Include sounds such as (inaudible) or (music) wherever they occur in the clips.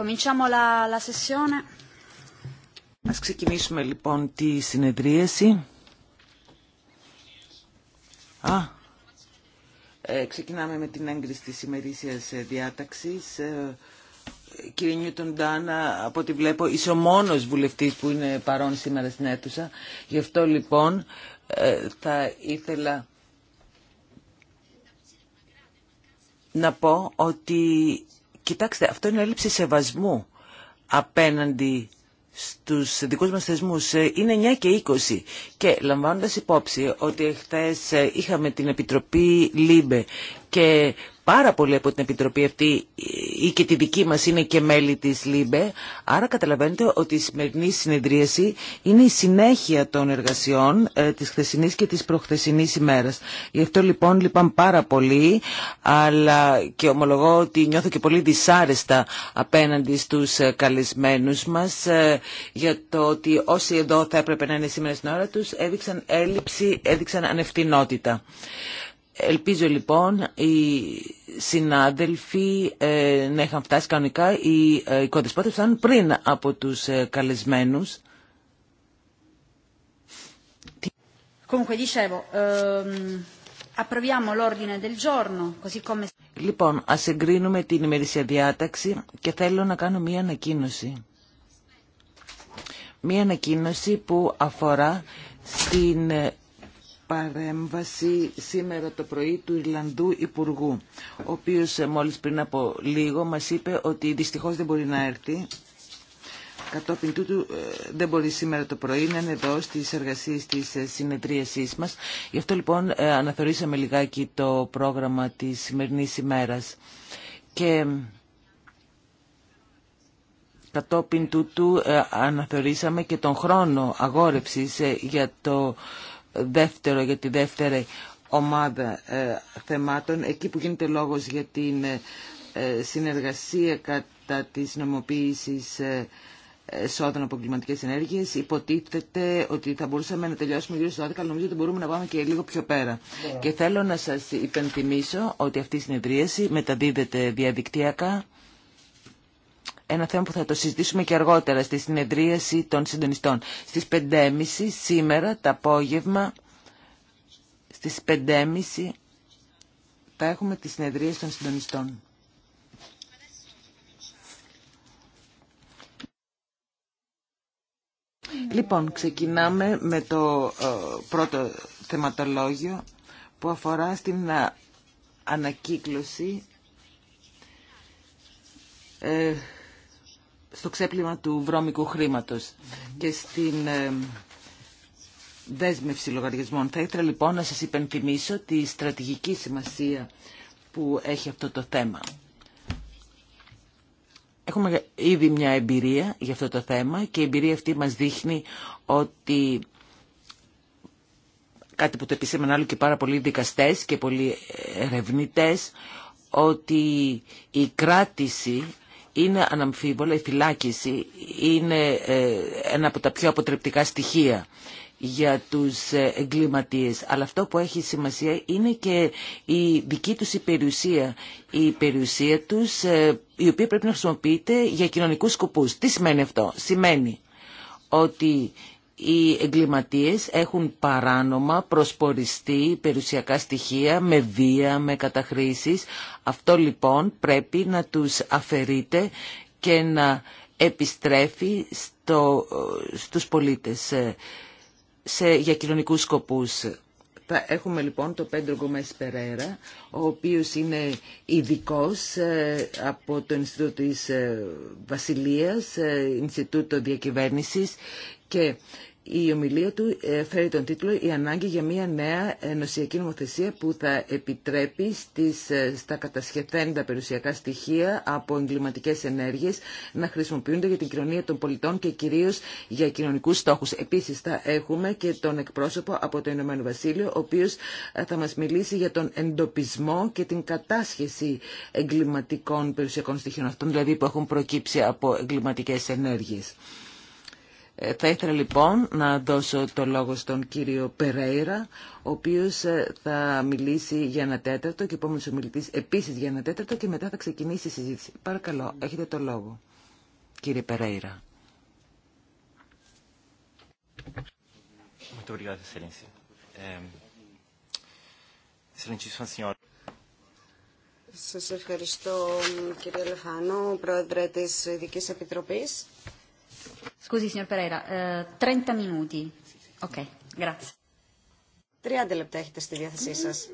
Α Ας ξεκινήσουμε λοιπόν τη συνεδρίαση. Α, ε, ξεκινάμε με την έγκριση της ημερήσιας ε, διάταξης. Ε, κύριε Νιούτον Ντάνα, από ό,τι βλέπω, είσαι ο μόνος βουλευτής που είναι παρόν σήμερα στην αίθουσα. Γι' αυτό λοιπόν ε, θα ήθελα να πω ότι Κοιτάξτε, αυτό είναι έλλειψη σεβασμού απέναντι στου δικού μα θεσμού. είναι 9 και 20 και λαμβάνοντα υπόψη ότι χθε είχαμε την Επιτροπή ΛΥΜΠΕ και πάρα πολύ, από την Επιτροπή αυτή ή και τη δική μας είναι και μέλη της ΛΥΜΠΕ, άρα καταλαβαίνετε ότι η σημερινή συνεδρίαση είναι η συνέχεια των εργασιών ε, της χθεσινής και της προχθεσινής ημέρας. Γι' αυτό λοιπόν λυπάμαι πάρα πολύ, αλλά και ομολογώ ότι νιώθω και πολύ δυσάρεστα απέναντι στους ε, καλεσμένους μας ε, για το ότι όσοι εδώ θα έπρεπε να είναι σήμερα στην ώρα τους έδειξαν έλλειψη, έδειξαν ανευθυνότητα. Ελπίζω λοιπόν οι συνάδελφοι ε, να είχαν φτάσει κανονικά. Οι ε, οικοδεσπότες φτάνουν πριν από τους ε, καλεσμένους. Ehm, λοιπόν, ας εγκρίνουμε την ημερήσια διάταξη και θέλω να κάνω μία ανακοίνωση. Μία ανακοίνωση που αφορά στην παρέμβαση σήμερα το πρωί του Ιρλανδού Υπουργού, ο οποίος ε, μόλις πριν από λίγο μας είπε ότι δυστυχώς δεν μπορεί να έρθει. Κατόπιν τούτου ε, δεν μπορεί σήμερα το πρωί να είναι εδώ στις εργασίες της ε, συνεδρίασής μας. Γι' αυτό λοιπόν αναθεωρήσαμε λιγάκι το πρόγραμμα της σημερινής ημέρας. Και κατόπιν τούτου αναθεωρήσαμε και τον χρόνο αγόρευσης για το δεύτερο για τη δεύτερη ομάδα ε, θεμάτων, εκεί που γίνεται λόγος για την ε, συνεργασία κατά της νομοποίησης ε, εσόδων από κλιματικέ ενέργειε. Υποτίθεται ότι θα μπορούσαμε να τελειώσουμε γύρω στο 12, αλλά νομίζω ότι μπορούμε να πάμε και λίγο πιο πέρα. Ναι. Και θέλω να σα υπενθυμίσω ότι αυτή η συνεδρίαση μεταδίδεται διαδικτυακά ένα θέμα που θα το συζητήσουμε και αργότερα στη συνεδρίαση των συντονιστών. Στις 5.30 σήμερα το απόγευμα, στις 5.30 θα έχουμε τη συνεδρίαση των συντονιστών. Λοιπόν, ξεκινάμε με το ε, πρώτο θεματολόγιο που αφορά στην ε, ανακύκλωση ε, στο ξέπλυμα του βρώμικου χρήματος και στην ε, δέσμευση λογαριασμών. Θα ήθελα λοιπόν να σας υπενθυμίσω τη στρατηγική σημασία που έχει αυτό το θέμα. Έχουμε ήδη μια εμπειρία για αυτό το θέμα και η εμπειρία αυτή μας δείχνει ότι κάτι που το επισήμαν άλλο και πάρα πολλοί δικαστές και πολλοί ερευνητές, ότι η κράτηση είναι αναμφίβολα η φυλάκιση, είναι ε, ένα από τα πιο αποτρεπτικά στοιχεία για τους ε, εγκληματίες. Αλλά αυτό που έχει σημασία είναι και η δική τους υπερούσια Η περιουσία τους ε, η οποία πρέπει να χρησιμοποιείται για κοινωνικούς σκοπούς. Τι σημαίνει αυτό. Σημαίνει ότι οι εγκληματίες έχουν παράνομα προσποριστεί περιουσιακά στοιχεία με βία, με καταχρήσεις. Αυτό λοιπόν πρέπει να τους αφαιρείται και να επιστρέφει στο, στους πολίτες σε, για κοινωνικούς σκοπούς. Θα έχουμε λοιπόν το Πέντρο Γκομές Περέρα, ο οποίος είναι ειδικό ε, από το Ινστιτούτο της ε, Βασιλείας, ε, Ινστιτούτο Διακυβέρνησης και η ομιλία του ε, φέρει τον τίτλο «Η ανάγκη για μια νέα ενωσιακή νομοθεσία που θα επιτρέπει στις, ε, στα κατασχεθέντα περιουσιακά στοιχεία από εγκληματικέ ενέργειες να χρησιμοποιούνται για την κοινωνία των πολιτών και κυρίως για κοινωνικούς στόχους». Επίσης θα έχουμε και τον εκπρόσωπο από το Ηνωμένο Βασίλειο, ο οποίος ε, θα μας μιλήσει για τον εντοπισμό και την κατάσχεση εγκληματικών περιουσιακών στοιχείων αυτών, δηλαδή που έχουν προκύψει από εγκληματικές ενέργειες. Ε, θα ήθελα λοιπόν να δώσω το λόγο στον κύριο Περέιρα, ο οποίος ε, θα μιλήσει για ένα τέταρτο και επόμενος ομιλητής επίσης για ένα τέταρτο και μετά θα ξεκινήσει η συζήτηση. Παρακαλώ, έχετε το λόγο, κύριε Περέιρα. Σας ευχαριστώ κύριε Λεφάνο, πρόεδρε της Ειδικής Επιτροπής. Scusi, signor Pereira, 30 eh, minuti. Ok, grazie. 30 λεπτά έχετε στη διάθεσή σας.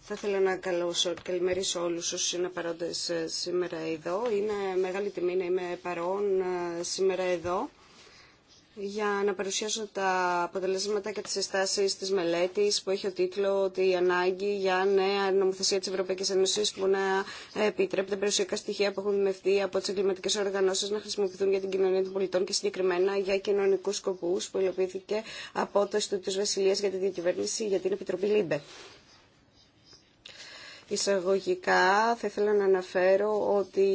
Θα ήθελα να καλώσω καλημερίσω όλους όσους είναι παρόντες ε, σήμερα εδώ. Είναι μεγάλη τιμή να είμαι παρόν ε, σήμερα εδώ για να παρουσιάσω τα αποτελέσματα και τις συστάσεις της μελέτης που έχει ο τίτλο ότι η ανάγκη για νέα νομοθεσία της Ευρωπαϊκής Ένωσης που να επιτρέπει τα περιουσιακά στοιχεία που έχουν δημευτεί από τις εγκληματικές οργανώσεις να χρησιμοποιηθούν για την κοινωνία των πολιτών και συγκεκριμένα για κοινωνικούς σκοπούς που υλοποιήθηκε από το Ιστιτούτο της για τη Διακυβέρνηση για την Επιτροπή ΛΥΜΠΕ. Εισαγωγικά θα ήθελα να αναφέρω ότι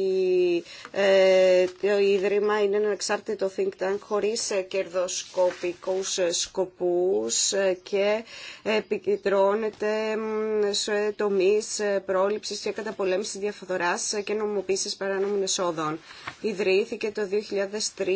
ε, το Ίδρυμα είναι ένα εξάρτητο think tank χωρίς κερδοσκοπικούς σκοπούς και επικεντρώνεται σε τομείς πρόληψης και καταπολέμησης διαφθοράς και νομοποίησης παράνομων εσόδων. Ιδρύθηκε το 2003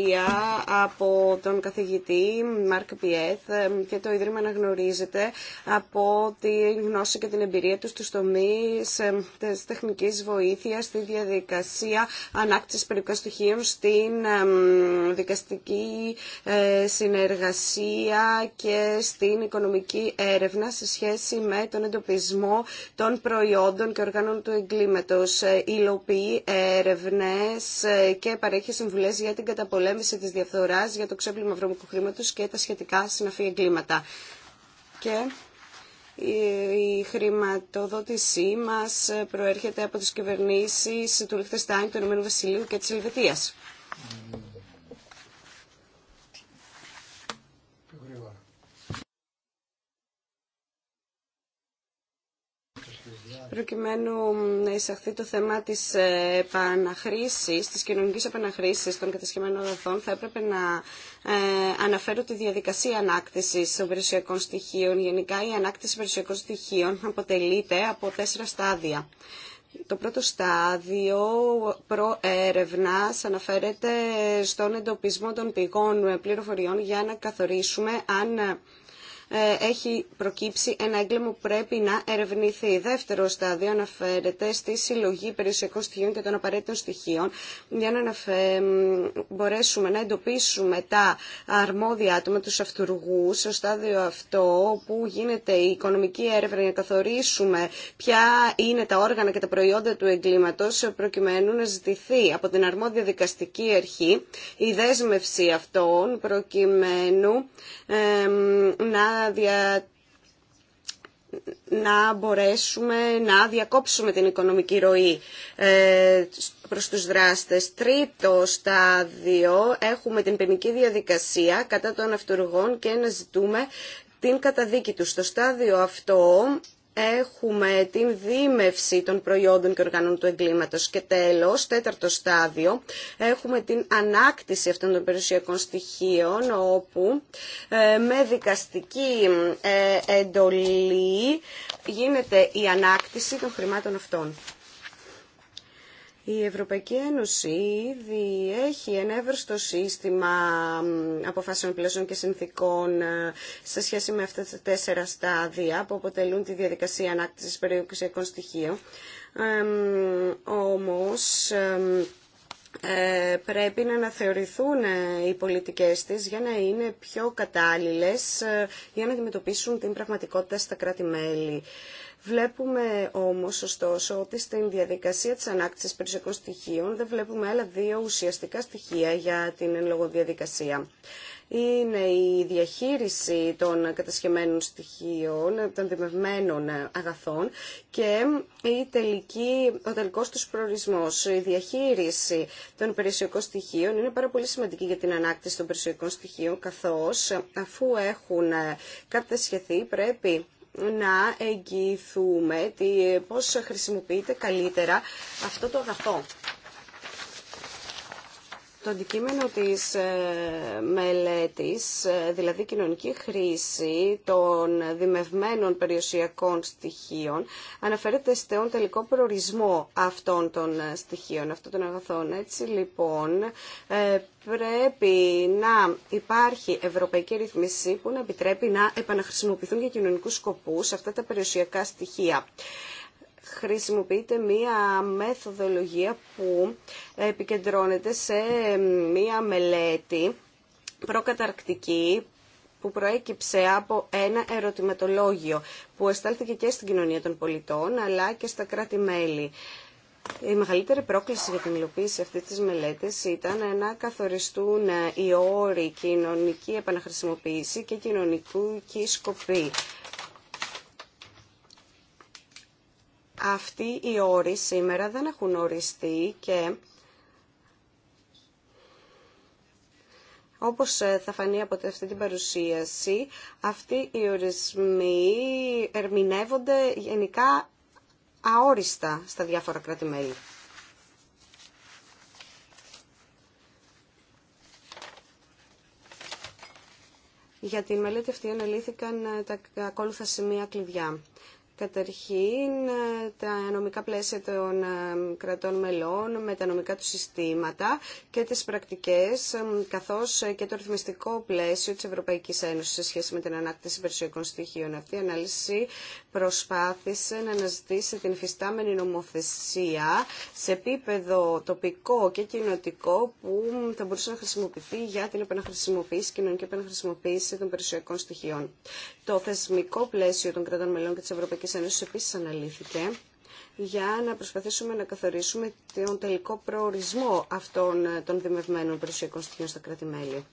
από τον καθηγητή Μάρκ Πιέθ ε, και το Ίδρυμα αναγνωρίζεται από τη γνώση και την εμπειρία του στους τομείς ε, της τεχνικής βοήθειας στη διαδικασία ανάκτησης περιοχής στοιχείων στην ε, δικαστική ε, συνεργασία και στην οικονομική έρευνα σε σχέση με τον εντοπισμό των προϊόντων και οργάνων του εγκλήματος. Υλοποιεί έρευνες και παρέχει συμβουλές για την καταπολέμηση της διαφθοράς, για το ξέπλυμα βρωμικού χρήματος και τα σχετικά συναφή εγκλήματα. Και η χρηματοδότησή μας προέρχεται από τις κυβερνήσεις του Λιχτεστάιν, του Ηνωμένου Βασιλείου και της Ελβετίας. προκειμένου να εισαχθεί το θέμα της επαναχρήσης, της κοινωνικής επαναχρήσης των κατασκευμένων αγαθών, θα έπρεπε να ε, αναφέρω τη διαδικασία ανάκτησης των περιουσιακών στοιχείων. Γενικά η ανάκτηση περιουσιακών στοιχείων αποτελείται από τέσσερα στάδια. Το πρώτο στάδιο προέρευνας αναφέρεται στον εντοπισμό των πηγών πληροφοριών για να καθορίσουμε αν ε, έχει προκύψει ένα έγκλημα που πρέπει να ερευνηθεί. Δεύτερο στάδιο αναφέρεται στη συλλογή περιουσιακών στοιχείων και των απαραίτητων στοιχείων για να μπορέσουμε να εντοπίσουμε τα αρμόδια άτομα, του αυτούργους, στο στάδιο αυτό που γίνεται η οικονομική έρευνα για να καθορίσουμε ποια είναι τα όργανα και τα προϊόντα του εγκλήματος προκειμένου να ζητηθεί από την αρμόδια δικαστική αρχή η δέσμευση αυτών προκειμένου ε, να να μπορέσουμε να διακόψουμε την οικονομική ροή ε, προς τους δράστες. Τρίτο στάδιο έχουμε την ποινική διαδικασία κατά των αυτοργών και να ζητούμε την καταδίκη του. Στο στάδιο αυτό έχουμε την δίμευση των προϊόντων και οργάνων του εγκλήματος και τέλος, τέταρτο στάδιο, έχουμε την ανάκτηση αυτών των περιουσιακών στοιχείων όπου ε, με δικαστική ε, εντολή γίνεται η ανάκτηση των χρημάτων αυτών. Η Ευρωπαϊκή Ένωση ήδη έχει ένα εύρωστο σύστημα αποφάσεων πλαίσεων και συνθήκων ε, σε σχέση με αυτά τα τέσσερα στάδια που αποτελούν τη διαδικασία ανάκτησης περιουσιακών στοιχείων. Ε, όμως, πρέπει να αναθεωρηθούν ε, οι πολιτικές της για να είναι πιο κατάλληλες ε, για να αντιμετωπίσουν την πραγματικότητα στα κράτη-μέλη. Βλέπουμε όμως, ωστόσο, ότι στην διαδικασία της ανάκτησης περιουσιακών στοιχείων δεν βλέπουμε άλλα δύο ουσιαστικά στοιχεία για την εν λόγω διαδικασία. Είναι η διαχείριση των κατασκευμένων στοιχείων, των δημευμένων αγαθών και η τελική, ο τελικός τους προορισμός. Η διαχείριση των περιουσιακών στοιχείων είναι πάρα πολύ σημαντική για την ανάκτηση των περιουσιακών στοιχείων, καθώς αφού έχουν κατασχεθεί πρέπει να εγγυηθούμε πώς χρησιμοποιείται καλύτερα αυτό το αγαθό. Το αντικείμενο της ε, μελέτης, ε, δηλαδή κοινωνική χρήση των δημευμένων περιουσιακών στοιχείων, αναφέρεται στον τελικό προορισμό αυτών των ε, στοιχείων, αυτών των αγαθών. Έτσι λοιπόν πρέπει να υπάρχει ευρωπαϊκή ρυθμίση που να επιτρέπει να επαναχρησιμοποιηθούν για κοινωνικούς σκοπούς αυτά τα περιουσιακά στοιχεία χρησιμοποιείται μία μεθοδολογία που επικεντρώνεται σε μία μελέτη προκαταρκτική που προέκυψε από ένα ερωτηματολόγιο που εστάλθηκε και στην κοινωνία των πολιτών αλλά και στα κράτη-μέλη. Η μεγαλύτερη πρόκληση για την υλοποίηση αυτή της μελέτης ήταν να καθοριστούν οι όροι κοινωνική επαναχρησιμοποίηση και κοινωνικού σκοπή. Αυτοί οι όροι σήμερα δεν έχουν οριστεί και Όπως ε, θα φανεί από αυτή την παρουσίαση, αυτοί οι ορισμοί ερμηνεύονται γενικά αόριστα στα διάφορα κράτη-μέλη. Για τη μελέτη αυτή αναλύθηκαν ε, τα ακόλουθα σημεία κλειδιά. Καταρχήν, τα νομικά πλαίσια των ε, κρατών μελών με τα νομικά του συστήματα και τις πρακτικές, ε, καθώς και το ρυθμιστικό πλαίσιο της Ευρωπαϊκής Ένωσης σε σχέση με την ανάκτηση περισσοϊκών στοιχείων. Αυτή η ανάλυση προσπάθησε να αναζητήσει την φυστάμενη νομοθεσία σε επίπεδο τοπικό και κοινοτικό που θα μπορούσε να χρησιμοποιηθεί για την επαναχρησιμοποίηση, κοινωνική επαναχρησιμοποίηση των περισσοϊκών στοιχείων. Το θεσμικό πλαίσιο των κρατών μελών και της Ευρωπαϊκής Ευρωπαϊκής Ένωσης επίσης αναλύθηκε για να προσπαθήσουμε να καθορίσουμε τον τελικό προορισμό αυτών ε, των δημευμένων περιουσιακών στοιχείων στα κράτη-μέλη.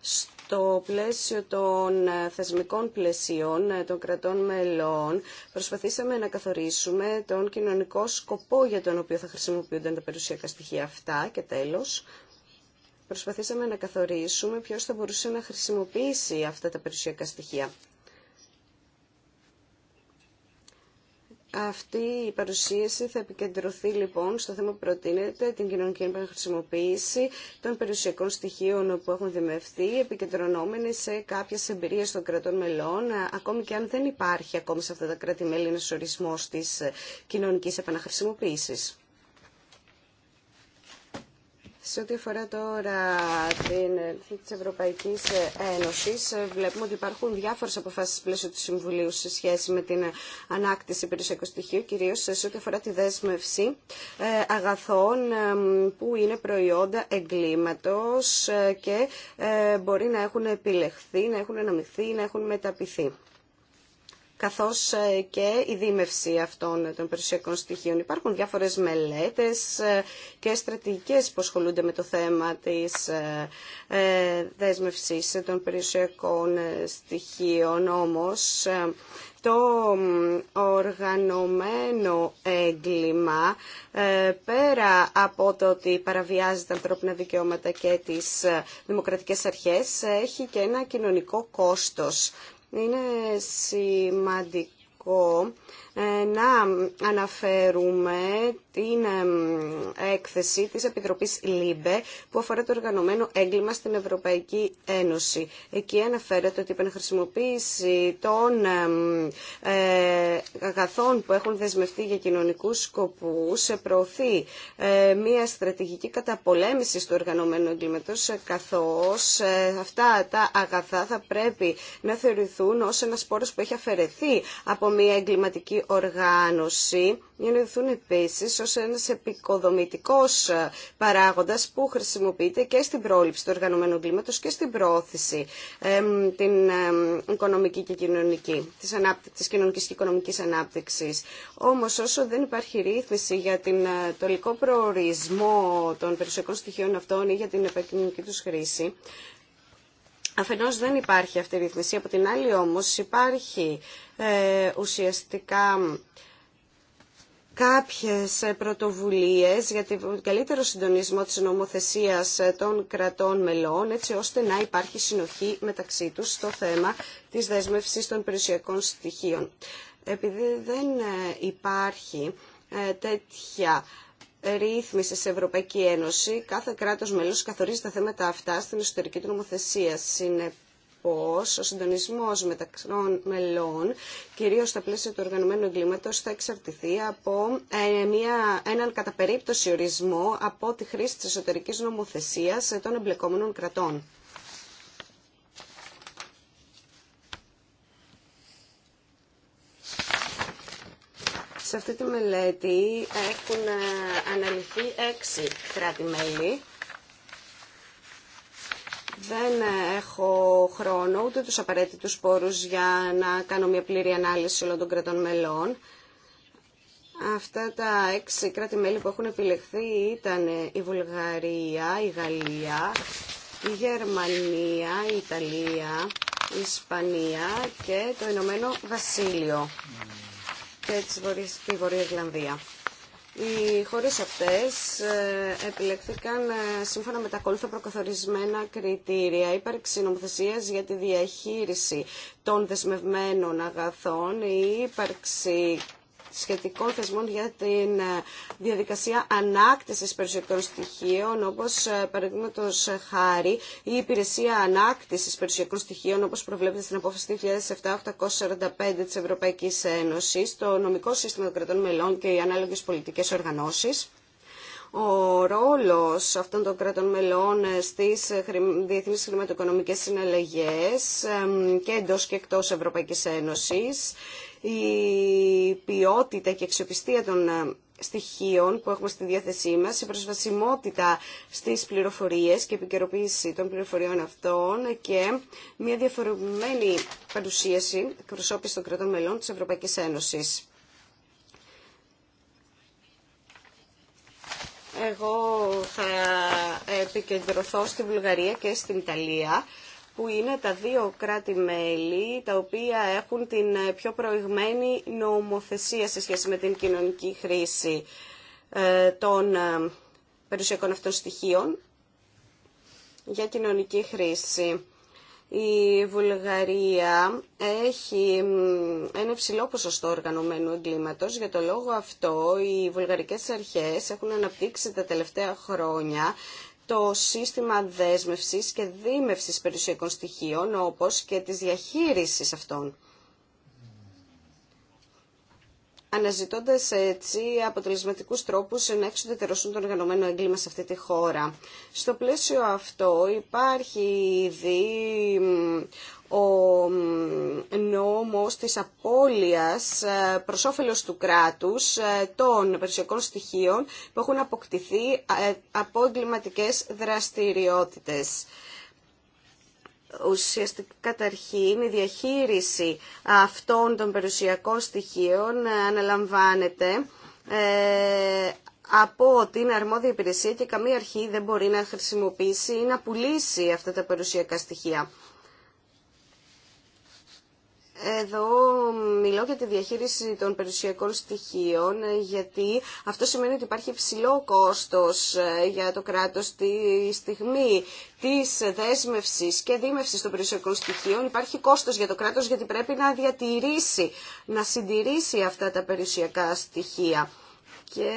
Στο πλαίσιο των ε, θεσμικών πλαισίων ε, των κρατών μελών προσπαθήσαμε να καθορίσουμε τον κοινωνικό σκοπό για τον οποίο θα χρησιμοποιούνται τα περιουσιακά στοιχεία αυτά και τέλος προσπαθήσαμε να καθορίσουμε ποιος θα μπορούσε να χρησιμοποιήσει αυτά τα περιουσιακά στοιχεία. Αυτή η παρουσίαση θα επικεντρωθεί λοιπόν στο θέμα που προτείνεται, την κοινωνική επαναχρησιμοποίηση των περιουσιακών στοιχείων που έχουν δημευθεί επικεντρωνόμενοι σε κάποιε εμπειρίε των κρατών μελών, ε, ακόμη και αν δεν υπάρχει ακόμη σε αυτά τα κράτη-μέλη ένα ορισμό τη ε, κοινωνική επαναχρησιμοποίηση. Σε ό,τι αφορά τώρα την τη Ευρωπαϊκή Ένωση, βλέπουμε ότι υπάρχουν διάφορε αποφάσει πλαίσιο του Συμβουλίου σε σχέση με την ανάκτηση περιουσιακού στοιχείου, κυρίω σε ό,τι αφορά τη δέσμευση ε, αγαθών που είναι προϊόντα εγκλήματος ε, και ε, μπορεί να έχουν επιλεχθεί, να έχουν αναμειχθεί, να έχουν μεταπηθεί καθώς ε, και η δίμευση αυτών των περιουσιακών στοιχείων. Υπάρχουν διάφορες μελέτες ε, και στρατηγικές που ασχολούνται με το θέμα της ε, δέσμευσης των περιουσιακών στοιχείων, όμως το οργανωμένο έγκλημα πέρα από το ότι παραβιάζει τα ανθρώπινα δικαιώματα και τις δημοκρατικές αρχές έχει και ένα κοινωνικό κόστος είναι σημαντικό ε, να αναφέρουμε την έκθεση της Επιτροπής ΛΥΜΠΕ που αφορά το οργανωμένο έγκλημα στην Ευρωπαϊκή Ένωση. Εκεί αναφέρεται ότι η επαναχρησιμοποίηση των ε, αγαθών που έχουν δεσμευτεί για κοινωνικούς σκοπούς προωθεί ε, μια στρατηγική καταπολέμηση του οργανωμένου έγκληματος ε, καθώς αυτά τα αγαθά θα πρέπει να θεωρηθούν ως ένα πόρος που έχει αφαιρεθεί από μια εγκληματική οργάνωση για να δοθούν επίσης ως ένας επικοδομητικός ε, παράγοντας που χρησιμοποιείται και στην πρόληψη του οργανωμένου κλίματος και στην πρόθεση την οικονομική και κοινωνική, της, κοινωνικής και οικονομικής ανάπτυξης. Όμως όσο δεν υπάρχει ρύθμιση για την ε, τολικό προορισμό των περιουσιακών στοιχείων αυτών ή για την επικοινωνική τους χρήση, Αφενός δεν υπάρχει αυτή η ρυθμισή, από την άλλη όμως υπάρχει ε, ουσιαστικά κάποιες πρωτοβουλίες για τον καλύτερο συντονισμό της νομοθεσίας ε, των κρατών μελών, έτσι ώστε να υπάρχει συνοχή μεταξύ τους στο θέμα της δέσμευσης των περιουσιακών στοιχείων. Επειδή δεν ε, υπάρχει ε, τέτοια ρύθμιση σε Ευρωπαϊκή Ένωση, κάθε κράτος μέλος καθορίζει τα θέματα αυτά στην εσωτερική του νομοθεσία πως ο συντονισμός μεταξύ μελών, κυρίως στα πλαίσια του οργανωμένου εγκλήματος, θα εξαρτηθεί από ε, μια, έναν κατά περίπτωση ορισμό από τη χρήση της εσωτερικής νομοθεσίας των εμπλεκόμενων κρατών. Σε αυτή τη μελέτη έχουν ε, αναλυθεί έξι κράτη-μέλη δεν έχω χρόνο ούτε τους απαραίτητους πόρους για να κάνω μια πλήρη ανάλυση όλων των κρατών μελών. Αυτά τα έξι κράτη-μέλη που έχουν επιλεχθεί ήταν η Βουλγαρία, η Γαλλία, η Γερμανία, η Ιταλία, η Ισπανία και το Ηνωμένο Βασίλειο και τη η οι χώρες αυτές ε, επιλέχθηκαν ε, σύμφωνα με τα ακόλουθα προκαθορισμένα κριτήρια. Υπάρξη νομοθεσία για τη διαχείριση των δεσμευμένων αγαθών, η ύπαρξη σχετικών θεσμών για την ε, διαδικασία ανάκτηση περιουσιακών στοιχείων, όπω, ε, παραδείγματο χάρη η υπηρεσία ανάκτηση περιουσιακών στοιχείων, όπω προβλέπεται στην απόφαση 2007-845 τη Ευρωπαϊκή Ένωση, το νομικό σύστημα των κρατών μελών και οι ανάλογε πολιτικέ οργανώσει, ο ρόλος αυτών των κρατών μελών ε, στις διεθνείς χρηματοοικονομικές συναλλαγές και εντός και εκτός Ευρωπαϊκής Ένωσης η ποιότητα και αξιοπιστία των ε, στοιχείων που έχουμε στη διάθεσή μας, η προσβασιμότητα στις πληροφορίες και επικαιροποίηση των πληροφοριών αυτών και μια διαφορεμένη παρουσίαση εκπροσώπηση των κρατών μελών της Ευρωπαϊκής Ένωσης. Εγώ θα επικεντρωθώ στη Βουλγαρία και στην Ιταλία που είναι τα δύο κράτη-μέλη τα οποία έχουν την ε, πιο προηγμένη νομοθεσία σε σχέση με την κοινωνική χρήση ε, των ε, περιουσιακών αυτών στοιχείων για κοινωνική χρήση. Η Βουλγαρία έχει ένα υψηλό ποσοστό οργανωμένου εγκλήματος. Για το λόγο αυτό οι βουλγαρικές αρχές έχουν αναπτύξει τα τελευταία χρόνια το σύστημα δέσμευσης και δίμευσης περιουσιακών στοιχείων, όπως και της διαχείρισης αυτών αναζητώντας έτσι αποτελεσματικού τρόπους να εξουδετερωθούν τον οργανωμένο έγκλημα σε αυτή τη χώρα. Στο πλαίσιο αυτό υπάρχει ήδη ο νόμος της απώλειας ε, προς όφελος του κράτους ε, των περιουσιακών στοιχείων που έχουν αποκτηθεί ε, από εγκληματικές δραστηριότητες ουσιαστικά καταρχήν η διαχείριση αυτών των περιουσιακών στοιχείων ε, αναλαμβάνεται ε, από την αρμόδια υπηρεσία και καμία αρχή δεν μπορεί να χρησιμοποιήσει ή να πουλήσει αυτά τα περιουσιακά στοιχεία. Εδώ μιλώ για τη διαχείριση των περιουσιακών στοιχείων, γιατί αυτό σημαίνει ότι υπάρχει υψηλό κόστος ε, για το κράτος τη στιγμή της δέσμευσης και δίμευσης των περιουσιακών στοιχείων. Υπάρχει κόστος για το κράτος γιατί πρέπει να διατηρήσει, να συντηρήσει αυτά τα περιουσιακά στοιχεία. Και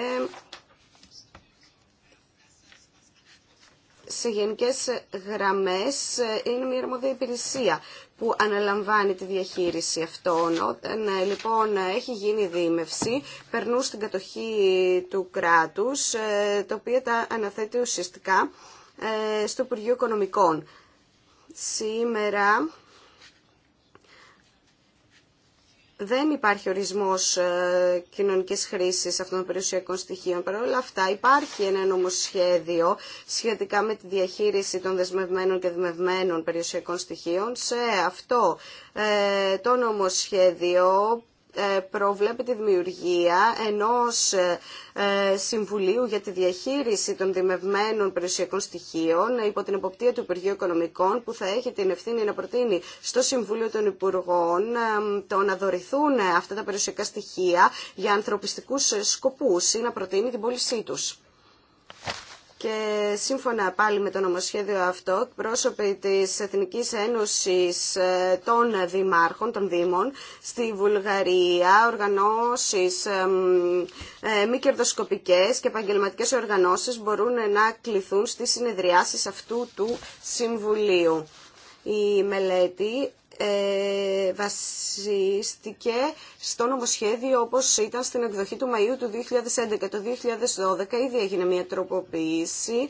σε γενικές γραμμές ε, είναι μια αρμόδια υπηρεσία που αναλαμβάνει τη διαχείριση αυτών. Όταν ε, λοιπόν έχει γίνει δίμευση, περνούν στην κατοχή του κράτους, ε, το οποίο τα αναθέτει ουσιαστικά ε, στο Υπουργείο Οικονομικών. Σήμερα δεν υπάρχει ορισμός ε, κοινωνική χρήση αυτών των περιουσιακών στοιχείων. Παρ' όλα αυτά υπάρχει ένα νομοσχέδιο σχετικά με τη διαχείριση των δεσμευμένων και δημευμένων περιουσιακών στοιχείων. Σε αυτό ε, το νομοσχέδιο ε, προβλέπει τη δημιουργία ενός ε, ε, Συμβουλίου για τη διαχείριση των δημευμένων περιουσιακών στοιχείων υπό την εποπτεία του Υπουργείου Οικονομικών που θα έχει την ευθύνη να προτείνει στο Συμβούλιο των Υπουργών το να δορηθούν αυτά τα περιουσιακά στοιχεία για ανθρωπιστικούς σκοπούς ή να προτείνει την πώλησή τους. Και σύμφωνα πάλι με το νομοσχέδιο αυτό, πρόσωποι της Εθνικής Ένωσης ε, των Δημάρχων, των Δήμων, στη Βουλγαρία, οργανώσεις ε, μη κερδοσκοπικές και επαγγελματικές οργανώσεις μπορούν να κληθούν στις συνεδριάσεις αυτού του Συμβουλίου. Η μελέτη ε, βασίστηκε στο νομοσχέδιο όπως ήταν στην εκδοχή του Μαΐου του 2011. Το 2012 ήδη έγινε μια τροποποίηση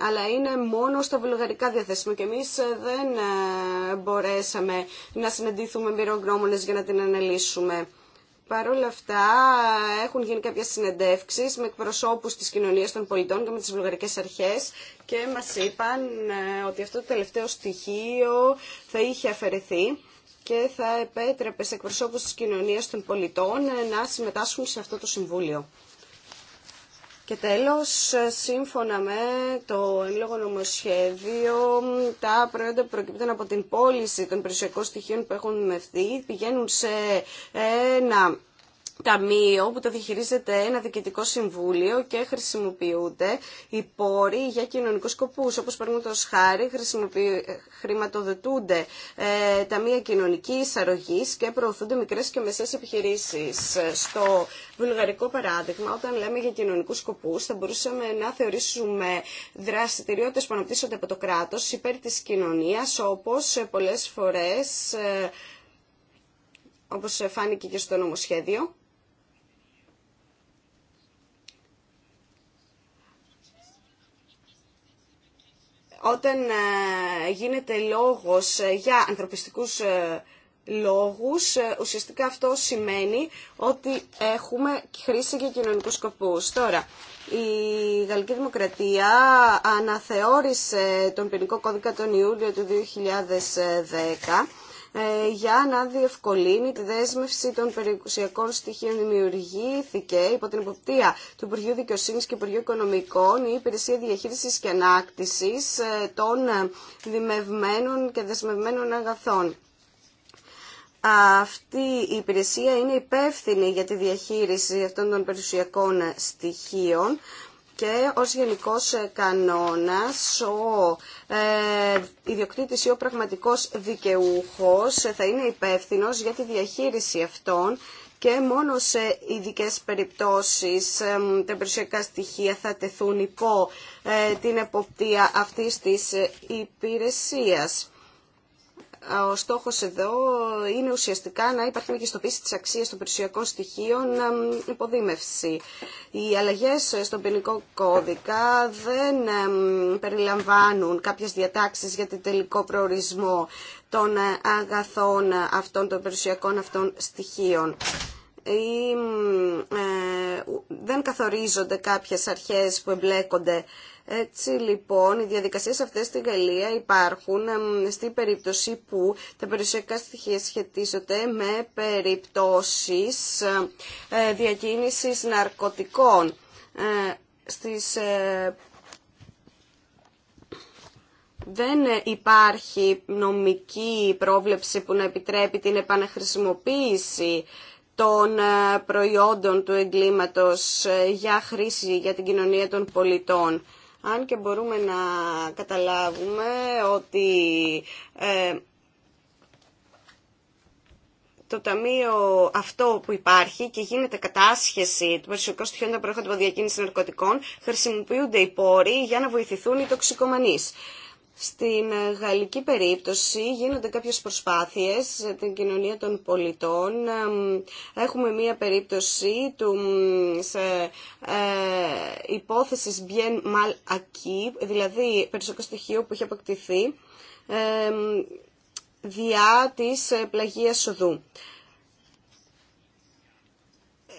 αλλά είναι μόνο στα βουλγαρικά διαθέσιμα και εμείς ε, δεν ε, μπορέσαμε να συναντηθούμε με για να την αναλύσουμε. Παρ' όλα αυτά έχουν γίνει κάποιες συνεντεύξεις με εκπροσώπους της κοινωνίας των πολιτών και με τις βουλγαρικές αρχές και μας είπαν ε, ότι αυτό το τελευταίο στοιχείο θα είχε αφαιρεθεί και θα επέτρεπε σε εκπροσώπους της κοινωνίας των πολιτών ε, να συμμετάσχουν σε αυτό το Συμβούλιο. Και τέλος, σύμφωνα με το εν νομοσχέδιο, τα προϊόντα που προκύπτουν από την πώληση των περιουσιακών στοιχείων που έχουν μευθεί πηγαίνουν σε ένα ταμείο που το διαχειρίζεται ένα διοικητικό συμβούλιο και χρησιμοποιούνται οι πόροι για κοινωνικούς σκοπούς. Όπως παραδείγματο χάρη χρηματοδοτούνται ε, ταμεία κοινωνικής αρρωγής και προωθούνται μικρές και μεσές επιχειρήσεις. Ε, στο βουλγαρικό παράδειγμα, όταν λέμε για κοινωνικούς σκοπούς, θα μπορούσαμε να θεωρήσουμε δραστηριότητες που αναπτύσσονται από το κράτος υπέρ της κοινωνίας, όπως ε, πολλές φορές... Ε, όπως φάνηκε και στο νομοσχέδιο, όταν ε, γίνεται λόγος ε, για ανθρωπιστικούς ε, λόγους, ουσιαστικά αυτό σημαίνει ότι έχουμε χρήση και κοινωνικούς σκοπούς. Τώρα, η Γαλλική Δημοκρατία αναθεώρησε τον ποινικό κώδικα τον Ιούλιο του 2010 ε, για να διευκολύνει τη δέσμευση των περιουσιακών στοιχείων. Δημιουργήθηκε υπό την υποπτία του Υπουργείου Δικαιοσύνη και Υπουργείου Οικονομικών η Υπηρεσία Διαχείρισης και Ανάκτηση ε, των ε, δημευμένων και δεσμευμένων αγαθών. Αυτή η υπηρεσία είναι υπεύθυνη για τη διαχείριση αυτών των περιουσιακών στοιχείων και ως γενικός ε, κανόνας ο ε, ιδιοκτήτης ή ο πραγματικός δικαιούχος θα είναι υπεύθυνος για τη διαχείριση αυτών και μόνο σε ειδικέ περιπτώσεις ε, τα περιουσιακά στοιχεία θα τεθούν υπό ε, την εποπτεία αυτής της υπηρεσίας. Ο στόχος εδώ είναι ουσιαστικά να υπάρχει μεγιστοποίηση τη αξία των περιουσιακών στοιχείων υποδήμευση. Οι αλλαγές στον ποινικό κώδικα δεν περιλαμβάνουν κάποιες διατάξεις για την τελικό προορισμό των ε, αγαθών αυτών των περιουσιακών αυτών στοιχείων ή ε, δεν καθορίζονται κάποιες αρχές που εμπλέκονται. Έτσι λοιπόν, οι διαδικασίες αυτές στη Γαλλία υπάρχουν ε, στη περίπτωση που τα περιουσιακά στοιχεία σχετίζονται με περιπτώσεις ε, διακίνησης ναρκωτικών. Στις δεν υπάρχει νομική πρόβλεψη που να επιτρέπει την επαναχρησιμοποίηση των ε, προϊόντων του εγκλήματος ε, για χρήση για την κοινωνία των πολιτών. Αν και μπορούμε να καταλάβουμε ότι ε, το ταμείο αυτό που υπάρχει και γίνεται κατάσχεση του περισσοτικού στοιχείων των προϊόντων διακίνηση ναρκωτικών, χρησιμοποιούνται οι πόροι για να βοηθηθούν οι τοξικομανείς. Στην ε, γαλλική περίπτωση γίνονται κάποιες προσπάθειες την κοινωνία των πολιτών. Έχουμε μία περίπτωση του σε, ε, υπόθεσης bien mal acquis, δηλαδή περισσότερο στοιχείο που έχει αποκτηθεί διά της ε, πλαγίας οδού.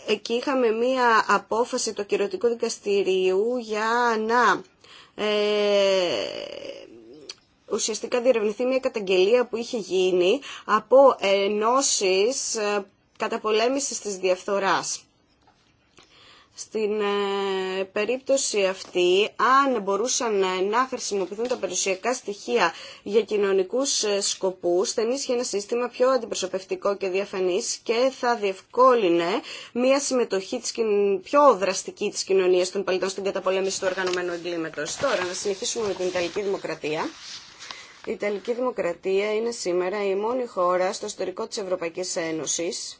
Εκεί είχαμε μία απόφαση του κυρωτικού δικαστηρίου για να ουσιαστικά διερευνηθεί μια καταγγελία που είχε γίνει από ενώσεις ε, καταπολέμησης της διαφθοράς. Στην ε, περίπτωση αυτή, αν μπορούσαν ε, να χρησιμοποιηθούν τα περιουσιακά στοιχεία για κοινωνικούς σκοπούς, θα ενίσχυε ένα σύστημα πιο αντιπροσωπευτικό και διαφανής και θα διευκόλυνε μια συμμετοχή πιο δραστική της κοινωνίας των πολιτών στην καταπολέμηση του οργανωμένου εγκλήματος. Τώρα, να συνεχίσουμε με την Ιταλική Δημοκρατία. Η Ιταλική Δημοκρατία είναι σήμερα η μόνη χώρα στο ιστορικό της Ευρωπαϊκής Ένωσης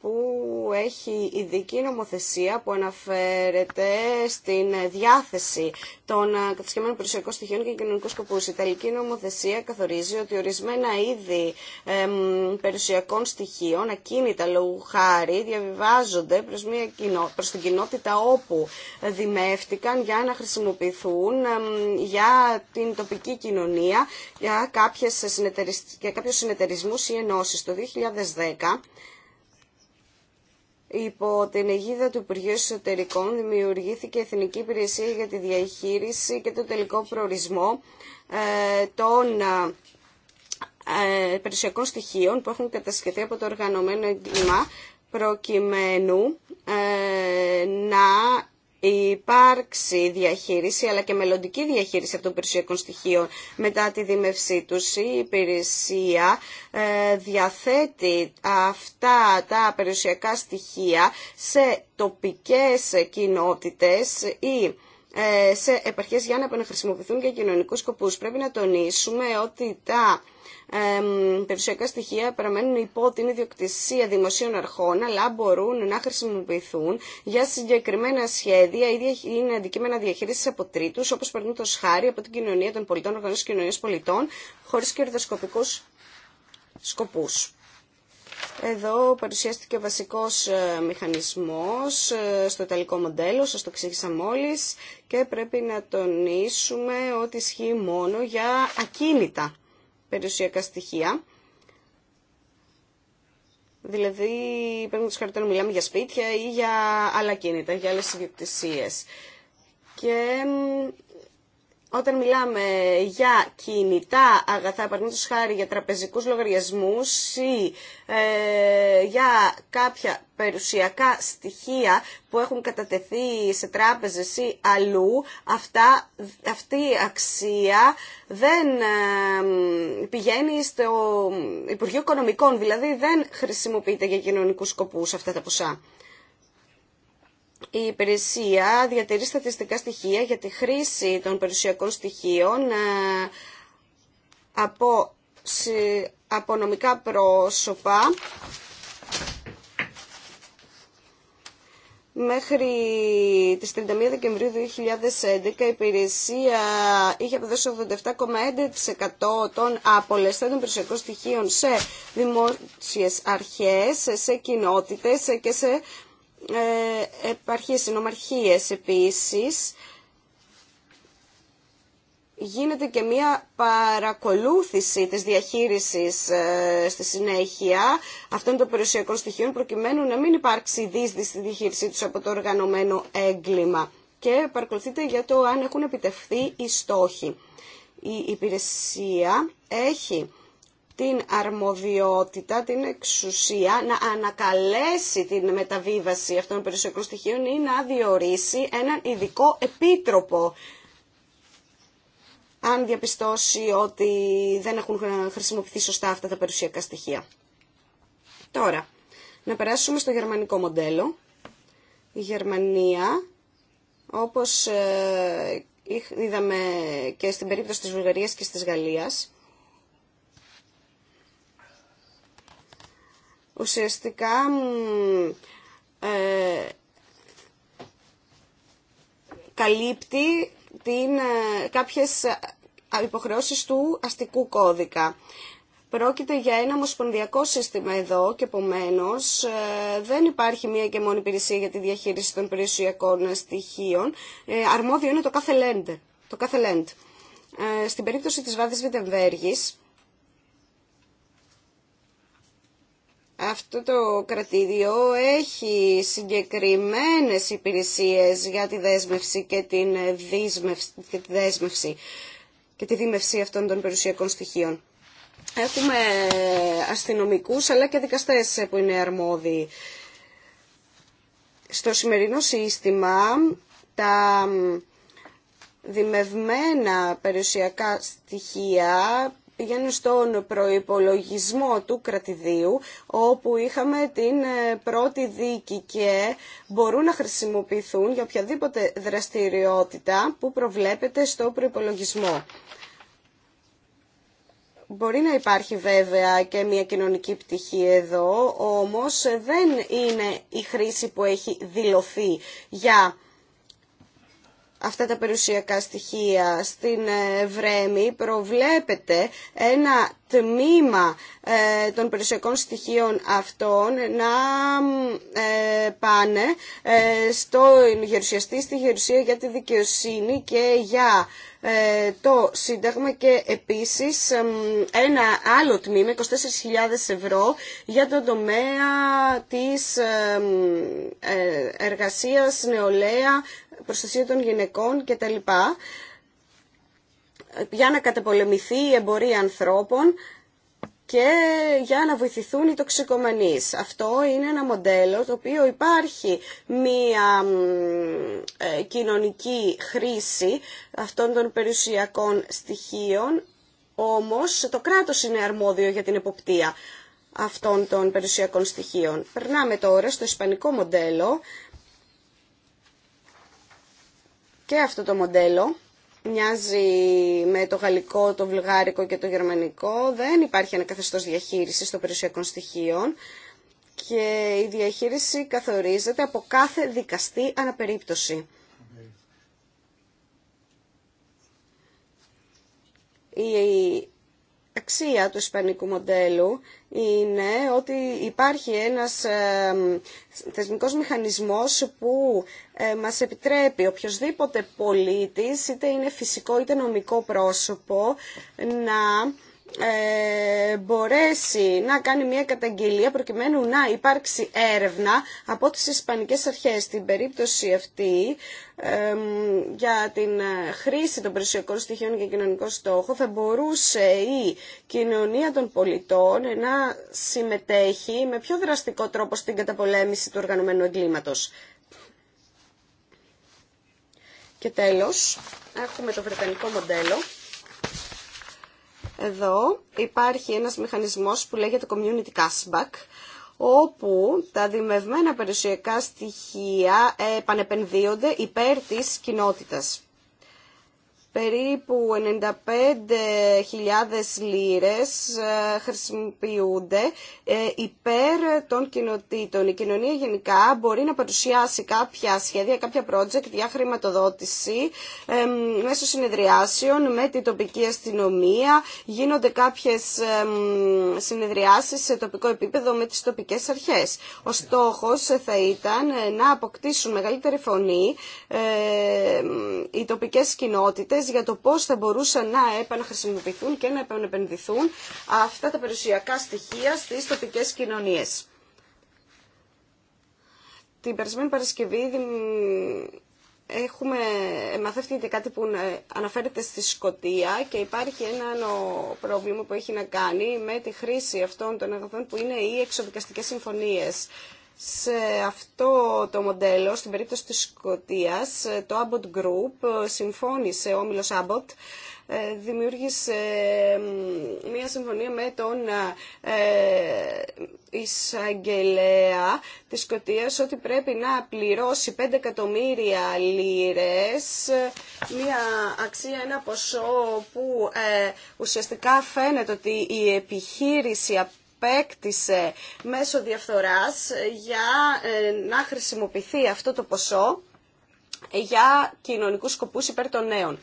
που έχει ειδική νομοθεσία που αναφέρεται στην διάθεση των ε, κατασκευμένων περιουσιακών στοιχείων και κοινωνικού σκοπού. Η Ιταλική νομοθεσία καθορίζει ότι ορισμένα είδη περιουσιακών στοιχείων, ακίνητα λόγου χάρη, διαβιβάζονται προς, μια κοινό, προς την κοινότητα όπου δημεύτηκαν για να χρησιμοποιηθούν για την τοπική κοινωνία, για, κάποιες για κάποιους ή ενώσεις. Το 2010 Υπό την αιγίδα του Υπουργείου Εσωτερικών δημιουργήθηκε Εθνική Υπηρεσία για τη Διαχείριση και το τελικό προορισμό ε, των ε, περιουσιακών στοιχείων που έχουν κατασκευθεί από το οργανωμένο έγκλημα προκειμένου ε, να η υπάρξει διαχείριση αλλά και μελλοντική διαχείριση αυτών των περιουσιακών στοιχείων μετά τη δίμευσή τους. Η υπηρεσία ε, διαθέτει αυτά τα περιουσιακά στοιχεία σε τοπικές κοινότητες ή ε, σε επαρχές για να επαναχρησιμοποιηθούν για κοινωνικούς σκοπούς. Πρέπει να τονίσουμε ότι τα περιουσιακά στοιχεία παραμένουν υπό την ιδιοκτησία δημοσίων αρχών, αλλά μπορούν να χρησιμοποιηθούν για συγκεκριμένα σχέδια ή είναι αντικείμενα διαχείριση από τρίτου, όπω το χάρη από την κοινωνία των πολιτών, οργανώσει κοινωνία πολιτών, χωρί κερδοσκοπικού σκοπού. Εδώ παρουσιάστηκε ο βασικός ε, μηχανισμός ε, στο ιταλικό μοντέλο, σας το εξήγησα μόλις, και πρέπει να τονίσουμε ότι ισχύει μόνο για ακίνητα περιουσιακά στοιχεία. Δηλαδή, παίρνουμε τους χαρτών, μιλάμε για σπίτια ή για άλλα κίνητα, για άλλες ιδιοκτησίες. Και όταν μιλάμε για κινητά αγαθά, παραδείγματος χάρη για τραπεζικούς λογαριασμούς ή ε, για κάποια περιουσιακά στοιχεία που έχουν κατατεθεί σε τράπεζες ή αλλού, αυτά, αυτή η αξία δεν ε, πηγαίνει στο Υπουργείο Οικονομικών, δηλαδή δεν χρησιμοποιείται για κοινωνικούς σκοπούς αυτά τα ποσά η υπηρεσία διατηρεί στατιστικά στοιχεία για τη χρήση των περιουσιακών στοιχείων ε, από νομικά πρόσωπα Μέχρι τις 31 Δεκεμβρίου 2011 η υπηρεσία είχε αποδώσει 87,1% των απολεσθέντων περιουσιακών στοιχείων σε δημόσιες αρχές, σε κοινότητες και σε ε, επαρχίες, συνομαρχίες επίσης, γίνεται και μία παρακολούθηση της διαχείρισης ε, στη συνέχεια αυτών των περιουσιακών στοιχείων προκειμένου να μην υπάρξει δίσδυση στη διαχείρισή τους από το οργανωμένο έγκλημα και παρακολουθείτε για το αν έχουν επιτευχθεί οι στόχοι. Η υπηρεσία έχει την αρμοδιότητα, την εξουσία να ανακαλέσει την μεταβίβαση αυτών των περιουσιακών στοιχείων ή να διορίσει έναν ειδικό επίτροπο. Αν διαπιστώσει ότι δεν έχουν χρησιμοποιηθεί σωστά αυτά τα περιουσιακά στοιχεία. Τώρα, να περάσουμε στο γερμανικό μοντέλο. Η Γερμανία, όπως ε, είδαμε και στην περίπτωση της Βουλγαρίας και της Γαλλίας, ουσιαστικά ε, καλύπτει την, ε, κάποιες υποχρεώσεις του αστικού κώδικα. Πρόκειται για ένα ομοσπονδιακό σύστημα εδώ και επομένω ε, δεν υπάρχει μία και μόνη υπηρεσία για τη διαχείριση των περιουσιακών στοιχείων. Ε, αρμόδιο είναι το κάθε λέντε. Το κάθε Στην περίπτωση της Βάδης Βιτεμβέργης, Αυτό το κρατήδιο έχει συγκεκριμένες υπηρεσίες για τη δέσμευση και, την και τη δέσμευση και τη δίμευση αυτών των περιουσιακών στοιχείων. Έχουμε αστυνομικούς αλλά και δικαστές που είναι αρμόδιοι. Στο σημερινό σύστημα τα δημευμένα περιουσιακά στοιχεία πηγαίνουν στον προϋπολογισμό του κρατηδίου όπου είχαμε την ε, πρώτη δίκη και μπορούν να χρησιμοποιηθούν για οποιαδήποτε δραστηριότητα που προβλέπεται στο προϋπολογισμό. Μπορεί να υπάρχει βέβαια και μια κοινωνική πτυχή εδώ, όμως δεν είναι η χρήση που έχει δηλωθεί για αυτά τα περιουσιακά στοιχεία στην ε, Βρέμη προβλέπεται ένα τμήμα ε, των περιουσιακών στοιχείων αυτών να ε, πάνε στο γερουσιαστή, στη γερουσία για τη δικαιοσύνη και για το Σύνταγμα και επίσης ένα άλλο τμήμα, 24.000 ευρώ, για τον τομέα της εργασίας νεολαία προστασία των γυναικών κτλ. Για να κατεπολεμηθεί η εμπορία ανθρώπων και για να βοηθηθούν οι τοξικομανείς. Αυτό είναι ένα μοντέλο το οποίο υπάρχει μία ε, κοινωνική χρήση αυτών των περιουσιακών στοιχείων, όμως το κράτος είναι αρμόδιο για την εποπτεία αυτών των περιουσιακών στοιχείων. Περνάμε τώρα στο ισπανικό μοντέλο και αυτό το μοντέλο μοιάζει με το γαλλικό, το βουλγάρικο και το γερμανικό. Δεν υπάρχει ένα καθεστώ διαχείριση των περιουσιακών στοιχείων και η διαχείριση καθορίζεται από κάθε δικαστή αναπερίπτωση. Η αξία του ισπανικού μοντέλου είναι ότι υπάρχει ένας ε, θεσμικός μηχανισμός που ε, μας επιτρέπει οποιοδήποτε πολίτης, είτε είναι φυσικό είτε νομικό πρόσωπο, να ε, μπορέσει να κάνει μια καταγγελία προκειμένου να υπάρξει έρευνα από τις Ισπανικές Αρχές. Στην περίπτωση αυτή για την ε, χρήση των περιουσιακών στοιχείων για κοινωνικό στόχο θα μπορούσε η κοινωνία των πολιτών να συμμετέχει με πιο δραστικό τρόπο στην καταπολέμηση του οργανωμένου εγκλήματος. Και τέλος, έχουμε το βρετανικό μοντέλο εδώ υπάρχει ένας μηχανισμός που λέγεται Community Cashback, όπου τα δημευμένα περιουσιακά στοιχεία επανεπενδύονται υπέρ της κοινότητας περίπου 95.000 λίρες ε, χρησιμοποιούνται ε, υπέρ των κοινοτήτων. Η κοινωνία γενικά μπορεί να παρουσιάσει κάποια σχέδια, κάποια project για χρηματοδότηση μέσω συνεδριάσεων με την τοπική αστυνομία. Γίνονται κάποιες συνεδριάσεις σε τοπικό επίπεδο με τις τοπικές αρχές. Ο στόχος θα ήταν ε, να αποκτήσουν μεγαλύτερη φωνή οι τοπικές κοινότητες για το πώς θα μπορούσαν να επαναχρησιμοποιηθούν και να επανεπενδυθούν αυτά τα περιουσιακά στοιχεία στις τοπικές κοινωνίες. Την περασμένη Παρασκευή έχουμε μαθεύτηκε κάτι που αναφέρεται στη Σκοτία και υπάρχει ένα άλλο πρόβλημα που έχει να κάνει με τη χρήση αυτών των αγαθών που είναι οι εξοδικαστικές συμφωνίες σε αυτό το μοντέλο, στην περίπτωση της Σκοτίας, το Abbott Group συμφώνησε, ο Όμιλος Abbott, ε, δημιούργησε μία συμφωνία με τον ε, εισαγγελέα της Σκοτίας ότι πρέπει να πληρώσει 5 εκατομμύρια λίρες, μία αξία, ένα ποσό που ε, ουσιαστικά φαίνεται ότι η επιχείρηση απέκτησε μέσω διαφθοράς για ε, να χρησιμοποιηθεί αυτό το ποσό για κοινωνικούς σκοπούς υπέρ των νέων.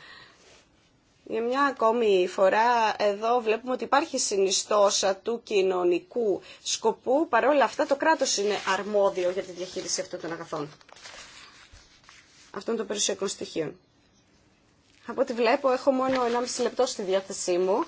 Για μια ακόμη φορά εδώ βλέπουμε ότι υπάρχει συνιστόσα του κοινωνικού σκοπού. παρόλα αυτά το κράτος είναι αρμόδιο για τη διαχείριση αυτών των αγαθών. Αυτών των περιουσιακών στοιχείων. Από ό,τι βλέπω έχω μόνο 1,5 λεπτό στη διάθεσή μου.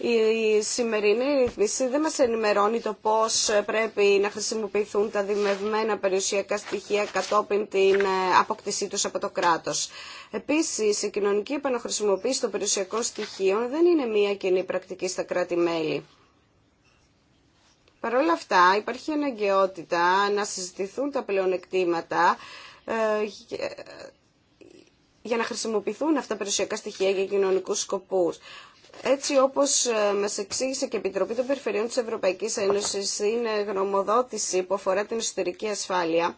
Η σημερινή ρύθμιση δεν μας ενημερώνει το πώς πρέπει να χρησιμοποιηθούν τα δημευμένα περιουσιακά στοιχεία κατόπιν την ε, αποκτησή τους από το κράτος. Επίσης, η κοινωνική επαναχρησιμοποίηση των περιουσιακών στοιχείων δεν είναι μία κοινή πρακτική στα κράτη-μέλη. Παρ' όλα αυτά, υπάρχει αναγκαιότητα να συζητηθούν τα πλεονεκτήματα ε, για να χρησιμοποιηθούν αυτά τα περιουσιακά στοιχεία για κοινωνικούς σκοπούς. Έτσι όπως ε, μας εξήγησε και η Επιτροπή των Περιφερειών της Ευρωπαϊκής Ένωσης είναι γνωμοδότηση που αφορά την εσωτερική ασφάλεια,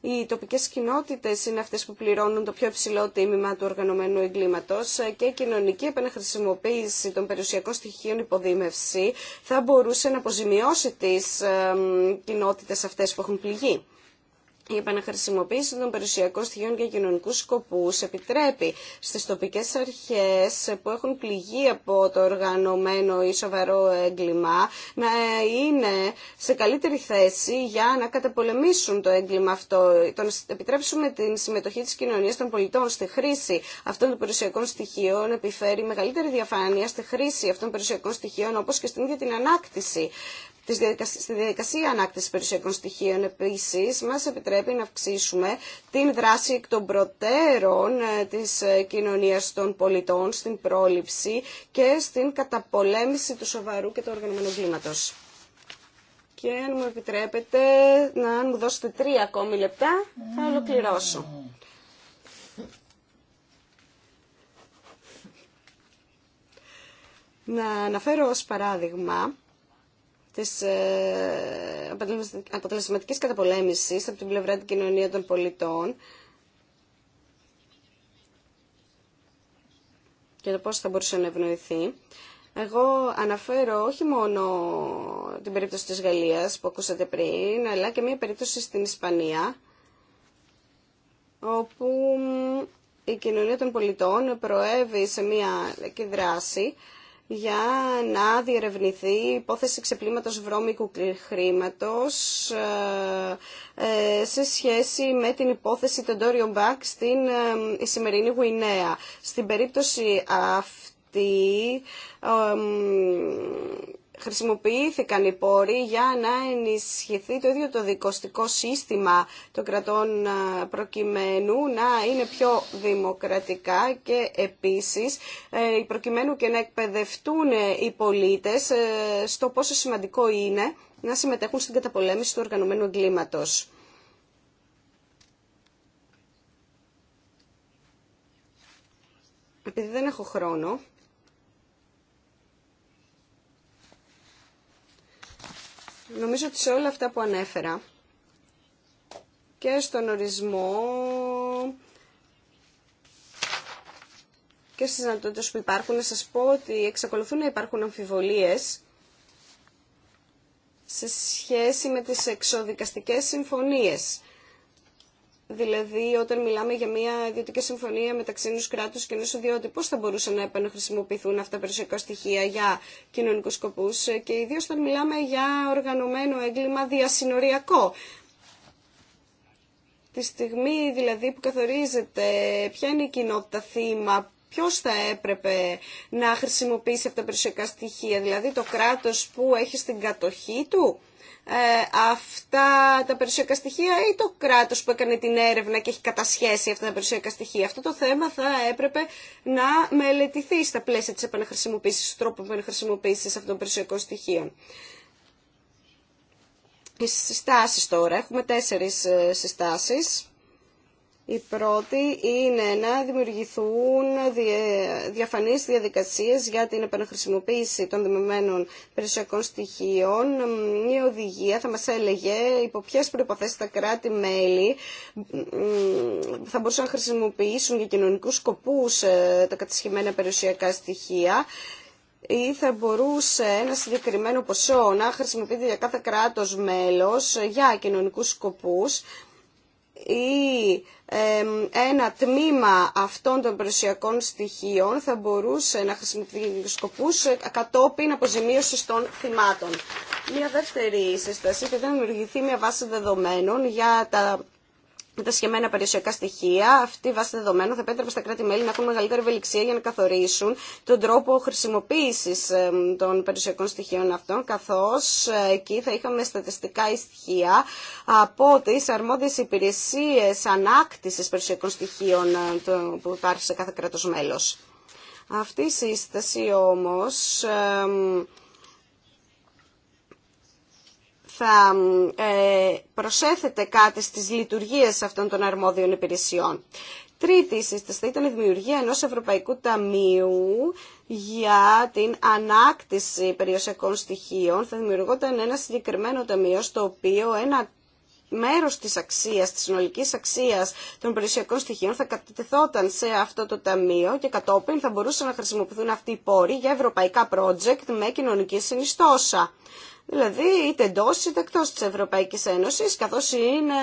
οι τοπικές κοινότητες είναι αυτές που πληρώνουν το πιο υψηλό τίμημα του οργανωμένου εγκλήματος ε, και η κοινωνική επαναχρησιμοποίηση των περιουσιακών στοιχείων υποδήμευση θα μπορούσε να αποζημιώσει τις ε, κοινότητες αυτές που έχουν πληγεί η επαναχρησιμοποίηση των περιουσιακών στοιχείων για κοινωνικού σκοπού επιτρέπει στι τοπικέ αρχέ που έχουν πληγεί από το οργανωμένο ή σοβαρό έγκλημα να είναι σε καλύτερη θέση για να καταπολεμήσουν το έγκλημα αυτό. Το να επιτρέψουμε την συμμετοχή τη κοινωνία των πολιτών στη χρήση αυτών των περιουσιακών στοιχείων επιφέρει μεγαλύτερη διαφάνεια στη χρήση αυτών των περιουσιακών στοιχείων όπω και στην ίδια την ανάκτηση στη διαδικασία ανάκτηση περιουσιακών στοιχείων. Επίση, μα επιτρέπει να αυξήσουμε την δράση εκ των προτέρων ε, τη ε, κοινωνία των πολιτών στην πρόληψη και στην καταπολέμηση του σοβαρού και του οργανωμένου κλίματο. Και αν μου επιτρέπετε να μου δώσετε τρία ακόμη λεπτά, θα ολοκληρώσω. Να αναφέρω ως παράδειγμα της ε, αποτελεσματική καταπολέμησης από την πλευρά τη κοινωνία των πολιτών και το πώς θα μπορούσε να ευνοηθεί. Εγώ αναφέρω όχι μόνο την περίπτωση της Γαλλίας που ακούσατε πριν, αλλά και μια περίπτωση στην Ισπανία, όπου η κοινωνία των πολιτών προέβη σε μια δράση για να διερευνηθεί η υπόθεση ξεπλήματος βρώμικου χρήματος ε, ε, σε σχέση με την υπόθεση των Μπακ στην ε, σημερινή Γουινέα. Στην περίπτωση αυτή χρησιμοποιήθηκαν οι πόροι για να ενισχυθεί το ίδιο το δικοστικό σύστημα των κρατών ε, προκειμένου να είναι πιο δημοκρατικά και επίσης ε, προκειμένου και να εκπαιδευτούν οι πολίτες ε, στο πόσο σημαντικό είναι να συμμετέχουν στην καταπολέμηση του οργανωμένου εγκλήματος. Επειδή δεν έχω χρόνο, Νομίζω ότι σε όλα αυτά που ανέφερα και στον ορισμό και στις δυνατότητες που υπάρχουν, να σας πω ότι εξακολουθούν να υπάρχουν αμφιβολίες σε σχέση με τις εξοδικαστικές συμφωνίες. Δηλαδή, όταν μιλάμε για μια ιδιωτική συμφωνία μεταξύ ενό κράτου και ενό ιδιώτη, πώ θα μπορούσαν να επαναχρησιμοποιηθούν αυτά τα περιουσιακά στοιχεία για κοινωνικού σκοπού και ιδίω όταν μιλάμε για οργανωμένο έγκλημα διασυνοριακό. Τη στιγμή δηλαδή που καθορίζεται ποια είναι η κοινότητα θύμα, ποιο θα έπρεπε να χρησιμοποιήσει αυτά τα περιουσιακά στοιχεία, δηλαδή το κράτο που έχει στην κατοχή του ε, αυτά τα περισσοϊκά στοιχεία ή το κράτος που έκανε την έρευνα και έχει κατασχέσει αυτά τα περισσοϊκά στοιχεία. Αυτό το θέμα θα έπρεπε να μελετηθεί στα πλαίσια της επαναχρησιμοποίησης, του τρόπου επαναχρησιμοποίησης αυτών των περισσοϊκών στοιχείων. Οι συστάσεις τώρα. Έχουμε τέσσερις ε, συστάσεις. Η πρώτη είναι να δημιουργηθούν διαφανείς διαδικασίες για την επαναχρησιμοποίηση των δημιουργημένων περιουσιακών στοιχείων. Η οδηγία θα μας έλεγε υπό ποιες προϋποθέσεις τα κράτη-μέλη θα μπορούσαν να χρησιμοποιήσουν για κοινωνικούς σκοπούς ε, τα κατασχημένα περιουσιακά στοιχεία ή θα μπορούσε ένα συγκεκριμένο ποσό να χρησιμοποιείται για κάθε κράτος μέλος ε, για κοινωνικούς σκοπούς ή ένα τμήμα αυτών των περιουσιακών στοιχείων θα μπορούσε να χρησιμοποιηθεί για σκοπούς ε, κατόπιν αποζημίωση των θυμάτων. Μια δεύτερη συστασία και δεν δημιουργηθεί μια βάση δεδομένων για τα με τα σχεμένα περιουσιακά στοιχεία, αυτή η βάση δεδομένων θα επέτρεπε στα κράτη-μέλη να έχουν μεγαλύτερη ευελιξία για να καθορίσουν τον τρόπο χρησιμοποίηση ε, των περιουσιακών στοιχείων αυτών, καθώ ε, εκεί θα είχαμε στατιστικά στοιχεία από τι αρμόδιε υπηρεσίε ανάκτηση περιουσιακών στοιχείων ε, που υπάρχει σε κάθε κράτο μέλο. Αυτή η σύσταση όμως θα ε, προσέθετε κάτι στις λειτουργίες αυτών των αρμόδιων υπηρεσιών. Τρίτη σύσταση θα ήταν η δημιουργία ενός Ευρωπαϊκού Ταμείου για την ανάκτηση περιοσιακών στοιχείων. Θα δημιουργόταν ένα συγκεκριμένο ταμείο στο οποίο ένα μέρος της αξίας, της συνολικής αξίας των περιουσιακών στοιχείων θα κατατεθόταν σε αυτό το ταμείο και κατόπιν θα μπορούσαν να χρησιμοποιηθούν αυτοί οι πόροι για ευρωπαϊκά project με κοινωνική συνιστόσα. Δηλαδή είτε εντό είτε εκτό τη Ευρωπαϊκή Ένωση, καθώ είναι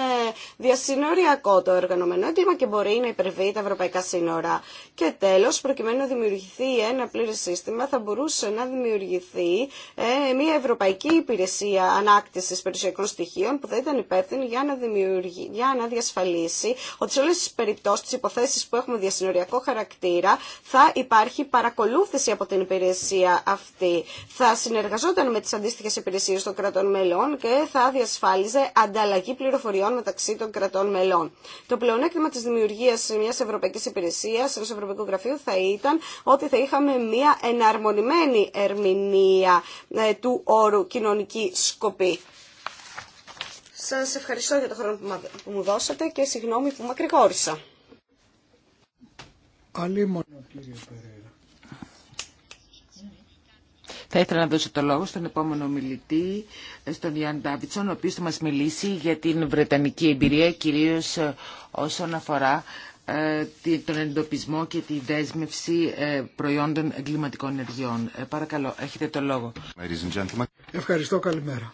διασυνοριακό το οργανωμένο έγκλημα και μπορεί να υπερβεί τα ευρωπαϊκά σύνορα. Και τέλο, προκειμένου να δημιουργηθεί ένα πλήρε σύστημα, θα μπορούσε να δημιουργηθεί ε, μια ευρωπαϊκή υπηρεσία ανάκτηση περιουσιακών στοιχείων που θα ήταν υπεύθυνη για να, δημιουργη... για να διασφαλίσει ότι σε όλε τι περιπτώσει, τι υποθέσει που έχουμε διασυνοριακό χαρακτήρα, θα υπάρχει παρακολούθηση από την υπηρεσία αυτή. Θα συνεργαζόταν με τι αντίστοιχε υπηρεσίε υπηρεσίες των κρατών μελών και θα διασφάλιζε ανταλλαγή πληροφοριών μεταξύ των κρατών μελών. Το πλεονέκτημα της δημιουργίας μιας ευρωπαϊκής υπηρεσίας, ενός ευρωπαϊκού γραφείου θα ήταν ότι θα είχαμε μια εναρμονημένη ερμηνεία ε, του όρου κοινωνική σκοπή. Σας ευχαριστώ για το χρόνο που μου δώσατε και συγγνώμη που μακρηγόρησα. Καλή θα ήθελα να δώσω το λόγο στον επόμενο μιλητή, στον Ιάν Ντάβιτσον, ο οποίος θα μας μιλήσει για την Βρετανική εμπειρία, κυρίως ε, όσον αφορά ε, τον εντοπισμό και τη δέσμευση ε, προϊόντων εγκληματικών ενεργειών. Παρακαλώ, έχετε το λόγο. Ευχαριστώ, καλημέρα.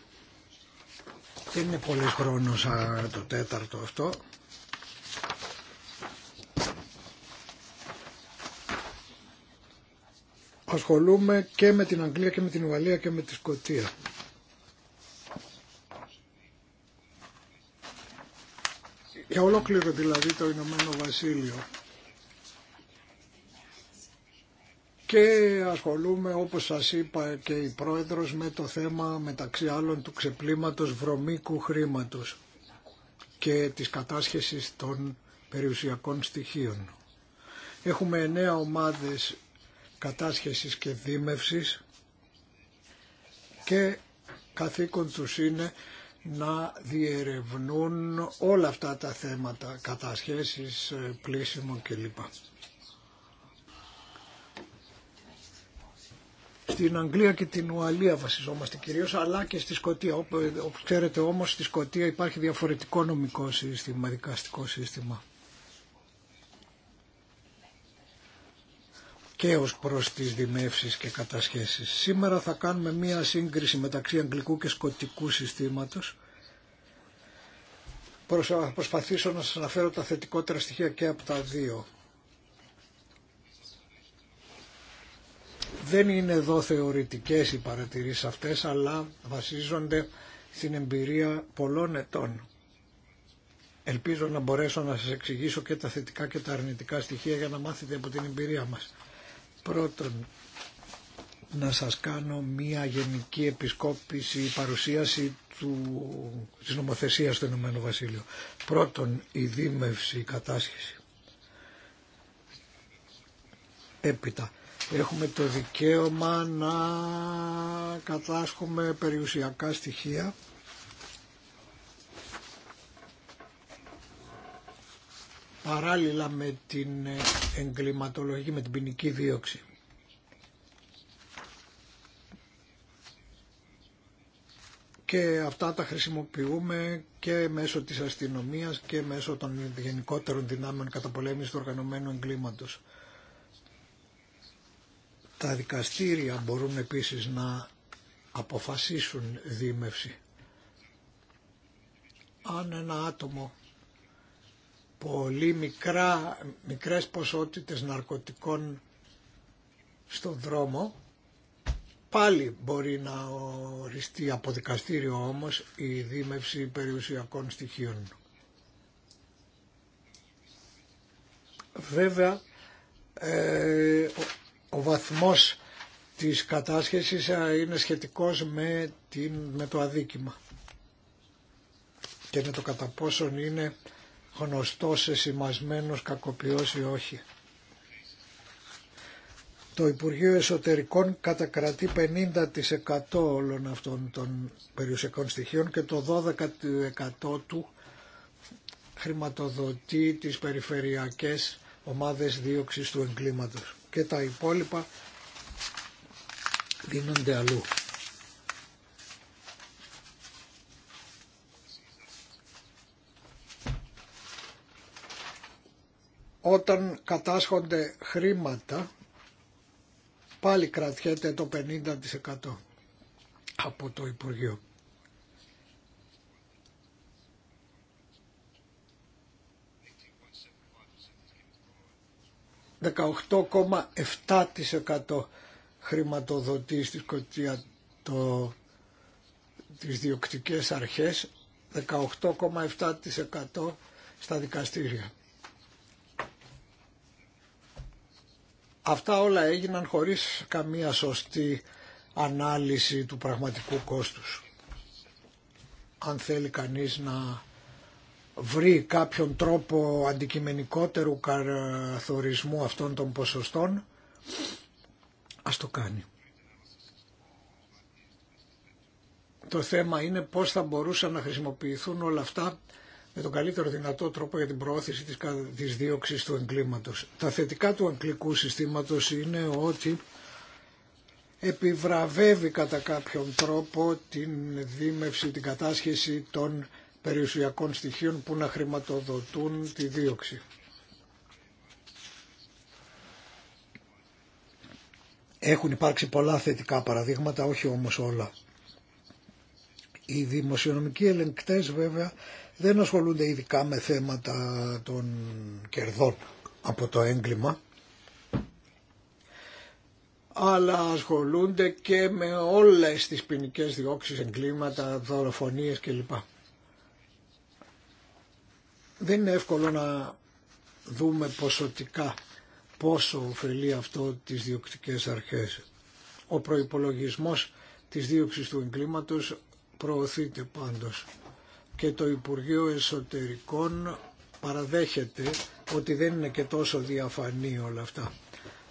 Δεν είναι πολύ χρόνος το τέταρτο αυτό. ασχολούμαι και με την Αγγλία και με την Ουαλία και με τη Σκοτία. Και ολόκληρο δηλαδή το Ηνωμένο Βασίλειο. Και ασχολούμαι όπως σας είπα και η Πρόεδρος με το θέμα μεταξύ άλλων του ξεπλήματος βρωμίκου χρήματος και της κατάσχεσης των περιουσιακών στοιχείων. Έχουμε εννέα ομάδες κατάσχεσης και δίμευσης και καθήκον τους είναι να διερευνούν όλα αυτά τα θέματα, κατασχέσεις, πλήσιμο κλπ. Στην Αγγλία και την Ουαλία βασιζόμαστε κυρίως, αλλά και στη Σκωτία. Όπως ξέρετε όμως στη Σκωτία υπάρχει διαφορετικό νομικό σύστημα, δικαστικό σύστημα. και ως προς τις δημεύσεις και κατασχέσεις. Σήμερα θα κάνουμε μία σύγκριση μεταξύ αγγλικού και σκοτικού συστήματος. Θα προσπαθήσω να σας αναφέρω τα θετικότερα στοιχεία και από τα δύο. Δεν είναι εδώ θεωρητικές οι παρατηρήσεις αυτές, αλλά βασίζονται στην εμπειρία πολλών ετών. Ελπίζω να μπορέσω να σας εξηγήσω και τα θετικά και τα αρνητικά στοιχεία για να μάθετε από την εμπειρία μας. Πρώτον, να σας κάνω μία γενική επισκόπηση, παρουσίαση του, της νομοθεσίας του Ηνωμένου Βασίλειου. Πρώτον, η δίμευση, η κατάσχεση. Έπειτα, έχουμε το δικαίωμα να κατάσχουμε περιουσιακά στοιχεία παράλληλα με την ε, εγκληματολογική, με την ποινική δίωξη. Και αυτά τα χρησιμοποιούμε και μέσω της αστυνομίας και μέσω των γενικότερων δυνάμεων καταπολέμησης του οργανωμένου εγκλήματος. Τα δικαστήρια μπορούν επίσης να αποφασίσουν δίμευση. Αν ένα άτομο πολύ μικρά, μικρές ποσότητες ναρκωτικών στον δρόμο πάλι μπορεί να οριστεί από δικαστήριο όμως η δίμευση περιουσιακών στοιχείων. Βέβαια ε, ο, ο βαθμός της κατάσχεσης ε, είναι σχετικός με, την, με το αδίκημα και με το κατά πόσον είναι γνωστός, εσημασμένος, κακοποιός ή όχι. Το Υπουργείο Εσωτερικών κατακρατεί 50% όλων αυτών των περιουσιακών στοιχείων και το 12% του χρηματοδοτεί τις περιφερειακές ομάδες δίωξης του εγκλήματος. Και τα υπόλοιπα δίνονται αλλού. όταν κατάσχονται χρήματα πάλι κρατιέται το 50% από το Υπουργείο. ...18,7% χρηματοδοτεί στη Σκοτία το, τις διοκτικές αρχές, 18,7% στα δικαστήρια. Αυτά όλα έγιναν χωρίς καμία σωστή ανάλυση του πραγματικού κόστους. Αν θέλει κανείς να βρει κάποιον τρόπο αντικειμενικότερου καθορισμού αυτών των ποσοστών, ας το κάνει. Το θέμα είναι πώς θα μπορούσαν να χρησιμοποιηθούν όλα αυτά με τον καλύτερο δυνατό τρόπο για την προώθηση της, της δίωξης του εγκλήματος. Τα θετικά του αγγλικού συστήματος είναι ότι επιβραβεύει κατά κάποιον τρόπο την δίμευση, την κατάσχεση των περιουσιακών στοιχείων που να χρηματοδοτούν τη δίωξη. Έχουν υπάρξει πολλά θετικά παραδείγματα, όχι όμως όλα. Οι δημοσιονομικοί ελεγκτές βέβαια δεν ασχολούνται ειδικά με θέματα των κερδών από το έγκλημα αλλά ασχολούνται και με όλες τις ποινικέ διώξεις, εγκλήματα, δολοφονίες κλπ. Δεν είναι εύκολο να δούμε ποσοτικά πόσο ωφελεί αυτό τις διοκτικές αρχές. Ο προϋπολογισμός της δίωξης του εγκλήματος προωθείται πάντως και το Υπουργείο Εσωτερικών παραδέχεται ότι δεν είναι και τόσο διαφανή όλα αυτά.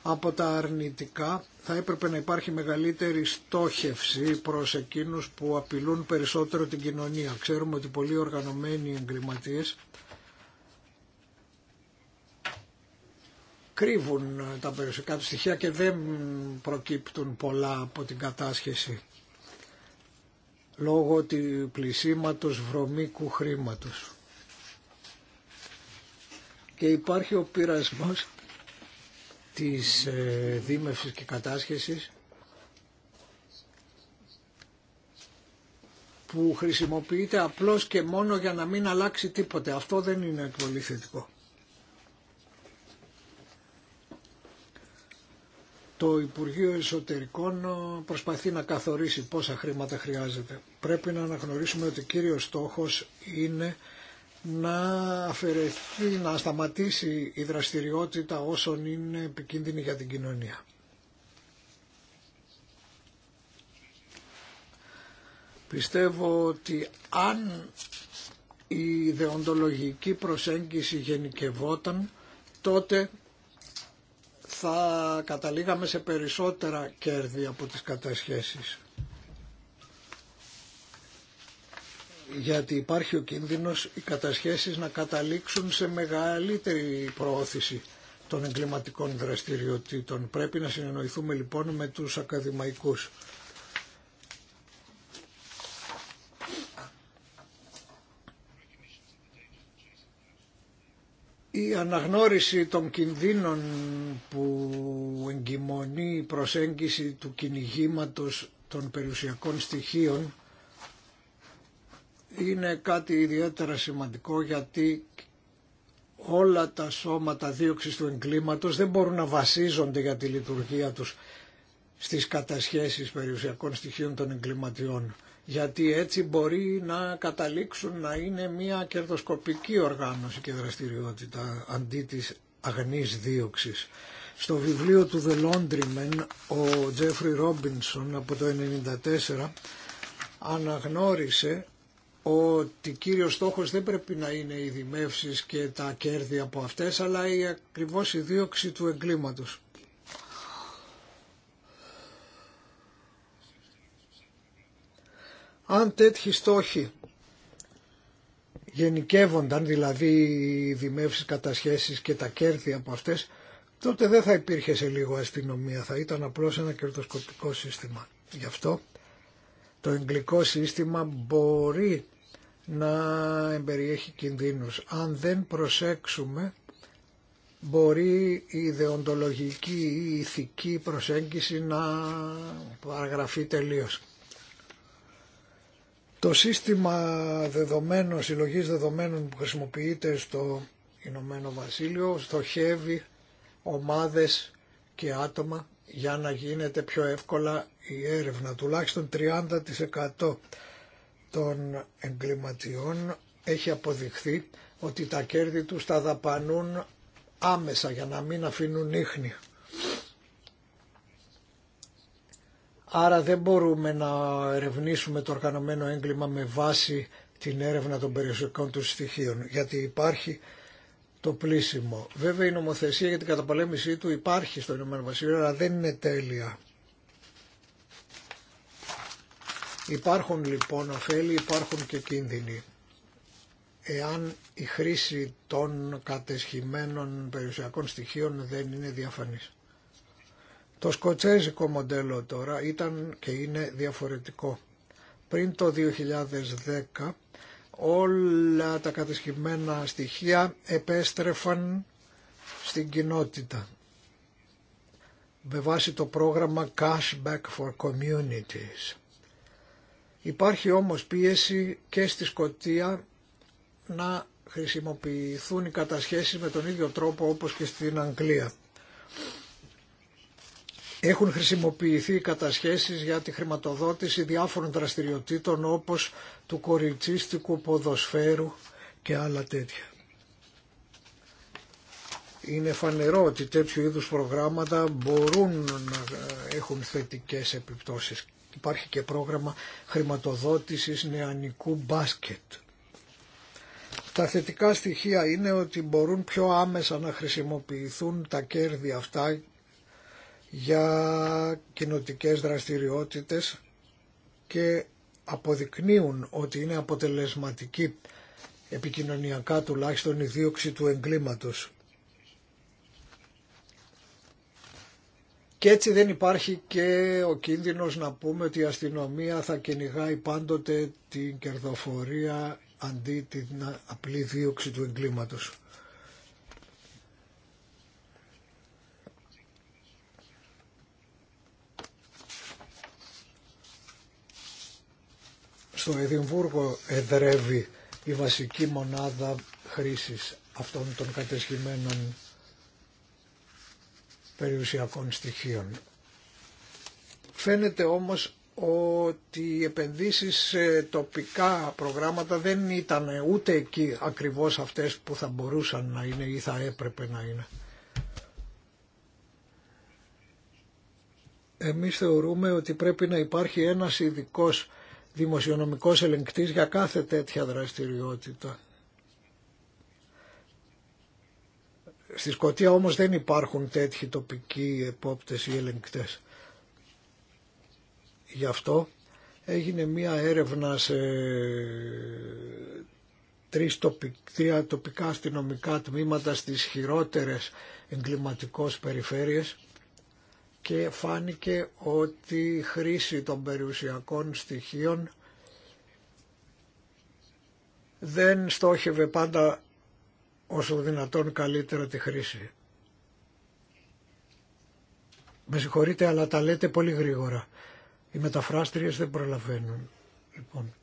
Από τα αρνητικά θα έπρεπε να υπάρχει μεγαλύτερη στόχευση προς εκείνους που απειλούν περισσότερο την κοινωνία. Ξέρουμε ότι πολλοί οργανωμένοι εγκληματίες κρύβουν τα περιουσιακά του στοιχεία και δεν προκύπτουν πολλά από την κατάσχεση λόγω του πλησίματος βρωμίκου χρήματος. Και υπάρχει ο πειρασμός της ε, δίμευσης και κατάσχεσης που χρησιμοποιείται απλώς και μόνο για να μην αλλάξει τίποτε. Αυτό δεν είναι πολύ θετικό. το Υπουργείο Εσωτερικών ε, προσπαθεί να καθορίσει πόσα χρήματα χρειάζεται. Πρέπει να αναγνωρίσουμε ότι κύριος στόχος είναι να αφαιρεθεί, να σταματήσει η δραστηριότητα όσων είναι επικίνδυνη για την κοινωνία. Πιστεύω ότι αν η ιδεοντολογική προσέγγιση γενικευόταν, τότε θα καταλήγαμε σε περισσότερα κέρδη από τις κατασχέσεις. γιατί υπάρχει ο κίνδυνος οι κατασχέσεις να καταλήξουν σε μεγαλύτερη προώθηση των εγκληματικών δραστηριοτήτων. Πρέπει να συνεννοηθούμε λοιπόν με τους ακαδημαϊκούς. Η αναγνώριση των κινδύνων που εγκυμονεί η προσέγγιση του κυνηγήματο των περιουσιακών στοιχείων είναι κάτι ιδιαίτερα σημαντικό γιατί όλα τα σώματα δίωξης του εγκλήματος δεν μπορούν να βασίζονται για τη λειτουργία τους στις κατασχέσεις περιουσιακών στοιχείων των εγκληματιών γιατί έτσι μπορεί να καταλήξουν να είναι μια κερδοσκοπική οργάνωση και δραστηριότητα αντί της αγνής δίωξης. Στο βιβλίο του The Laundryman ο Τζέφρι Ρόμπινσον από το 1994 αναγνώρισε ότι κύριο στόχος δεν πρέπει να είναι οι δημεύσεις και τα κέρδη από αυτές αλλά η ακριβώς η δίωξη του εγκλήματος. Αν τέτοιοι στόχοι γενικεύονταν, δηλαδή οι δημεύσεις κατασχέσεις και τα κέρδη από αυτές, τότε δεν θα υπήρχε σε λίγο αστυνομία, θα ήταν απλώς ένα κερδοσκοπικό σύστημα. Γι' αυτό το εγγλικό σύστημα μπορεί να εμπεριέχει κινδύνους. Αν δεν προσέξουμε, μπορεί η ιδεοντολογική ή η ηθική προσέγγιση να παραγραφεί τελείως. Το σύστημα δεδομένων, συλλογής δεδομένων που χρησιμοποιείται στο Ηνωμένο Βασίλειο στοχεύει ομάδες και άτομα για να γίνεται πιο εύκολα η έρευνα. Τουλάχιστον 30% των εγκληματιών έχει αποδειχθεί ότι τα κέρδη τους τα δαπανούν άμεσα για να μην αφήνουν ίχνη. Άρα δεν μπορούμε να ερευνήσουμε το οργανωμένο έγκλημα με βάση την έρευνα των περιουσιακών του στοιχείων, γιατί υπάρχει το πλήσιμο. Βέβαια η νομοθεσία για την καταπολέμησή του υπάρχει στο Ηνωμένο Βασίλειο, αλλά δεν είναι τέλεια. Υπάρχουν λοιπόν ωφέλη, υπάρχουν και κίνδυνοι. Εάν η χρήση των κατεσχημένων περιουσιακών στοιχείων δεν είναι διαφανής. Το σκοτσέζικο μοντέλο τώρα ήταν και είναι διαφορετικό. Πριν το 2010 όλα τα κατασκευμένα στοιχεία επέστρεφαν στην κοινότητα με βάση το πρόγραμμα Cashback for Communities. Υπάρχει όμως πίεση και στη Σκοτία να χρησιμοποιηθούν οι κατασχέσεις με τον ίδιο τρόπο όπως και στην Αγγλία. Έχουν χρησιμοποιηθεί οι κατασχέσεις για τη χρηματοδότηση διάφορων δραστηριοτήτων όπως του κοριτσίστικου ποδοσφαίρου και άλλα τέτοια. Είναι φανερό ότι τέτοιου είδους προγράμματα μπορούν να έχουν θετικές επιπτώσεις. Υπάρχει και πρόγραμμα χρηματοδότησης νεανικού μπάσκετ. Τα θετικά στοιχεία είναι ότι μπορούν πιο άμεσα να χρησιμοποιηθούν τα κέρδη αυτά για κοινοτικέ δραστηριότητες και αποδεικνύουν ότι είναι αποτελεσματική επικοινωνιακά τουλάχιστον η δίωξη του εγκλήματος. Και έτσι δεν υπάρχει και ο κίνδυνος να πούμε ότι η αστυνομία θα κυνηγάει πάντοτε την κερδοφορία αντί την απλή δίωξη του εγκλήματος. στο Εδιμβούργο εδρεύει η βασική μονάδα χρήσης αυτών των κατεσχημένων περιουσιακών στοιχείων. Φαίνεται όμως ότι οι επενδύσεις σε τοπικά προγράμματα δεν ήταν ούτε εκεί ακριβώς αυτές που θα μπορούσαν να είναι ή θα έπρεπε να είναι. Εμείς θεωρούμε ότι πρέπει να υπάρχει ένας ειδικός δημοσιονομικός ελεγκτής για κάθε τέτοια δραστηριότητα. Στη Σκωτία όμως δεν υπάρχουν τέτοιοι τοπικοί επόπτες ή ελεγκτές. Γι' αυτό έγινε μία έρευνα σε τρεις τοπικά αστυνομικά τμήματα στις χειρότερες εγκληματικές περιφέρειες και φάνηκε ότι η χρήση των περιουσιακών στοιχείων δεν στόχευε πάντα όσο δυνατόν καλύτερα τη χρήση. Με συγχωρείτε αλλά τα λέτε πολύ γρήγορα. Οι μεταφράστριες δεν προλαβαίνουν. Λοιπόν.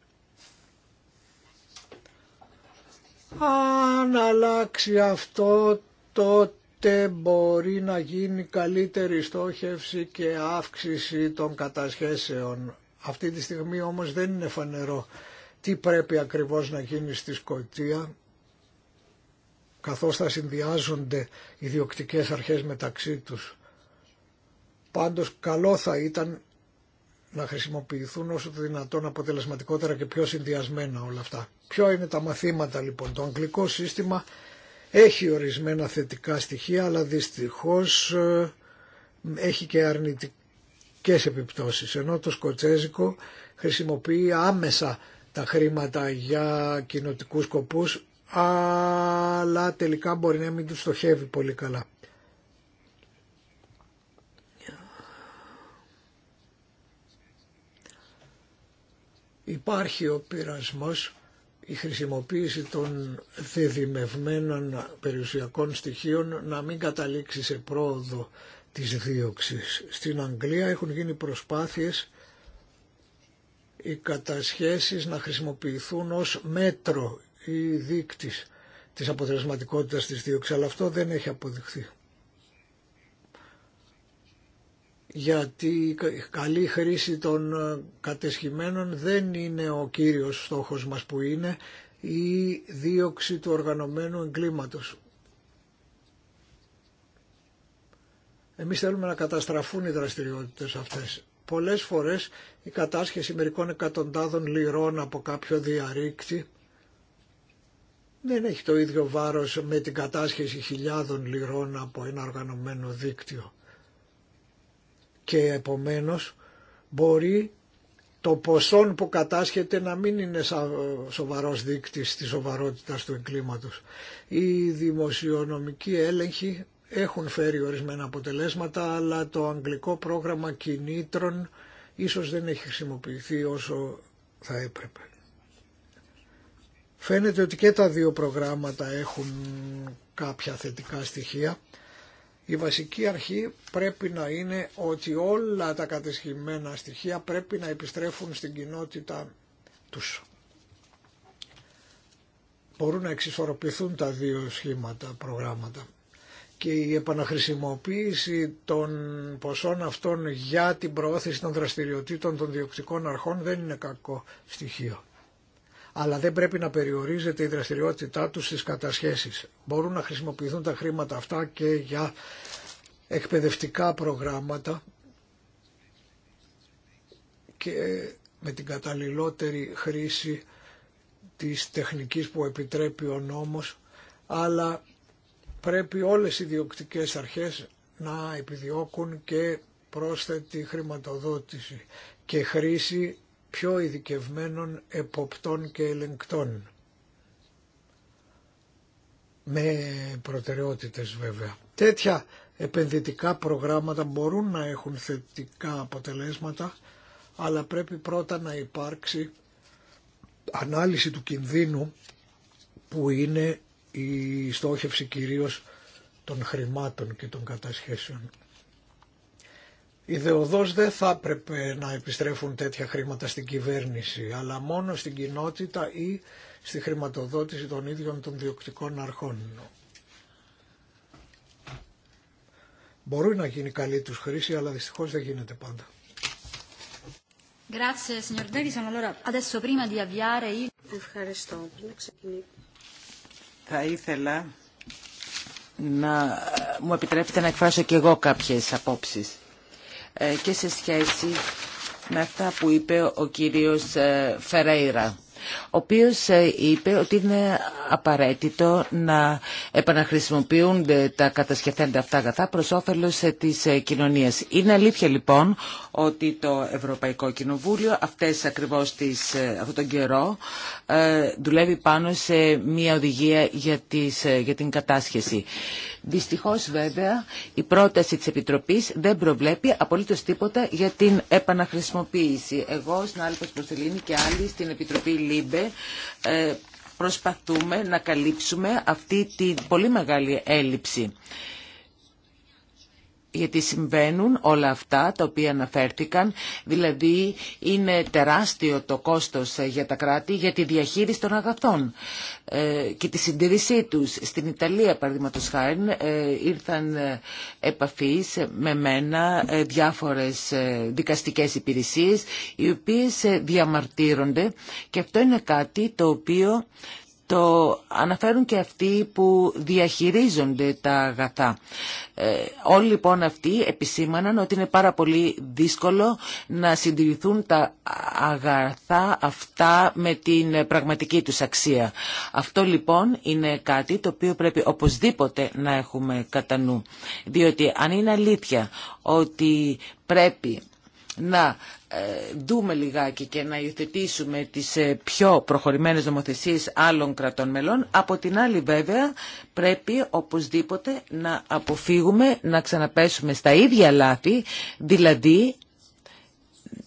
Αν αλλάξει αυτό το... Είτε μπορεί να γίνει καλύτερη στόχευση και αύξηση των κατασχέσεων. Αυτή τη στιγμή όμως δεν είναι φανερό τι πρέπει ακριβώς να γίνει στη Σκοτία καθώς θα συνδυάζονται οι διοκτικές αρχές μεταξύ τους. Πάντως καλό θα ήταν να χρησιμοποιηθούν όσο το δυνατόν αποτελεσματικότερα και πιο συνδυασμένα όλα αυτά. Ποιο είναι τα μαθήματα λοιπόν. Το αγγλικό σύστημα έχει ορισμένα θετικά στοιχεία αλλά δυστυχώς ε, έχει και αρνητικές επιπτώσεις ενώ το σκοτσέζικο χρησιμοποιεί άμεσα τα χρήματα για κοινοτικούς σκοπούς αλλά τελικά μπορεί να μην του στοχεύει πολύ καλά. Υπάρχει ο πειρασμός η χρησιμοποίηση των δεδημευμένων περιουσιακών στοιχείων να μην καταλήξει σε πρόοδο της δίωξης. Στην Αγγλία έχουν γίνει προσπάθειες οι κατασχέσεις να χρησιμοποιηθούν ως μέτρο ή δείκτης της αποτελεσματικότητας της δίωξης, αλλά αυτό δεν έχει αποδειχθεί. γιατί η καλή χρήση των ε, κατεσχημένων δεν είναι ο κύριος στόχος μας που είναι η δίωξη του οργανωμένου εγκλήματος. Εμείς θέλουμε να καταστραφούν οι δραστηριότητες αυτές. Πολλές φορές η κατάσχεση μερικών εκατοντάδων λιρών από κάποιο διαρρήκτη δεν έχει το ίδιο βάρος με την κατάσχεση χιλιάδων λιρών από ένα οργανωμένο δίκτυο και επομένως μπορεί το ποσό που κατάσχεται να μην είναι σοβαρός δείκτης της σοβαρότητας του εγκλήματος. Οι δημοσιονομικοί έλεγχοι έχουν φέρει ορισμένα αποτελέσματα, αλλά το αγγλικό πρόγραμμα κινήτρων ίσως δεν έχει χρησιμοποιηθεί όσο θα έπρεπε. Φαίνεται ότι και τα δύο προγράμματα έχουν κάποια θετικά στοιχεία η βασική αρχή πρέπει να είναι ότι όλα τα κατεσχημένα στοιχεία πρέπει να επιστρέφουν στην κοινότητα τους. Μπορούν να εξισορροπηθούν τα δύο σχήματα, προγράμματα. Και η επαναχρησιμοποίηση των ποσών αυτών για την προώθηση των δραστηριοτήτων των διοκτικών αρχών δεν είναι κακό στοιχείο αλλά δεν πρέπει να περιορίζεται η δραστηριότητά τους στις κατασχέσεις. Μπορούν να χρησιμοποιηθούν τα χρήματα αυτά και για εκπαιδευτικά προγράμματα και με την καταλληλότερη χρήση της τεχνικής που επιτρέπει ο νόμος, αλλά πρέπει όλες οι διοκτικές αρχές να επιδιώκουν και πρόσθετη χρηματοδότηση και χρήση πιο ειδικευμένων εποπτών και ελεγκτών. Με προτεραιότητες βέβαια. Τέτοια επενδυτικά προγράμματα μπορούν να έχουν θετικά αποτελέσματα, αλλά πρέπει πρώτα να υπάρξει ανάλυση του κινδύνου που είναι η στόχευση κυρίως των χρημάτων και των κατασχέσεων δεοδός δεν θα έπρεπε να επιστρέφουν τέτοια χρήματα στην κυβέρνηση, αλλά μόνο στην κοινότητα ή στη χρηματοδότηση των ίδιων των διοκτικών αρχών. Μπορεί να γίνει καλή τους χρήση, αλλά δυστυχώς δεν γίνεται πάντα. Ευχαριστώ. Θα ήθελα να μου επιτρέπετε να εκφράσω και εγώ κάποιες απόψεις. Ε, και σε σχέση με αυτά που είπε ο κύριος ε, Φερέιρα ο οποίος ε, είπε ότι είναι απαραίτητο να επαναχρησιμοποιούν ε, τα κατασκευθέντα αυτά αγαθά προς όφελος ε, της κοινωνίας. Είναι αλήθεια λοιπόν ότι το Ευρωπαϊκό Κοινοβούλιο αυτές ακριβώς τις, αυτόν τον καιρό δουλεύει πάνω σε μια οδηγία για, τις, για την κατάσχεση. Δυστυχώς βέβαια η πρόταση της Επιτροπής δεν προβλέπει απολύτως τίποτα για την επαναχρησιμοποίηση. Εγώ, και άλλοι στην Επιτροπή ε, προσπαθούμε να καλύψουμε αυτή τη πολύ μεγάλη έλλειψη γιατί συμβαίνουν όλα αυτά τα οποία αναφέρθηκαν, δηλαδή είναι τεράστιο το κόστος για τα κράτη για τη διαχείριση των αγαθών ε, και τη συντηρησή τους. Στην Ιταλία, παραδείγματος χάρη, ε, ήρθαν ε, επαφής με μένα διάφορες δικαστικές υπηρεσίες οι οποίες διαμαρτύρονται και αυτό είναι κάτι το οποίο το αναφέρουν και αυτοί που διαχειρίζονται τα αγαθά. Ε, όλοι λοιπόν αυτοί επισήμαναν ότι είναι πάρα πολύ δύσκολο να συντηρηθούν τα αγαθά αυτά με την πραγματική τους αξία. Αυτό λοιπόν είναι κάτι το οποίο πρέπει οπωσδήποτε να έχουμε κατά νου. Διότι αν είναι αλήθεια ότι πρέπει να ε, δούμε λιγάκι και να υιοθετήσουμε τις ε, πιο προχωρημένες νομοθεσίες άλλων κρατών μελών. Από την άλλη βέβαια πρέπει οπωσδήποτε να αποφύγουμε να ξαναπέσουμε στα ίδια λάθη, δηλαδή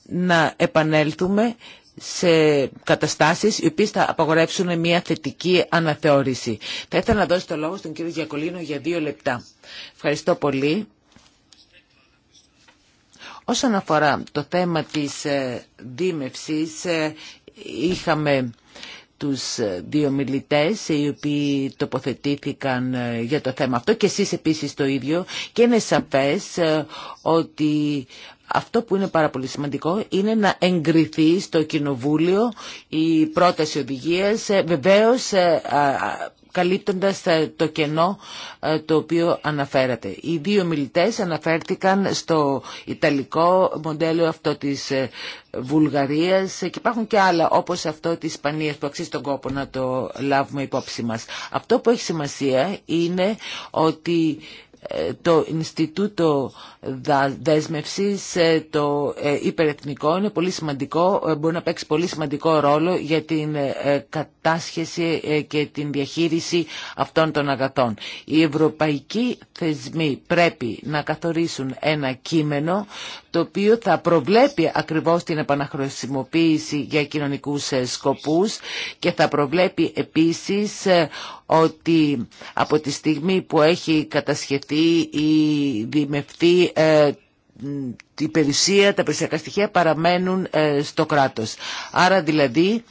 να επανέλθουμε σε καταστάσεις οι οποίες θα απαγορεύσουν μια θετική αναθεώρηση. Θα ήθελα να δώσω το λόγο στον κύριο Γιακολίνο για δύο λεπτά. Ευχαριστώ πολύ. Όσον αφορά το θέμα της ε, δίμευσης, ε, είχαμε τους ε, δύο μιλητές οι οποίοι τοποθετήθηκαν για το θέμα αυτό και εσείς επίσης το ίδιο και είναι σαφές ότι αυτό που είναι πάρα πολύ σημαντικό είναι να εγκριθεί στο Κοινοβούλιο η πρόταση οδηγίας. Βεβαίως καλύπτοντας ε, το κενό ε, το οποίο αναφέρατε. Οι δύο μιλητές αναφέρθηκαν στο ιταλικό μοντέλο αυτό της ε, Βουλγαρίας και υπάρχουν και άλλα όπως αυτό της Ισπανίας που αξίζει τον κόπο να το λάβουμε υπόψη μας. Αυτό που έχει σημασία είναι ότι το Ινστιτούτο Δέσμευσης ε, το ε, υπερεθνικό είναι πολύ σημαντικό, ε, μπορεί να παίξει πολύ σημαντικό ρόλο για την κατάσχεση και την διαχείριση αυτών των αγαθών. Οι ευρωπαϊκοί θεσμοί πρέπει να καθορίσουν ένα κείμενο το οποίο θα προβλέπει ακριβώς την επαναχρησιμοποίηση για κοινωνικούς ε, σκοπούς και θα προβλέπει επίσης ε, ότι από τη στιγμή που έχει κατασχεθεί ή δημευτεί ε, η περιουσία, τα περιουσιακά στοιχεία παραμένουν στο κράτος. Άρα δηλαδή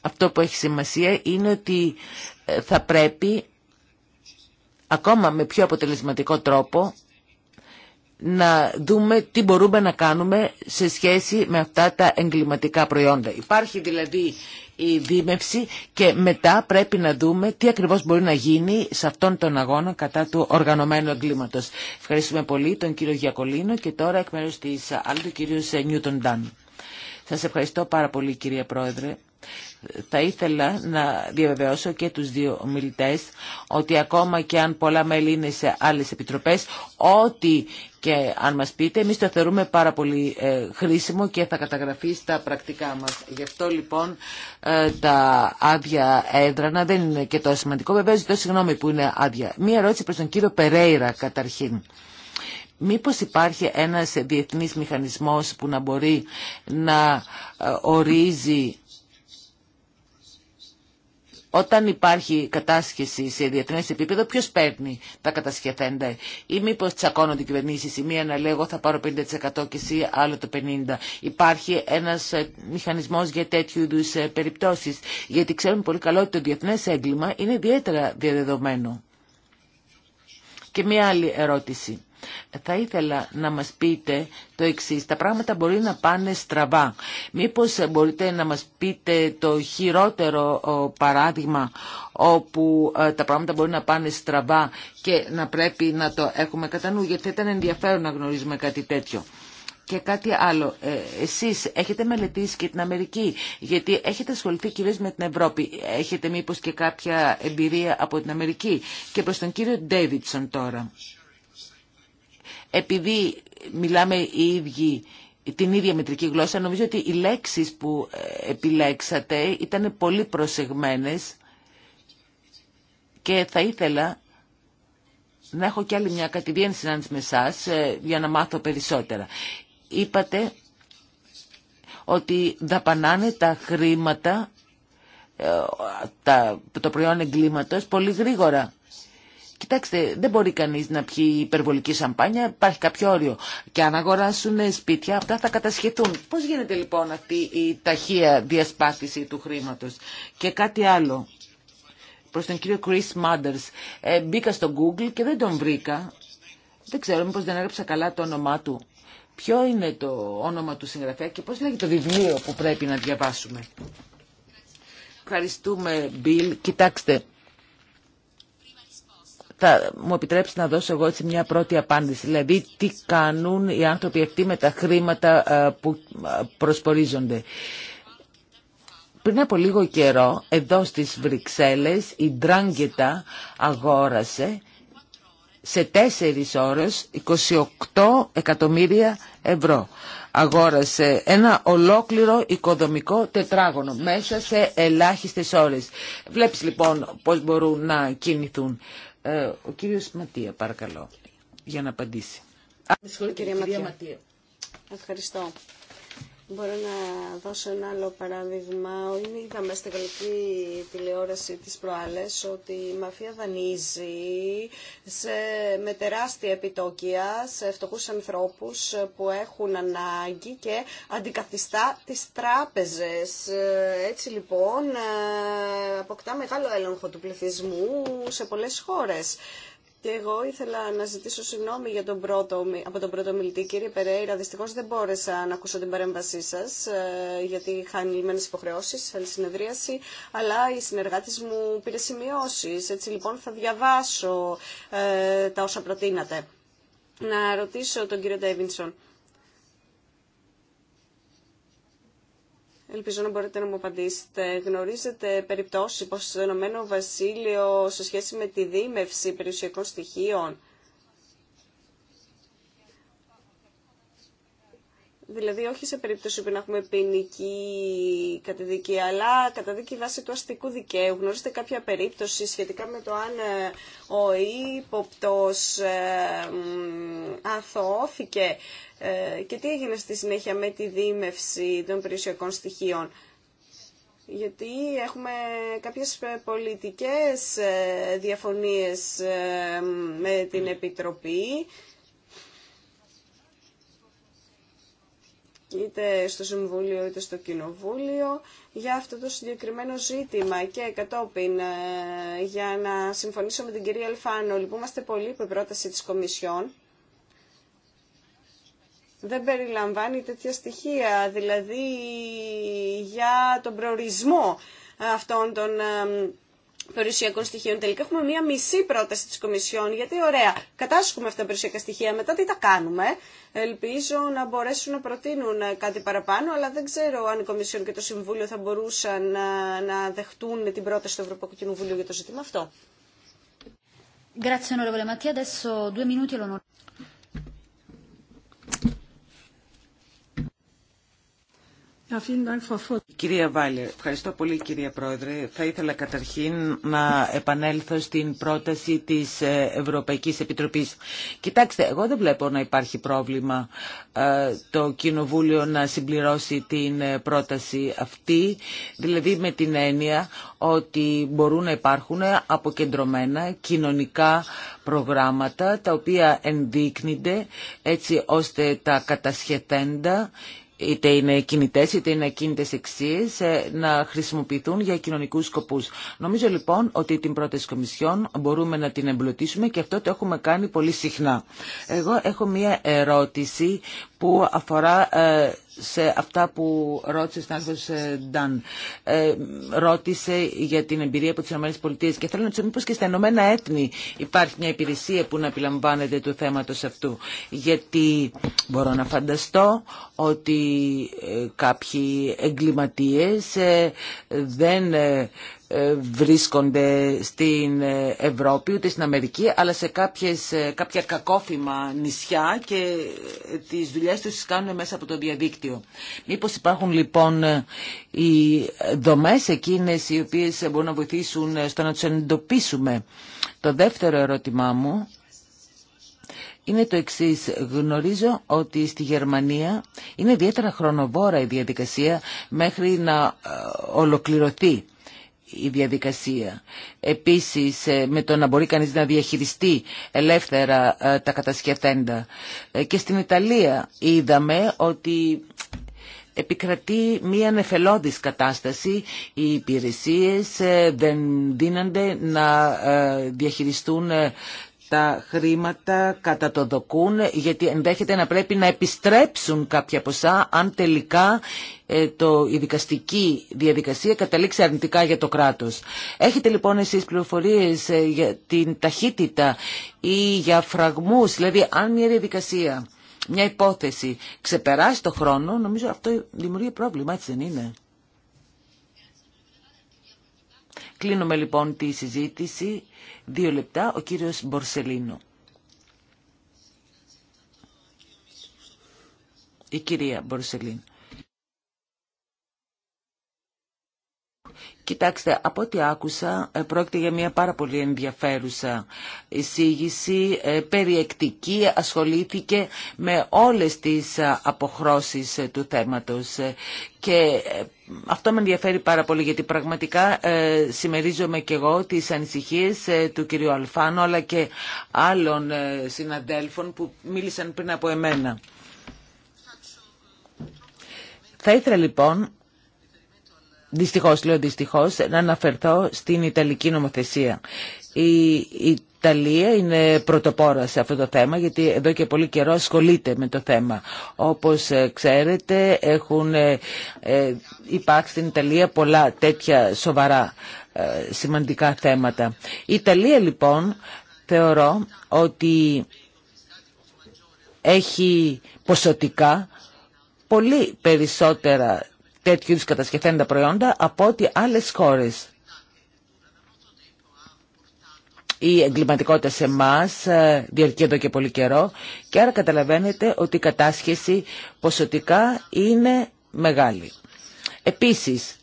αυτό που έχει σημασία είναι ότι θα πρέπει ακόμα με πιο αποτελεσματικό τρόπο να δούμε τι μπορούμε να κάνουμε σε σχέση με αυτά τα εγκληματικά προϊόντα. Υπάρχει δηλαδή η δίμευση και μετά πρέπει να δούμε τι ακριβώς μπορεί να γίνει σε αυτόν τον αγώνα κατά του οργανωμένου εγκλήματος. Ευχαριστούμε πολύ τον κύριο Γιακολίνο και τώρα εκ μέρους της άλλου του κύριου Νιούτον Ντάν. Σας ευχαριστώ πάρα πολύ κύριε Πρόεδρε θα ήθελα να διαβεβαιώσω και τους δύο ομιλητές ότι ακόμα και αν πολλά μέλη είναι σε άλλες επιτροπές, ό,τι και αν μας πείτε, εμείς το θεωρούμε πάρα πολύ ε, χρήσιμο και θα καταγραφεί στα πρακτικά μας. Γι' αυτό λοιπόν ε, τα άδεια έδρανα δεν είναι και τόσο σημαντικό. Βεβαίως ζητώ συγγνώμη που είναι άδεια. Μία ερώτηση προς τον κύριο Περέιρα καταρχήν. Μήπως υπάρχει ένας διεθνής μηχανισμός που να μπορεί να ε, ορίζει όταν υπάρχει κατάσχεση σε διεθνές επίπεδο, ποιος παίρνει τα κατασχεθέντα ή μήπως τσακώνονται οι κυβερνήσεις η μία να λέγω θα πάρω 50% και εσύ άλλο το 50%. Υπάρχει ένας ε, μηχανισμός για τέτοιου είδου ε, περιπτώσεις, γιατί ξέρουμε πολύ καλό ότι το διεθνές έγκλημα είναι ιδιαίτερα διαδεδομένο. Και μία άλλη ερώτηση θα ήθελα να μας πείτε το εξής. Τα πράγματα μπορεί να πάνε στραβά. Μήπως μπορείτε να μας πείτε το χειρότερο παράδειγμα όπου ε, τα πράγματα μπορεί να πάνε στραβά και να πρέπει να το έχουμε κατά νου, γιατί θα ήταν ενδιαφέρον να γνωρίζουμε κάτι τέτοιο. Και κάτι άλλο, ε, εσείς έχετε μελετήσει και την Αμερική, γιατί έχετε ασχοληθεί κυρίως με την Ευρώπη. Έχετε μήπως και κάποια εμπειρία από την Αμερική. Και προς τον κύριο Ντέιβιτσον τώρα επειδή μιλάμε οι την ίδια μετρική γλώσσα, νομίζω ότι οι λέξεις που ε, επιλέξατε ήταν πολύ προσεγμένες και θα ήθελα να έχω κι άλλη μια κατηδίαν συνάντηση με εσά ε, για να μάθω περισσότερα. Είπατε ότι δαπανάνε τα χρήματα, ε, τα, το προϊόν εγκλήματος, πολύ γρήγορα. Κοιτάξτε, δεν μπορεί κανείς να πιει υπερβολική σαμπάνια, υπάρχει κάποιο όριο. Και αν αγοράσουν σπίτια, αυτά θα κατασχεθούν. Πώς γίνεται λοιπόν αυτή η ταχεία διασπάθηση του χρήματος. Και κάτι άλλο. Προς τον κύριο Chris Mathers, Ε, μπήκα στο Google και δεν τον βρήκα. Δεν ξέρω μήπως δεν έγραψα καλά το όνομά του. Ποιο είναι το όνομα του συγγραφέα και πώς λέγεται το βιβλίο που πρέπει να διαβάσουμε. Ευχαριστούμε, Μπιλ. Κοιτάξτε, θα μου επιτρέψει να δώσω εγώ έτσι μια πρώτη απάντηση. Δηλαδή τι κάνουν οι άνθρωποι αυτοί με τα χρήματα ε, που ε, προσπορίζονται. Πριν από λίγο καιρό, εδώ στις Βρυξέλλες, η Ντράγκετα αγόρασε σε τέσσερις ώρες 28 εκατομμύρια ευρώ. Αγόρασε ένα ολόκληρο οικοδομικό τετράγωνο μέσα σε ελάχιστες ώρες. Βλέπεις λοιπόν πώς μπορούν να κινηθούν. Ε, ο κύριος Ματία, παρακαλώ, για να απαντήσει. Με συγχωρείτε, κυρία Ματία. Ματία. Ευχαριστώ. Μπορώ να δώσω ένα άλλο παράδειγμα. Είδαμε στην γαλλική τηλεόραση της προάλλες ότι η μαφία δανείζει σε, με τεράστια επιτόκια σε φτωχούς ανθρώπους που έχουν ανάγκη και αντικαθιστά τις τράπεζες. Έτσι λοιπόν ε, αποκτά μεγάλο έλεγχο του πληθυσμού σε πολλές χώρες. Και εγώ ήθελα να ζητήσω συγγνώμη για τον πρώτο, από τον πρώτο μιλητή. Κύριε Περέιρα, δυστυχώς δεν μπόρεσα να ακούσω την παρέμβασή σας, ε, γιατί είχα λιμένες υποχρεώσεις, άλλη συνεδρίαση, αλλά η συνεργάτες μου πήρε σημειώσει. Έτσι λοιπόν θα διαβάσω ε, τα όσα προτείνατε. Να ρωτήσω τον κύριο Ντέιβινσον. Ελπίζω να μπορείτε να μου απαντήσετε. Γνωρίζετε περιπτώσει πως το Ηνωμένο Βασίλειο σε σχέση με τη δίμευση περιουσιακών στοιχείων Δηλαδή όχι σε περίπτωση που να έχουμε ποινική καταδίκη, αλλά καταδίκη βάση του αστικού δικαίου. Γνωρίζετε κάποια περίπτωση σχετικά με το αν ε, ο ύποπτος ε, αθωώθηκε ε, και τι έγινε στη συνέχεια με τη δίμευση των περιουσιακών στοιχείων. Γιατί έχουμε κάποιες πολιτικές διαφωνίες με την Επιτροπή είτε στο Συμβούλιο είτε στο Κοινοβούλιο για αυτό το συγκεκριμένο ζήτημα και κατόπιν ε, για να συμφωνήσω με την κυρία λοιπόν είμαστε πολύ που η πρόταση της Κομισιόν δεν περιλαμβάνει τέτοια στοιχεία δηλαδή για τον προορισμό αυτών των ε, περιουσιακών στοιχείων. Τελικά έχουμε μία μισή πρόταση της Κομισιόν, γιατί ωραία, κατάσχουμε αυτά τα περιουσιακά στοιχεία, μετά τι τα κάνουμε. Ελπίζω να μπορέσουν να προτείνουν κάτι παραπάνω, αλλά δεν ξέρω αν η Κομισιόν και το Συμβούλιο θα μπορούσαν να, δεχτούν την πρόταση του Ευρωπαϊκού Κοινοβουλίου για το ζήτημα αυτό. Κυρία Βάλερ, ευχαριστώ πολύ κυρία Πρόεδρε. Θα ήθελα καταρχήν να επανέλθω στην πρόταση της ε, Ευρωπαϊκής Επιτροπής. Κοιτάξτε, εγώ δεν βλέπω να υπάρχει πρόβλημα ε, το Κοινοβούλιο να συμπληρώσει την ε, πρόταση αυτή, δηλαδή με την έννοια ότι μπορούν να υπάρχουν αποκεντρωμένα κοινωνικά προγράμματα τα οποία ενδείκνυνται έτσι ώστε τα κατασχεθέντα είτε είναι κινητέ, είτε είναι ακίνητες εξίε, να χρησιμοποιηθούν για κοινωνικού σκοπού. Νομίζω λοιπόν ότι την πρόταση Κομισιόν μπορούμε να την εμπλουτίσουμε και αυτό το έχουμε κάνει πολύ συχνά. Εγώ έχω μία ερώτηση που αφορά ε, σε αυτά που ρώτησε ο συνάδελφος ε, Νταν. Ε, ρώτησε για την εμπειρία από τι ΗΠΑ και θέλω να ρωτήσω μήπω και στα Ηνωμένα Έθνη υπάρχει μια υπηρεσία που να επιλαμβάνεται του θέματο αυτού. Γιατί μπορώ να φανταστώ ότι ε, κάποιοι εγκληματίες ε, δεν ε, βρίσκονται στην Ευρώπη ούτε στην Αμερική αλλά σε κάποιες, κάποια κακόφημα νησιά και τις δουλειές τους τις κάνουν μέσα από το διαδίκτυο. Μήπως υπάρχουν λοιπόν οι δομές εκείνες οι οποίες μπορούν να βοηθήσουν στο να τους εντοπίσουμε. Το δεύτερο ερώτημά μου είναι το εξή. Γνωρίζω ότι στη Γερμανία είναι ιδιαίτερα χρονοβόρα η διαδικασία μέχρι να ε, ολοκληρωθεί η διαδικασία. Επίσης ε, με το να μπορεί κανείς να διαχειριστεί ελεύθερα ε, τα κατασκευτέντα. Και στην Ιταλία είδαμε ότι επικρατεί μία νεφελώδης κατάσταση. Οι υπηρεσίες δεν δίνονται να διαχειριστούν τα χρήματα κατατοδοκούν γιατί ενδέχεται να πρέπει να επιστρέψουν κάποια ποσά αν τελικά ε, το, η δικαστική διαδικασία καταλήξει αρνητικά για το κράτος. Έχετε λοιπόν εσείς πληροφορίες ε, για την ταχύτητα ή για φραγμούς, δηλαδή αν μια διαδικασία, μια υπόθεση ξεπεράσει το χρόνο, νομίζω αυτό δημιουργεί πρόβλημα, έτσι δεν είναι. Κλείνουμε λοιπόν τη συζήτηση. Δύο λεπτά, ο κύριος Μπορσελίνο. Η κυρία Μπορσελίνο. Κοιτάξτε, από ό,τι άκουσα, ε, πρόκειται για μια πάρα πολύ ενδιαφέρουσα εισήγηση, ε, περιεκτική, ασχολήθηκε με όλες τις ε, αποχρώσεις του θέματος και αυτό με ενδιαφέρει πάρα πολύ γιατί πραγματικά ε, συμμερίζομαι και εγώ τις ανησυχίες του κυρίου Αλφάνο αλλά και άλλων ε, συναντέλφων που μίλησαν πριν από εμένα. Θα ήθελα λοιπόν δυστυχώς λέω δυστυχώς, να αναφερθώ στην Ιταλική νομοθεσία. Η Ιταλία είναι πρωτοπόρα σε αυτό το θέμα γιατί εδώ και πολύ καιρό ασχολείται με το θέμα. Όπως ε, ξέρετε έχουν ε, ε, υπάρξει στην Ιταλία πολλά τέτοια σοβαρά σημαντικά θέματα. Η Ιταλία λοιπόν θεωρώ ότι έχει ποσοτικά πολύ περισσότερα τέτοιου είδου κατασκευαίνοντα προϊόντα από ότι άλλε χώρε. Η εγκληματικότητα σε εμά ε, διαρκεί εδώ και πολύ καιρό και άρα καταλαβαίνετε ότι η κατάσχεση ποσοτικά είναι μεγάλη. Επίσης,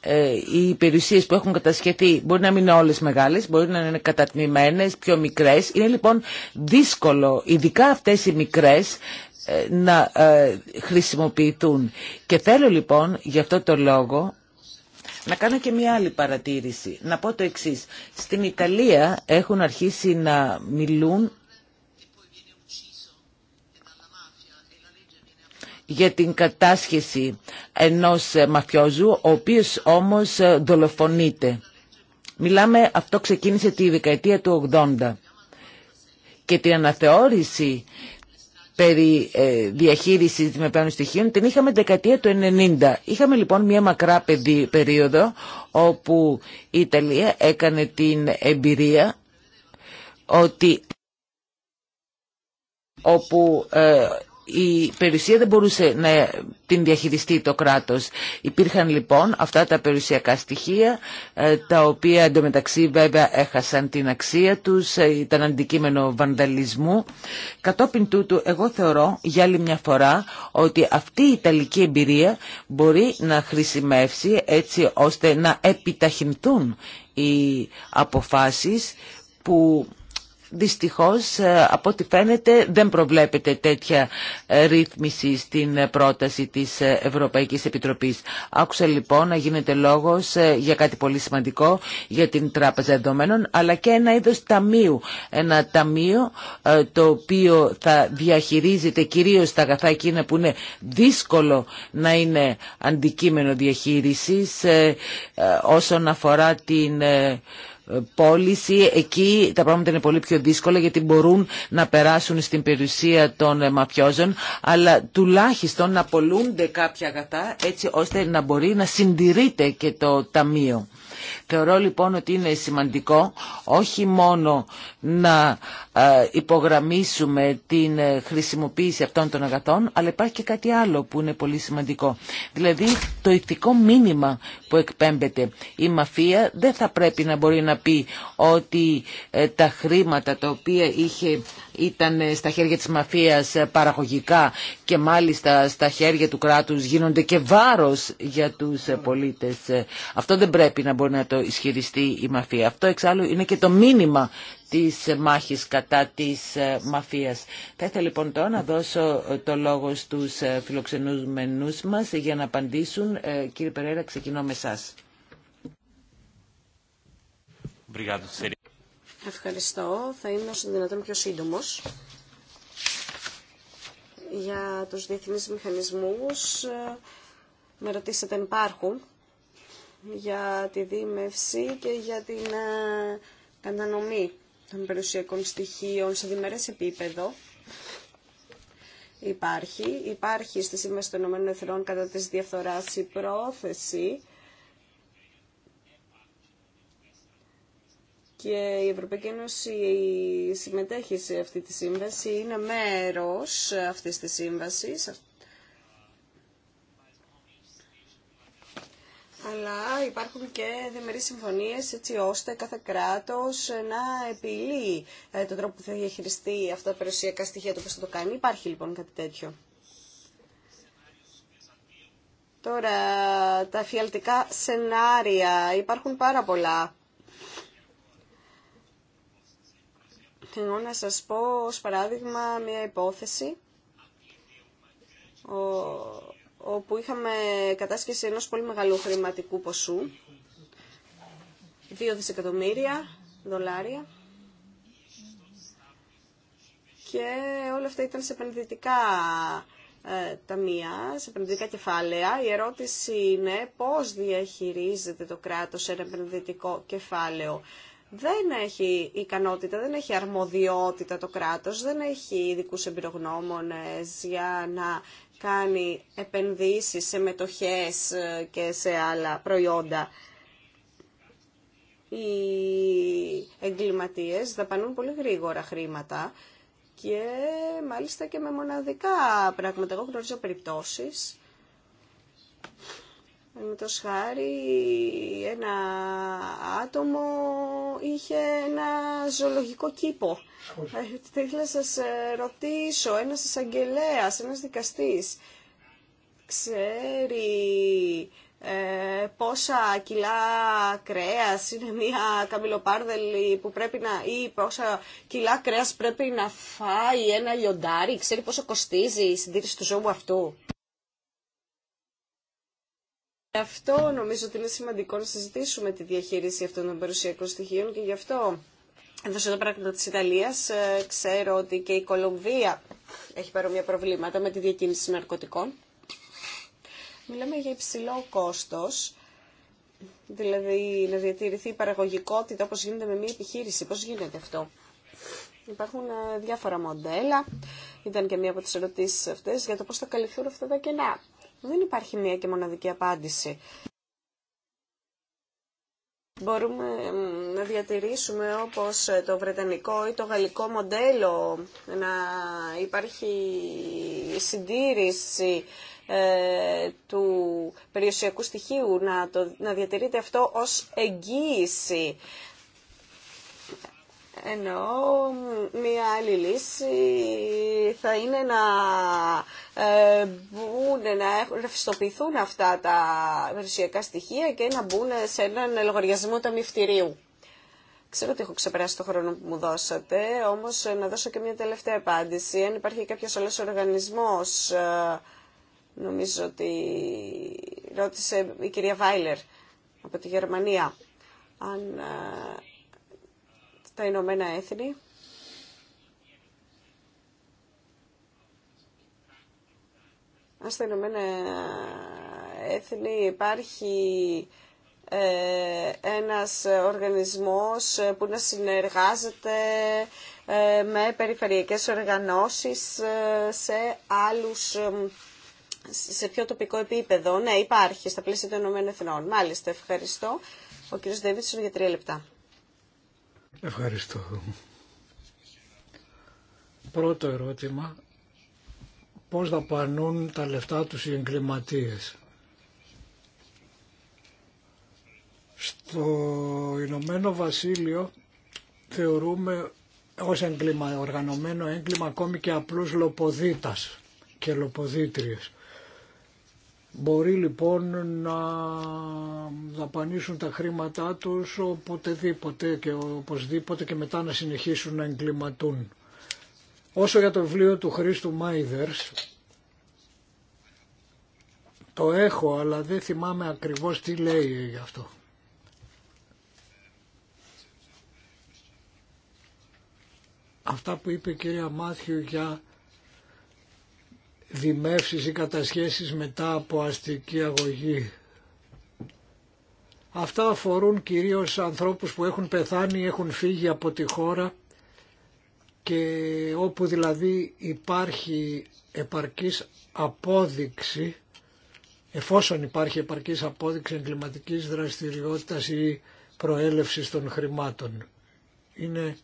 ε, οι περιουσίες που έχουν κατασχεθεί μπορεί να μην είναι όλες μεγάλες, μπορεί να είναι κατατμημένες, πιο μικρές. Είναι λοιπόν δύσκολο, ειδικά αυτές οι μικρές, ε, να ε, χρησιμοποιηθούν. Και θέλω λοιπόν γι' αυτό το λόγο να κάνω και μια άλλη παρατήρηση. Να πω το εξής. Στην Ιταλία έχουν αρχίσει να μιλούν για την κατάσχεση ενός μαφιόζου, ο οποίος όμως ε, δολοφονείται. Μιλάμε, αυτό ξεκίνησε τη δεκαετία του 80 και την αναθεώρηση περί ε, διαχείρισης πάνω στοιχείων την είχαμε δεκαετία του 90. Είχαμε λοιπόν μια μακρά περίοδο όπου η Ιταλία έκανε την εμπειρία ότι όπου ε, η περιουσία δεν μπορούσε να την διαχειριστεί το κράτος. Υπήρχαν λοιπόν αυτά τα περιουσιακά στοιχεία, ε, τα οποία εντωμεταξύ βέβαια έχασαν την αξία τους, ε, ήταν αντικείμενο βανδαλισμού. Κατόπιν τούτου, εγώ θεωρώ για άλλη μια φορά ότι αυτή η Ιταλική εμπειρία μπορεί να χρησιμεύσει έτσι ώστε να επιταχυνθούν οι αποφάσεις που Δυστυχώς, ε, από ό,τι φαίνεται, δεν προβλέπεται τέτοια ε, ρύθμιση στην πρόταση της ε, Ευρωπαϊκής Επιτροπής. Άκουσα λοιπόν να γίνεται λόγος για κάτι πολύ σημαντικό για την Τράπεζα Ενδομένων, αλλά και ένα είδος ταμείου. Ένα ταμείο το οποίο θα διαχειρίζεται κυρίως τα αγαθά εκείνα που είναι δύσκολο να είναι αντικείμενο διαχείρισης όσον αφορά την πώληση. Εκεί τα πράγματα είναι πολύ πιο δύσκολα γιατί μπορούν να περάσουν στην περιουσία των ε, μαφιόζων αλλά τουλάχιστον να πολλούνται κάποια αγαθά έτσι ώστε να μπορεί να συντηρείται και το ταμείο. Θεωρώ λοιπόν ότι είναι σημαντικό όχι μόνο να υπογραμμίσουμε την ε, χρησιμοποίηση αυτών των αγαθών, αλλά υπάρχει και κάτι άλλο που είναι πολύ σημαντικό. Δηλαδή το ηθικό μήνυμα που εκπέμπεται. Η μαφία δεν θα πρέπει να μπορεί να πει ότι ε, τα χρήματα τα οποία είχε ήταν ε, στα χέρια της μαφίας παραγωγικά και μάλιστα στα χέρια του κράτους γίνονται και βάρος για τους πολίτες. Αυτό δεν πρέπει να μπορεί να το ισχυριστεί η μαφία. Αυτό εξάλλου είναι και το μήνυμα της μάχης κατά της ε, μαφίας. Θα ήθελα λοιπόν τώρα να δώσω ε, το λόγο στους ε, φιλοξενούμενους μας για να απαντήσουν. Κύριε Περέρα, ξεκινώ με εσάς. Ευχαριστώ. Θα είμαι όσο δυνατόν πιο σύντομος για τους διεθνείς μηχανισμούς. Με ρωτήσατε αν υπάρχουν για τη δίμευση και για την κατανομή των περιουσιακών στοιχείων σε διμερές επίπεδο υπάρχει. Υπάρχει στη Σύμβαση των Ηνωμένων κατά της διαφθοράς η πρόθεση και η Ευρωπαϊκή Ένωση συμμετέχει σε αυτή τη σύμβαση, είναι μέρος αυτής της σύμβασης, αλλά υπάρχουν και διμερείς συμφωνίες έτσι ώστε κάθε κράτος να επιλύει ε, τον τρόπο που θα διαχειριστεί αυτά τα περιουσιακά στοιχεία, του πώς θα το κάνει. Υπάρχει λοιπόν κάτι τέτοιο. Τώρα, τα αφιαλτικά σενάρια υπάρχουν πάρα πολλά. Εγώ να σας πω, ως παράδειγμα, μια υπόθεση όπου είχαμε κατάσχεση ενός πολύ μεγάλου χρηματικού ποσού, δύο δισεκατομμύρια δολάρια, και όλα αυτά ήταν σε επενδυτικά ε, ταμεία, σε επενδυτικά κεφάλαια. Η ερώτηση είναι πώς διαχειρίζεται το κράτος ένα επενδυτικό κεφάλαιο. Δεν έχει ικανότητα, δεν έχει αρμοδιότητα το κράτος, δεν έχει ειδικού εμπειρογνώμονες για να κάνει επενδύσεις σε μετοχές ε, και σε άλλα προϊόντα. Οι εγκληματίες δαπανούν πολύ γρήγορα χρήματα και μάλιστα και με μοναδικά πράγματα. Εγώ γνωρίζω περιπτώσεις με το χάρη ένα άτομο είχε ένα ζωολογικό κήπο. Θα ε, ήθελα να σας ε, ρωτήσω, ένας εισαγγελέας, ένας δικαστής, ξέρει ε, πόσα κιλά κρέας είναι μια καμιλοπάρδελη που πρέπει να, ή πόσα κιλά κρέας πρέπει να φάει ένα λιοντάρι, ξέρει πόσο κοστίζει η συντήρηση του ζώου αυτού. Γι' αυτό νομίζω ότι είναι σημαντικό να συζητήσουμε τη διαχείριση αυτών των περιουσιακών στοιχείων και γι' αυτό εδώ το πράγμα της Ιταλίας ε, ξέρω ότι και η Κολομβία έχει παρόμοια προβλήματα με τη διακίνηση ναρκωτικών. Μιλάμε για υψηλό κόστος, δηλαδή να διατηρηθεί η παραγωγικότητα όπως γίνεται με μια επιχείρηση. Πώς γίνεται αυτό. Υπάρχουν ε, διάφορα μοντέλα, ήταν και μία από τις ερωτήσεις αυτές για το πώς θα καλυφθούν αυτά τα κενά. Δεν υπάρχει μία και μοναδική απάντηση. Μπορούμε να διατηρήσουμε όπως το βρετανικό ή το γαλλικό μοντέλο, να υπάρχει συντήρηση ε, του περιουσιακού στοιχείου, να, το, να διατηρείται αυτό ως εγγύηση ενώ μία άλλη λύση θα είναι να ε, μπουν, να ρευστοποιηθούν αυτά τα περιουσιακά στοιχεία και να μπουν σε έναν λογαριασμό ταμιευτηρίου. Ξέρω ότι έχω ξεπεράσει το χρόνο που μου δώσατε, όμως να δώσω και μια τελευταία απάντηση. Αν υπάρχει κάποιος άλλος οργανισμός, ε, νομίζω ότι ρώτησε η κυρία Βάιλερ από τη Γερμανία, αν ε, τα Ηνωμένα Έθνη αν στα Ηνωμένα Έθνη υπάρχει ε, ένας οργανισμός που να συνεργάζεται ε, με περιφερειακές οργανώσεις ε, σε άλλους σε πιο τοπικό επίπεδο. Ναι, υπάρχει στα πλαίσια των Ηνωμένων Εθνών. Μάλιστα, ευχαριστώ. Ο κ. Ντέβιτσον για τρία λεπτά. Ευχαριστώ. Πρώτο ερώτημα. Πώς δαπανούν τα λεφτά τους οι εγκληματίες. Στο Ηνωμένο Βασίλειο θεωρούμε ως εγκλημα, οργανωμένο έγκλημα ακόμη και απλούς λοποδίτας και λοποδίτριες. Μπορεί λοιπόν να δαπανίσουν τα χρήματά τους οποτεδήποτε και οπωσδήποτε και μετά να συνεχίσουν να εγκληματούν. Όσο για το βιβλίο του Χρήστου Μάιδερς, το έχω αλλά δεν θυμάμαι ακριβώς τι λέει γι' αυτό. Αυτά που είπε η κυρία Μάθιου για δημεύσεις ή κατασχέσεις μετά από αστική αγωγή. Αυτά αφορούν κυρίως ανθρώπους που έχουν πεθάνει, ή έχουν φύγει από τη χώρα και όπου δηλαδή υπάρχει επαρκής απόδειξη, εφόσον υπάρχει επαρκής απόδειξη εγκληματικής δραστηριότητας ή προέλευσης των χρημάτων. Είναι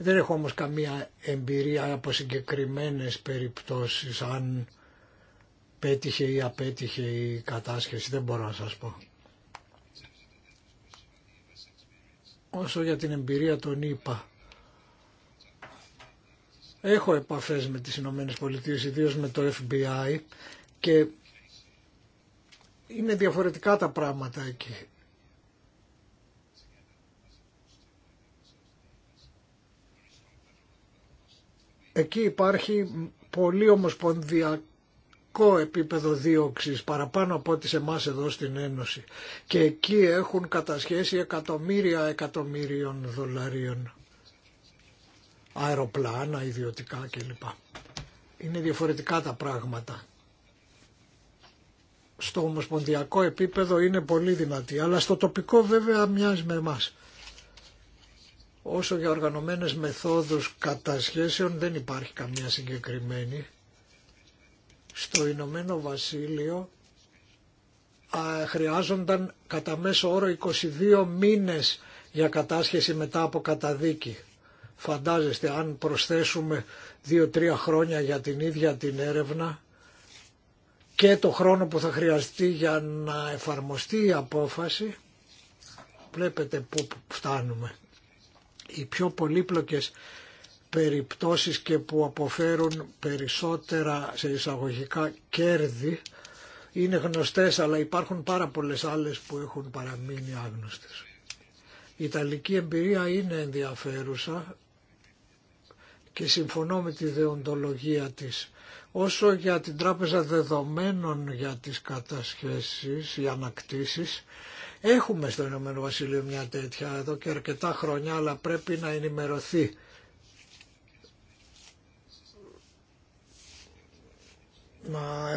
δεν έχω όμως καμία εμπειρία από συγκεκριμένες περιπτώσεις αν πέτυχε ή απέτυχε η κατάσχεση, δεν μπορώ να σας πω. Όσο για την εμπειρία των ΗΠΑ, έχω επαφές με τις Ηνωμένες Πολιτείες, ιδίως με το FBI και είναι διαφορετικά τα πράγματα εκεί. Εκεί υπάρχει πολύ ομοσπονδιακό επίπεδο δίωξης παραπάνω από ό,τι σε μας εδώ στην Ένωση και εκεί έχουν κατασχέσει εκατομμύρια εκατομμύριων δολαρίων αεροπλάνα, ιδιωτικά κλπ. Είναι διαφορετικά τα πράγματα. Στο ομοσπονδιακό επίπεδο είναι πολύ δυνατή, αλλά στο τοπικό βέβαια μοιάζει με εμάς. Όσο για οργανωμένες μεθόδους κατασχέσεων δεν υπάρχει καμία συγκεκριμένη. Στο Ηνωμένο Βασίλειο α, χρειάζονταν κατά μέσο όρο 22 μήνες για κατάσχεση μετά από καταδίκη. Φαντάζεστε αν προσθέσουμε 2-3 χρόνια για την ίδια την έρευνα και το χρόνο που θα χρειαστεί για να εφαρμοστεί η απόφαση βλέπετε πού φτάνουμε οι πιο πολύπλοκες περιπτώσεις και που αποφέρουν περισσότερα σε εισαγωγικά κέρδη είναι γνωστές αλλά υπάρχουν πάρα πολλές άλλες που έχουν παραμείνει άγνωστες. Η Ιταλική εμπειρία είναι ενδιαφέρουσα και συμφωνώ με τη δεοντολογία της. Όσο για την τράπεζα δεδομένων για τις κατασχέσεις, ή ανακτήσεις, Έχουμε στο Ηνωμένο Βασίλειο μια τέτοια εδώ και αρκετά χρόνια, αλλά πρέπει να ενημερωθεί. να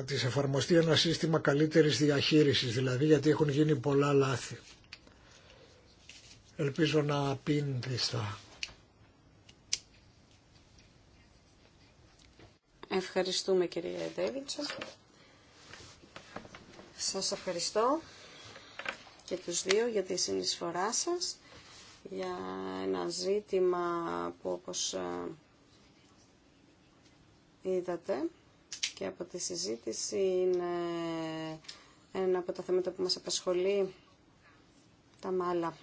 ε, τη εφαρμοστεί ένα σύστημα καλύτερης διαχείρισης, δηλαδή γιατί έχουν γίνει πολλά λάθη. Ελπίζω να απήντηστα. Ευχαριστούμε κυρία Ντέβιτσα. Σας ευχαριστώ και τους δύο για τη συνεισφορά σας για ένα ζήτημα που όπως ε, είδατε και από τη συζήτηση είναι ένα από τα θέματα που μας απασχολεί τα μάλα.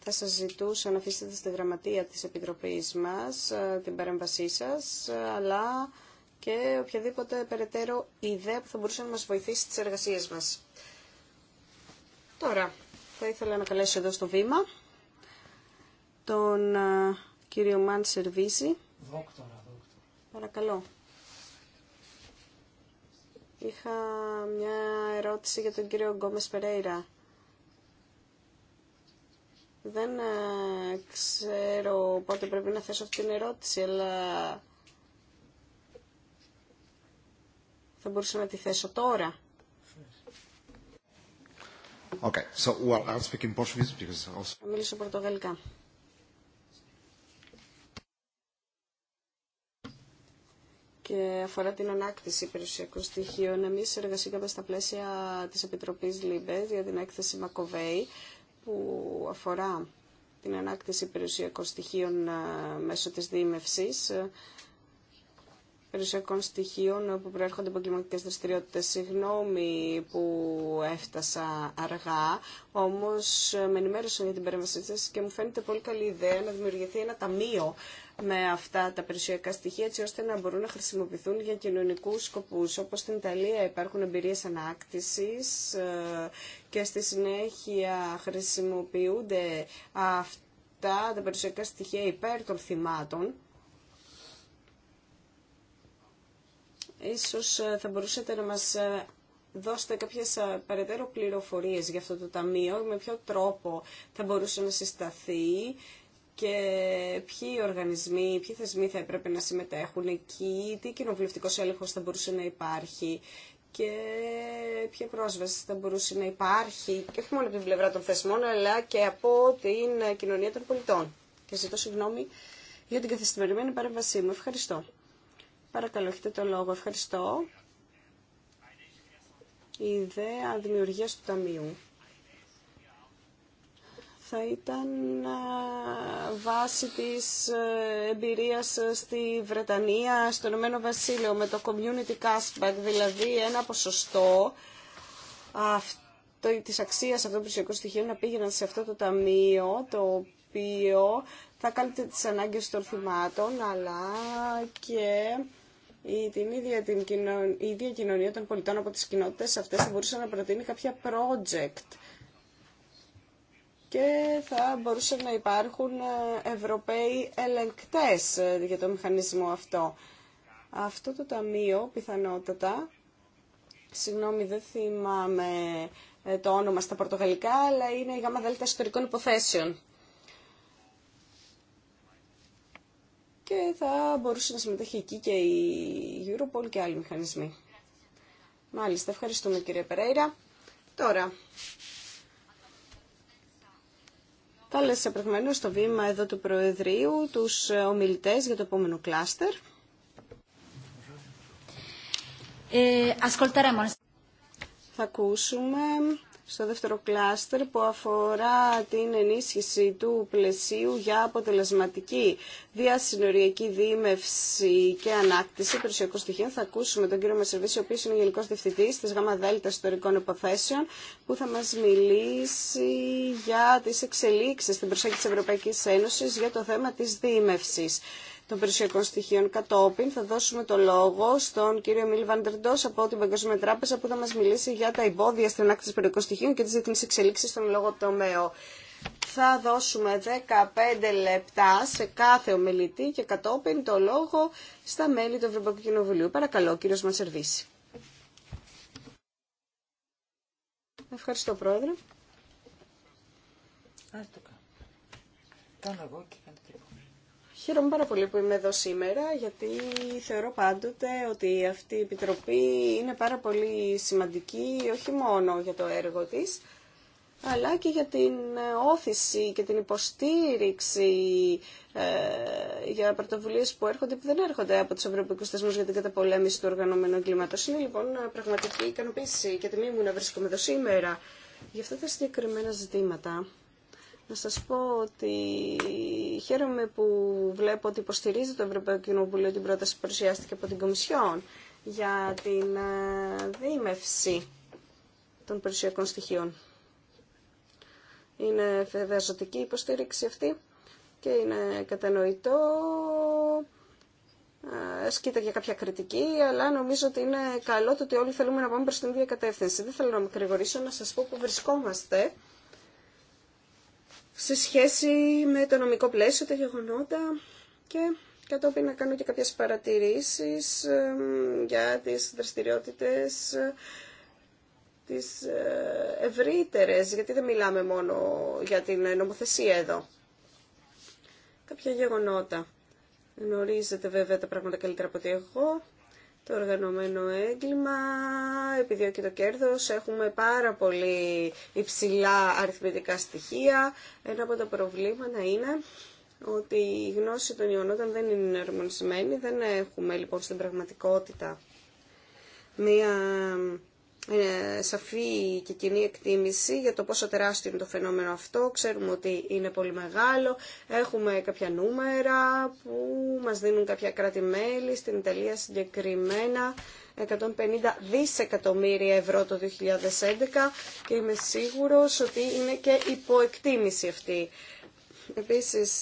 Θα σας ζητούσα να αφήσετε στη γραμματεία της Επιτροπής μας ε, την παρέμβασή σας, ε, αλλά και οποιαδήποτε περαιτέρω ιδέα που θα μπορούσε να μας βοηθήσει στις εργασίες μας. Τώρα, θα ήθελα να καλέσω εδώ στο βήμα τον κύριο Μαν Σερβίζη. Παρακαλώ. Είχα μια ερώτηση για τον κύριο Γκόμες Περέιρα. Δεν ε, ξέρω πότε πρέπει να θέσω αυτή την ερώτηση, αλλά Θα μπορούσα να τη θέσω τώρα. Okay. So, well, I'll Θα μιλήσω πορτογαλικά. και αφορά την ανάκτηση περιουσιακών στοιχείων. Εμεί εργαστήκαμε στα πλαίσια της Επιτροπής ΛΥΜΠΕ για την έκθεση Μακοβέη που αφορά την ανάκτηση περιουσιακών στοιχείων ε, μέσω της Δήμευσης περιουσιακών στοιχείων που προέρχονται από κλιματικές δραστηριότητες. Συγγνώμη που έφτασα αργά, όμως με ενημέρωσαν για την παρέμβασή σα και μου φαίνεται πολύ καλή ιδέα να δημιουργηθεί ένα ταμείο με αυτά τα περιουσιακά στοιχεία έτσι ώστε να μπορούν να χρησιμοποιηθούν για κοινωνικούς σκοπούς. Όπως στην Ιταλία υπάρχουν εμπειρίες ανάκτησης ε, και στη συνέχεια χρησιμοποιούνται αυτά τα περιουσιακά στοιχεία υπέρ των θυμάτων Ίσως ε, θα μπορούσατε να μας ε, δώσετε κάποιες ε, περαιτέρω πληροφορίες για αυτό το ταμείο, με ποιο τρόπο θα μπορούσε να συσταθεί και ποιοι οργανισμοί, ποιοι θεσμοί θα έπρεπε να συμμετέχουν εκεί, τι κοινοβουλευτικό έλεγχος θα μπορούσε να υπάρχει και ποια πρόσβαση θα μπορούσε να υπάρχει, και όχι μόνο από την πλευρά των θεσμών, αλλά και από την κοινωνία των πολιτών. Και ζητώ συγγνώμη για την καθυστερημένη παρέμβασή μου. Ευχαριστώ. Παρακαλώ, έχετε το λόγο. Ευχαριστώ. Η ιδέα δημιουργίας του Ταμείου θα ήταν βάση της ε, εμπειρίας ε, στη Βρετανία, στο Ηνωμένο Βασίλειο, με το community cashback, δηλαδή ένα ποσοστό αυτό, της αξίας αυτών των περιουσιακών στοιχείων να πήγαιναν σε αυτό το ταμείο, το οποίο θα κάλυπτε τις ανάγκες των θυμάτων, αλλά και η, την ίδια, την η ίδια κοινωνία των πολιτών από τις κοινότητες αυτές θα μπορούσε να προτείνει κάποια project και θα μπορούσαν να υπάρχουν ε, Ευρωπαίοι ελεγκτές ε, για το μηχανισμό αυτό. Αυτό το ταμείο πιθανότατα, συγγνώμη δεν θυμάμαι ε, το όνομα στα πορτογαλικά, αλλά είναι η γάμα δέλτα ιστορικών υποθέσεων. και θα μπορούσε να συμμετέχει εκεί και η Europol και άλλοι μηχανισμοί. Μάλιστα, ευχαριστούμε κύριε Περέιρα. Τώρα, κάλεσα προηγουμένω στο βήμα εδώ του Προεδρείου τους ομιλητές για το επόμενο κλάστερ. Ε, θα ακούσουμε στο δεύτερο κλάστερ που αφορά την ενίσχυση του πλαισίου για αποτελεσματική διασυνοριακή δίμευση και ανάκτηση περιουσιακών στοιχείων. Θα ακούσουμε τον κύριο Μεσερβίση, ο οποίος είναι Γενικό Διευθυντής της ΓΑΜΑ Ιστορικών Υποθέσεων, που θα μας μιλήσει για τις εξελίξεις στην προσέγγιση της Ευρωπαϊκής Ένωσης για το θέμα της δίμευσης των περιουσιακών στοιχείων. Κατόπιν θα δώσουμε το λόγο στον κύριο Μίλ Βαντερντό από την Παγκόσμια Τράπεζα που θα μα μιλήσει για τα εμπόδια στην ανάκτηση περιουσιακών στοιχείων και τι διεθνεί εξελίξει στον λόγο τομέα. Θα δώσουμε 15 λεπτά σε κάθε ομιλητή και κατόπιν το λόγο στα μέλη του Ευρωπαϊκού Κοινοβουλίου. Παρακαλώ, κύριος Μανσερβίση. Ευχαριστώ, Πρόεδρε. το Χαίρομαι πάρα πολύ που είμαι εδώ σήμερα, γιατί θεωρώ πάντοτε ότι αυτή η Επιτροπή είναι πάρα πολύ σημαντική, όχι μόνο για το έργο της, αλλά και για την όθηση και την υποστήριξη ε, για πρωτοβουλίες που έρχονται που δεν έρχονται από τους ευρωπαϊκούς θεσμούς για την καταπολέμηση του οργανωμένου εγκλήματος. Είναι λοιπόν πραγματική ικανοποίηση και τιμή μου να βρίσκομαι εδώ σήμερα για αυτά τα συγκεκριμένα ζητήματα. Να σας πω ότι χαίρομαι που βλέπω ότι υποστηρίζει το Ευρωπαϊκό Κοινοβούλιο την πρόταση που παρουσιάστηκε από την Κομισιόν για την ε, δίμευση των περιουσιακών στοιχείων. Είναι φεδαζωτική υποστήριξη αυτή και είναι κατανοητό. Ε, ασκείται για κάποια κριτική, αλλά νομίζω ότι είναι καλό το ότι όλοι θέλουμε να πάμε προς την ίδια κατεύθυνση. Δεν θέλω να με κρηγορήσω, να σας πω που βρισκόμαστε σε σχέση με το νομικό πλαίσιο, τα γεγονότα και κατόπιν να κάνω και κάποιες παρατηρήσεις για τις δραστηριότητες τις ε, ευρύτερες, γιατί δεν μιλάμε μόνο για την νομοθεσία εδώ. Κάποια γεγονότα. Γνωρίζετε βέβαια τα πράγματα καλύτερα από ότι εγώ το οργανωμένο έγκλημα, επιδιώκει το κέρδος, έχουμε πάρα πολύ υψηλά αριθμητικά στοιχεία. Ένα από τα προβλήματα είναι ότι η γνώση των όταν δεν είναι ερμονισμένη, δεν έχουμε λοιπόν στην πραγματικότητα μία ε, σαφή και κοινή εκτίμηση για το πόσο τεράστιο είναι το φαινόμενο αυτό. Ξέρουμε ότι είναι πολύ μεγάλο. Έχουμε κάποια νούμερα που μας δίνουν κάποια κράτη-μέλη. Στην Ιταλία συγκεκριμένα 150 δισεκατομμύρια ευρώ το 2011 και είμαι σίγουρος ότι είναι και υποεκτίμηση αυτή. Επίσης,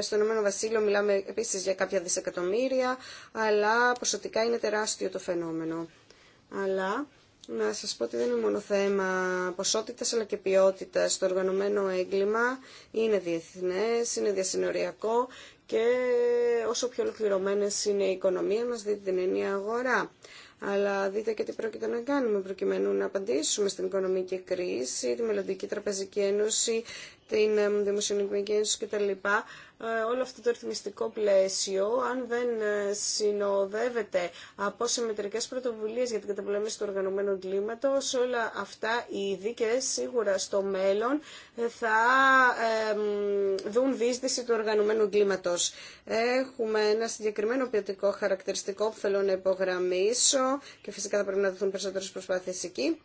στο Ηνωμένο Βασίλειο μιλάμε επίσης για κάποια δισεκατομμύρια, αλλά ποσοτικά είναι τεράστιο το φαινόμενο. Αλλά να σας πω ότι δεν είναι μόνο θέμα ποσότητας αλλά και ποιότητας. Το οργανωμένο έγκλημα είναι διεθνές, είναι διασυνοριακό και όσο πιο ολοκληρωμένε είναι η οικονομία μας, δείτε την ενιαία αγορά. Αλλά δείτε και τι πρόκειται να κάνουμε προκειμένου να απαντήσουμε στην οικονομική κρίση, τη μελλοντική τραπεζική ένωση, την δημοσιονομική ένωση κτλ. Ε, όλο αυτό το ρυθμιστικό πλαίσιο, αν δεν ε, συνοδεύεται από συμμετρικές πρωτοβουλίες για την καταπολέμηση του οργανωμένου κλίματος, όλα αυτά οι και σίγουρα στο μέλλον θα δουν δίσδυση του οργανωμένου κλίματος. Έχουμε ένα συγκεκριμένο ποιοτικό χαρακτηριστικό που θέλω να υπογραμμίσω και φυσικά θα πρέπει να δοθούν περισσότερες προσπάθειες εκεί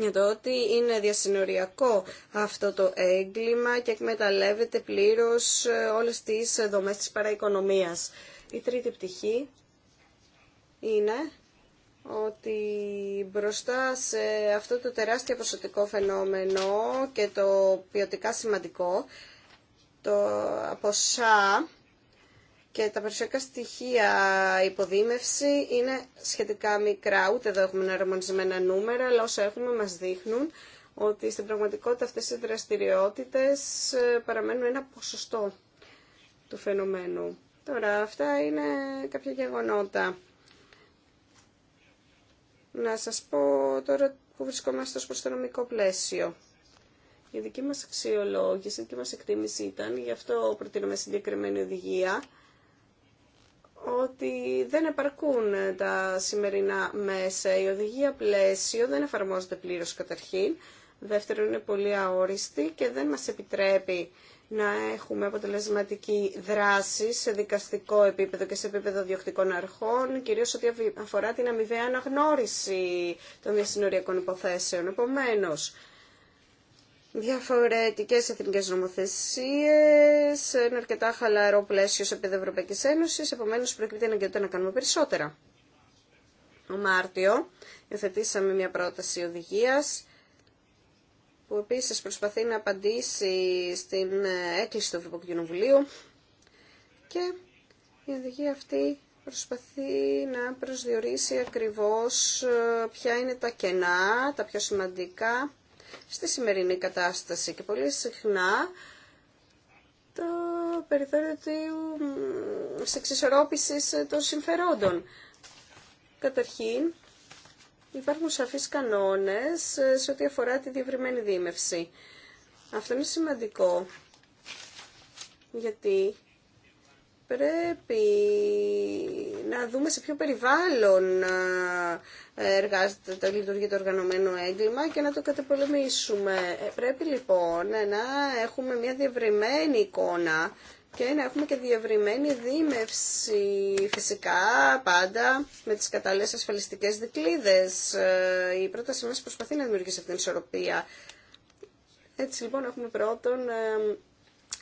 για το ότι είναι διασυνοριακό αυτό το έγκλημα και εκμεταλλεύεται πλήρως ε, όλες τις δομές της παραοικονομίας. Η τρίτη πτυχή είναι ότι μπροστά σε αυτό το τεράστιο ποσοτικό φαινόμενο και το ποιοτικά σημαντικό, το αποσά και τα περιουσιακά στοιχεία υποδήμευση είναι σχετικά μικρά, ούτε εδώ έχουμε αρμονισμένα νούμερα, αλλά όσα έχουμε μας δείχνουν ότι στην πραγματικότητα αυτές οι δραστηριότητες ε, παραμένουν ένα ποσοστό του φαινομένου. Τώρα, αυτά είναι κάποια γεγονότα. Να σας πω τώρα που βρισκόμαστε στο νομικό πλαίσιο. Η δική μας αξιολόγηση, η δική μας εκτίμηση ήταν, γι' αυτό προτείνουμε συγκεκριμένη οδηγία, ότι δεν επαρκούν τα σημερινά μέσα. Η οδηγία πλαίσιο δεν εφαρμόζεται πλήρως καταρχήν. Δεύτερον, είναι πολύ αόριστη και δεν μας επιτρέπει να έχουμε αποτελεσματική δράση σε δικαστικό επίπεδο και σε επίπεδο διοκτικών αρχών, κυρίως ό,τι αφορά την αμοιβαία αναγνώριση των διασυνοριακών υποθέσεων. Επομένως, διαφορετικές εθνικές νομοθεσίες, είναι αρκετά χαλαρό πλαίσιο σε επίπεδο Ευρωπαϊκής Ένωσης, επομένως προκύπτει αναγκαιότητα να κάνουμε περισσότερα. Ο Μάρτιο υιοθετήσαμε μια πρόταση οδηγίας που επίσης προσπαθεί να απαντήσει στην έκκληση του Ευρωπαϊκού Κοινοβουλίου και η οδηγία αυτή προσπαθεί να προσδιορίσει ακριβώς ε, ποια είναι τα κενά, τα πιο σημαντικά στη σημερινή κατάσταση και πολύ συχνά το περιθώριο της εξισορρόπησης των συμφερόντων. Καταρχήν, υπάρχουν σαφείς κανόνες σε ό,τι αφορά τη διευρυμένη δίμευση. Αυτό είναι σημαντικό, γιατί πρέπει να δούμε σε ποιο περιβάλλον ε, εργάζεται, το λειτουργεί το οργανωμένο έγκλημα και να το κατεπολεμήσουμε. Ε, πρέπει λοιπόν να έχουμε μια διευρυμένη εικόνα και να έχουμε και διευρυμένη δίμευση φυσικά πάντα με τις κατάλληλες ασφαλιστικές δικλίδες. Ε, η πρότασή μας προσπαθεί να δημιουργήσει αυτήν την ισορροπία. Έτσι λοιπόν έχουμε πρώτον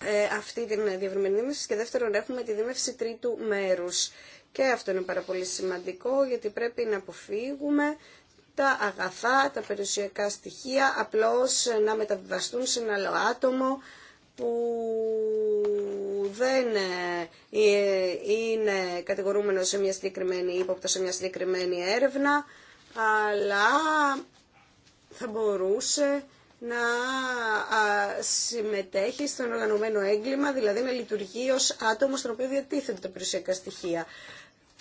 ε, αυτή την διευρυμένη δίμευση και δεύτερον έχουμε τη δίμευση τρίτου μέρους. Και αυτό είναι πάρα πολύ σημαντικό γιατί πρέπει να αποφύγουμε τα αγαθά, τα περιουσιακά στοιχεία απλώς να μεταβιβαστούν σε ένα άλλο άτομο που δεν ε, ε, είναι κατηγορούμενο σε μια συγκεκριμένη ύποπτα, σε μια συγκεκριμένη έρευνα, αλλά θα μπορούσε να συμμετέχει στον οργανωμένο έγκλημα, δηλαδή να λειτουργεί ως άτομο στον οποίο διατίθεται τα περιουσιακά στοιχεία.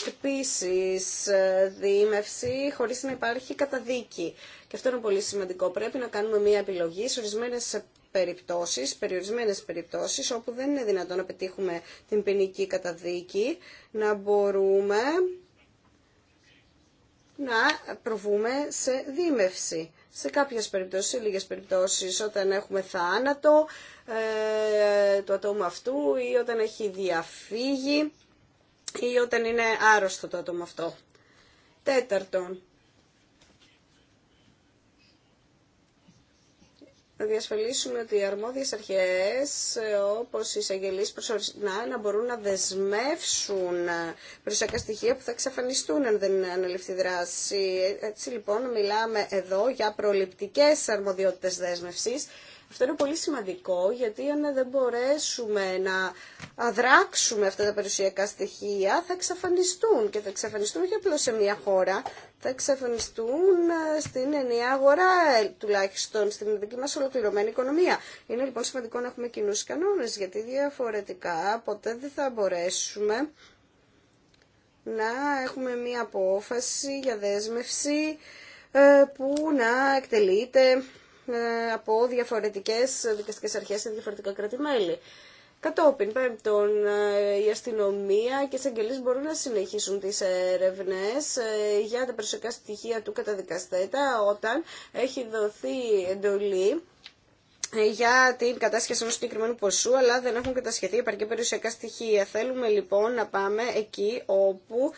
Επίσης, ε, δίμευση χωρίς να υπάρχει καταδίκη. Και αυτό είναι πολύ σημαντικό. Πρέπει να κάνουμε μια επιλογή σε ορισμένες περιπτώσεις, περιορισμένες περιπτώσεις, όπου δεν είναι δυνατόν να πετύχουμε την ποινική καταδίκη, να μπορούμε να προβούμε σε δίμευση σε κάποιες περιπτώσεις, σε λίγες περιπτώσεις, όταν έχουμε θάνατο ε, του ατόμου αυτού ή όταν έχει διαφύγει ή όταν είναι άρρωστο το άτομο αυτό. Τέταρτον, να διασφαλίσουμε ότι οι αρμόδιες αρχές, όπως οι εισαγγελείς προσωρινά, να μπορούν να δεσμεύσουν προσωπικά στοιχεία που θα εξαφανιστούν αν δεν αναλυφθεί δράση. Έτσι λοιπόν μιλάμε εδώ για προληπτικές αρμοδιότητες δέσμευσης αυτό είναι πολύ σημαντικό γιατί αν δεν μπορέσουμε να αδράξουμε αυτά τα περιουσιακά στοιχεία θα εξαφανιστούν και θα εξαφανιστούν όχι απλώς σε μια χώρα, θα εξαφανιστούν ε, στην ενιαία αγορά ε, τουλάχιστον στην δική μας ολοκληρωμένη οικονομία. Είναι λοιπόν σημαντικό να έχουμε κοινού κανόνες γιατί διαφορετικά ποτέ δεν θα μπορέσουμε να έχουμε μια απόφαση για δέσμευση ε, που να εκτελείται ε, από διαφορετικές δικαστικές αρχές σε διαφορετικά κράτη-μέλη. Κατόπιν, πέμπτον, ε, η αστυνομία και οι εισαγγελίε μπορούν να συνεχίσουν τις έρευνες ε, για τα προσωπικά στοιχεία του καταδικαστέτα όταν έχει δοθεί εντολή για την κατάσχεση ενό συγκεκριμένου ποσού, αλλά δεν έχουν κατασχεθεί επαρκή περιουσιακά στοιχεία. Θέλουμε λοιπόν να πάμε εκεί όπου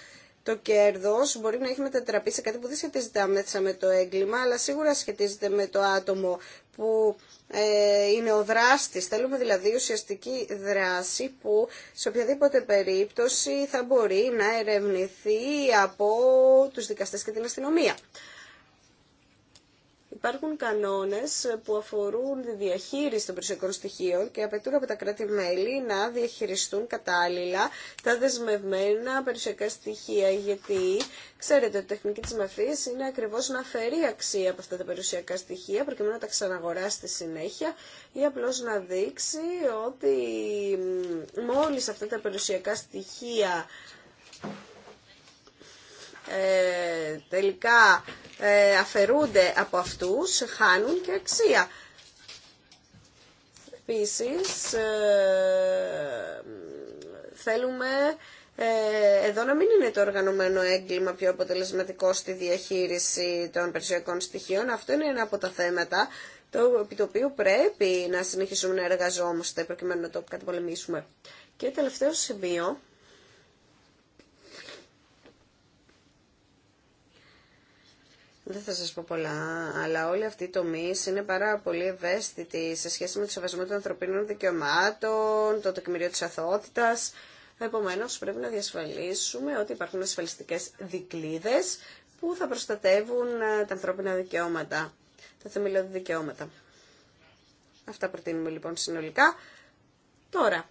το κέρδο μπορεί να έχει μετατραπεί σε κάτι που δεν σχετίζεται άμεσα με το έγκλημα, αλλά σίγουρα σχετίζεται με το άτομο που ε, είναι ο δράστης. Θέλουμε δηλαδή ουσιαστική δράση που σε οποιαδήποτε περίπτωση θα μπορεί να ερευνηθεί από τους δικαστές και την αστυνομία. Υπάρχουν κανόνες που αφορούν τη διαχείριση των περιουσιακών στοιχείων και απαιτούν από τα κράτη-μέλη να διαχειριστούν κατάλληλα τα δεσμευμένα περιουσιακά στοιχεία, γιατί ξέρετε, η τεχνική της μαφίας είναι ακριβώ να φέρει αξία από αυτά τα περιουσιακά στοιχεία, προκειμένου να τα ξαναγοράσει στη συνέχεια ή απλώ να δείξει ότι μόλι αυτά τα περιουσιακά στοιχεία ε, τελικά ε, αφαιρούνται από αυτούς, χάνουν και αξία. Επίσης, ε, θέλουμε εδώ να μην είναι το οργανωμένο έγκλημα πιο αποτελεσματικό στη διαχείριση των περισσοικών στοιχείων. Αυτό είναι ένα από τα θέματα το, το οποίο πρέπει να συνεχίσουμε να εργαζόμαστε προκειμένου να το καταπολεμήσουμε. Και τελευταίο σημείο Δεν θα σας πω πολλά, αλλά όλοι αυτοί οι τομείς είναι πάρα πολύ ευαίσθητοι σε σχέση με το σεβασμό των ανθρωπίνων δικαιωμάτων, το τεκμηρίο της αθωότητας. Επομένως, πρέπει να διασφαλίσουμε ότι υπάρχουν ασφαλιστικές δικλίδες που θα προστατεύουν ε, τα ανθρώπινα δικαιώματα, τα θεμελιώδη δικαιώματα. Αυτά προτείνουμε λοιπόν συνολικά. Τώρα,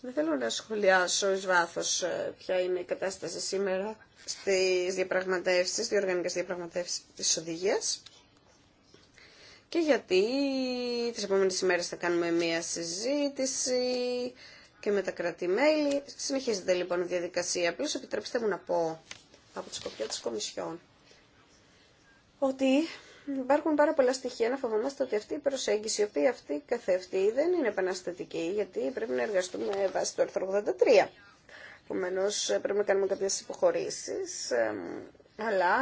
δεν θέλω να σχολιάσω εις βάθος ε, ποια είναι η κατάσταση σήμερα στις διαπραγματεύσεις, οργανικές διαπραγματεύσεις της οδηγίας. Και γιατί τις επόμενες ημέρες θα κάνουμε μία συζήτηση και με τα κράτη-μέλη. Συνεχίζεται λοιπόν η διαδικασία. Απλώς επιτρέψτε μου να πω από τη σκοπιά της Κομισιόν ότι Υπάρχουν πάρα πολλά στοιχεία να φοβόμαστε ότι αυτή η προσέγγιση, η οποία αυτή καθευτεί, δεν είναι επαναστατική, γιατί πρέπει να εργαστούμε βάσει του άρθρου 83. Επομένω, πρέπει να κάνουμε κάποιε υποχωρήσει. Αλλά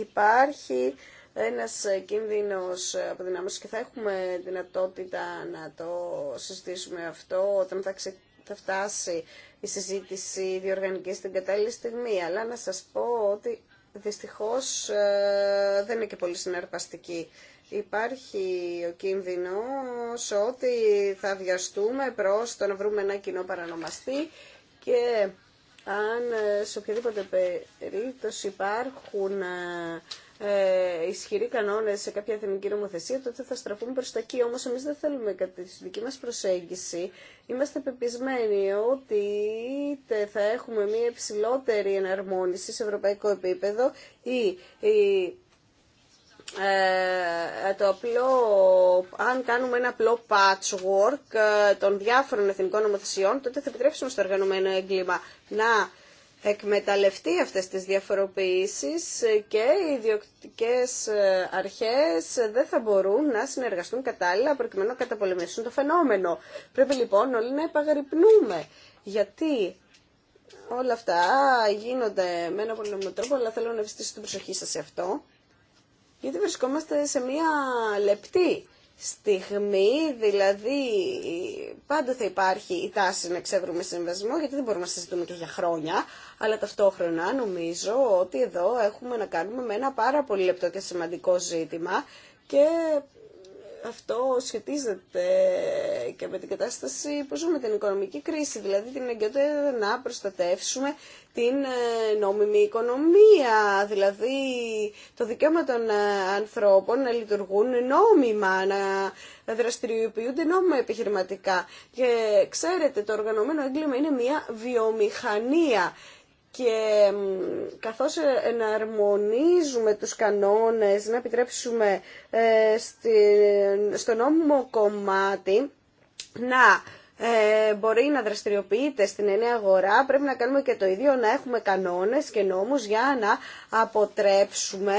υπάρχει ένα κίνδυνο αποδυνάμωση και θα έχουμε δυνατότητα να το συζητήσουμε αυτό όταν θα, θα φτάσει η συζήτηση διοργανική στην κατάλληλη στιγμή. Αλλά να σας πω ότι Δυστυχώς ε, δεν είναι και πολύ συναρπαστική. Υπάρχει ο κίνδυνος ότι θα βιαστούμε προς το να βρούμε ένα κοινό παρανομαστή και αν ε, σε οποιαδήποτε περίπτωση υπάρχουν ε, ε, ισχυροί κανόνε σε κάποια εθνική νομοθεσία, τότε θα στραφούμε προ τα εκεί. Όμω, εμεί δεν θέλουμε κατά τη δική μα προσέγγιση. Είμαστε πεπισμένοι ότι είτε θα έχουμε μια υψηλότερη εναρμόνιση σε ευρωπαϊκό επίπεδο ή, ή ε, το απλό, αν κάνουμε ένα απλό patchwork ε, των διάφορων εθνικών νομοθεσιών, τότε θα επιτρέψουμε στο εργανομένο έγκλημα να εκμεταλλευτεί αυτές τις διαφοροποιήσεις και οι ιδιοκτικές ε, αρχές δεν θα μπορούν να συνεργαστούν κατάλληλα προκειμένου να καταπολεμήσουν το φαινόμενο. Πρέπει λοιπόν όλοι να επαγρυπνούμε γιατί όλα αυτά γίνονται με ένα πολύ τρόπο αλλά θέλω να ευστήσω την προσοχή σας σε αυτό γιατί βρισκόμαστε σε μια λεπτή στιγμή, δηλαδή πάντα θα υπάρχει η τάση να εξεύρουμε συμβασμό, γιατί δεν μπορούμε να συζητούμε και για χρόνια, αλλά ταυτόχρονα νομίζω ότι εδώ έχουμε να κάνουμε με ένα πάρα πολύ λεπτό και σημαντικό ζήτημα και αυτό σχετίζεται και με την κατάσταση που ζούμε την οικονομική κρίση, δηλαδή την αγκαιότητα να προστατεύσουμε την ε, νόμιμη οικονομία, δηλαδή το δικαίωμα των ε, ανθρώπων να λειτουργούν νόμιμα, να δραστηριοποιούνται νόμιμα επιχειρηματικά. Και ξέρετε, το οργανωμένο έγκλημα είναι μια βιομηχανία και καθώς ε, εναρμονίζουμε τους κανόνες να επιτρέψουμε ε, στο νόμιμο κομμάτι να ε, μπορεί να δραστηριοποιείται στην ενιαία αγορά, πρέπει να κάνουμε και το ίδιο, να έχουμε κανόνες και νόμους για να αποτρέψουμε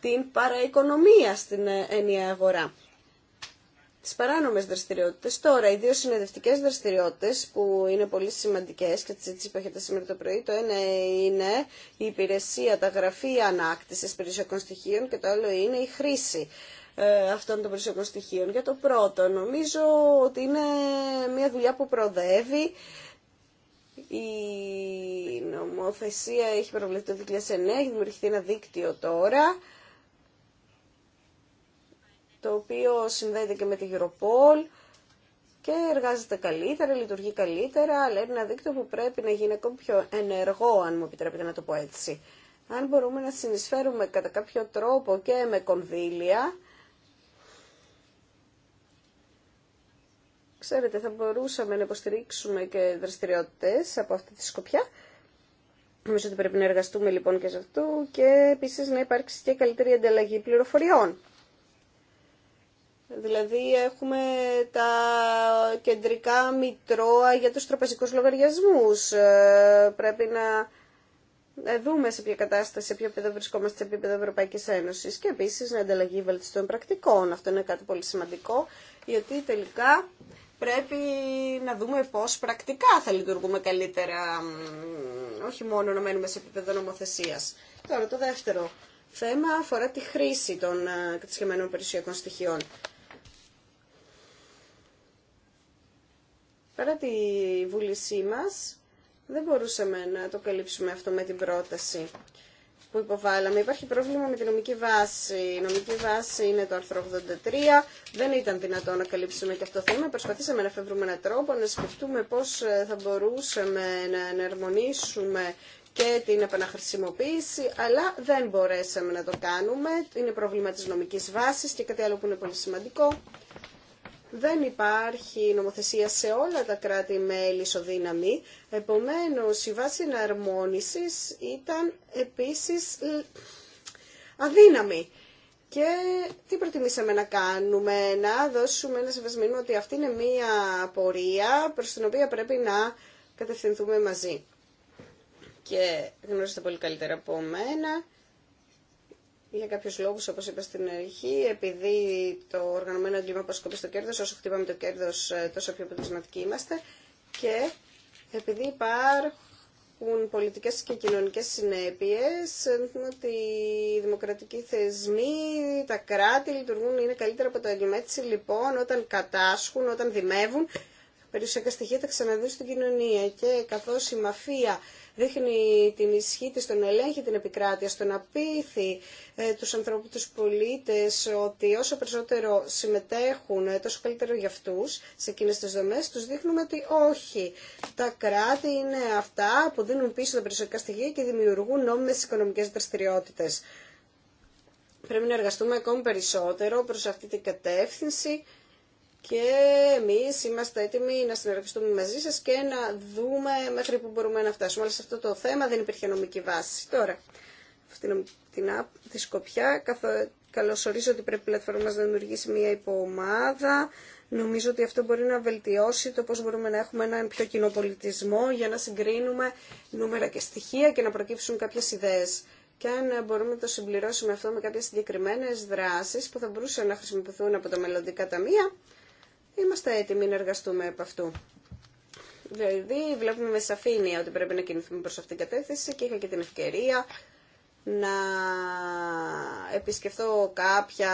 την παραοικονομία στην ενιαία αγορά τις παράνομες δραστηριότητες. Τώρα, οι δύο συνεδευτικές δραστηριότητες που είναι πολύ σημαντικές και τις έχετε σήμερα το πρωί, το ένα είναι η υπηρεσία, τα γραφεία ανάκτησης περιουσιακών στοιχείων και το άλλο είναι η χρήση ε, αυτών των περιουσιακών στοιχείων. Για το πρώτο, νομίζω ότι είναι μια δουλειά που προοδεύει. Η νομοθεσία έχει προβλεφθεί το 2009, έχει δημιουργηθεί ένα δίκτυο τώρα το οποίο συνδέεται και με τη Europol και εργάζεται καλύτερα, λειτουργεί καλύτερα, αλλά είναι ένα δίκτυο που πρέπει να γίνει ακόμη πιο ενεργό, αν μου επιτρέπετε να το πω έτσι. Αν μπορούμε να συνεισφέρουμε κατά κάποιο τρόπο και με κονδύλια, ξέρετε, θα μπορούσαμε να υποστηρίξουμε και δραστηριότητες από αυτή τη σκοπιά. Νομίζω ότι πρέπει να εργαστούμε λοιπόν και σε αυτού και επίσης να υπάρξει και καλύτερη ανταλλαγή πληροφοριών. Δηλαδή έχουμε τα κεντρικά μητρώα για τους τραπεζικούς λογαριασμούς. Ε, πρέπει να δούμε σε ποια κατάσταση, σε ποιο επίπεδο βρισκόμαστε σε επίπεδο Ευρωπαϊκής Ένωσης και επίσης να ανταλλαγεί βελτιστών πρακτικών. Αυτό είναι κάτι πολύ σημαντικό, γιατί τελικά πρέπει να δούμε πώς πρακτικά θα λειτουργούμε καλύτερα, όχι μόνο να μένουμε σε επίπεδο νομοθεσίας. Τώρα το δεύτερο θέμα αφορά τη χρήση των ε, κατασκευμένων περιουσιακών στοιχείων. Παρά τη βούλησή μας, δεν μπορούσαμε να το καλύψουμε αυτό με την πρόταση που υποβάλαμε. Υπάρχει πρόβλημα με τη νομική βάση. Η νομική βάση είναι το άρθρο 83. Δεν ήταν δυνατό να καλύψουμε και αυτό το θέμα. Προσπαθήσαμε να φεύγουμε έναν τρόπο, να σκεφτούμε πώς ε, θα μπορούσαμε να εναρμονίσουμε και την επαναχρησιμοποίηση, αλλά δεν μπορέσαμε να το κάνουμε. Είναι πρόβλημα της νομικής βάσης και κάτι άλλο που είναι πολύ σημαντικό δεν υπάρχει νομοθεσία σε όλα τα κράτη-μέλη ισοδύναμη, επομένως η βάση εναρμόνισης ήταν επίσης ε, αδύναμη. Και τι προτιμήσαμε να κάνουμε, να δώσουμε ένα συμβασμένο ότι αυτή είναι μία πορεία προς την οποία πρέπει να κατευθυνθούμε μαζί. Και γνωρίζετε πολύ καλύτερα από μένα για κάποιου λόγους, όπως είπα στην αρχή, επειδή το οργανωμένο έγκλημα αποσκοπεί στο κέρδος, όσο χτυπάμε το κέρδος ε, τόσο πιο αποτελεσματικοί είμαστε και επειδή υπάρχουν πολιτικές και κοινωνικές συνέπειες, ότι οι δημοκρατικοί θεσμοί, τα κράτη λειτουργούν, είναι καλύτερα από το έγκλημα. Έτσι λοιπόν, όταν κατάσχουν, όταν δημεύουν, περιουσιακά στοιχεία τα ξαναδούν στην κοινωνία και καθώ η μαφία δείχνει την ισχύ της, τον ελέγχει την επικράτεια, στον να ε, τους ανθρώπους, τους πολίτες, ότι όσο περισσότερο συμμετέχουν, ε, τόσο καλύτερο για αυτούς, σε εκείνες τις δομές, τους δείχνουμε ότι όχι. Τα κράτη είναι αυτά που δίνουν πίσω τα περισσότερα στοιχεία και δημιουργούν νόμιμες οικονομικές δραστηριότητες. Πρέπει να εργαστούμε ακόμη περισσότερο προς αυτή την κατεύθυνση και εμεί είμαστε έτοιμοι να συνεργαστούμε μαζί σα και να δούμε μέχρι που μπορούμε να φτάσουμε. Αλλά σε αυτό το θέμα δεν υπήρχε νομική βάση. Τώρα, αυτή την app τη Σκοπιά, καλώ ορίζω ότι πρέπει η πλατφόρμα μα να δημιουργήσει μια υποομάδα. Νομίζω ότι αυτό μπορεί να βελτιώσει το πώ μπορούμε να έχουμε έναν πιο κοινό πολιτισμό για να συγκρίνουμε νούμερα και στοιχεία και να προκύψουν κάποιε ιδέε. και αν μπορούμε να το συμπληρώσουμε αυτό με κάποιες συγκεκριμένε δράσει που θα μπορούσαν να χρησιμοποιηθούν από τα μελλοντικά ταμεία, είμαστε έτοιμοι να εργαστούμε από αυτού. Δηλαδή βλέπουμε με σαφήνεια ότι πρέπει να κινηθούμε προς αυτήν την κατεύθυνση και είχα και την ευκαιρία να επισκεφθώ κάποια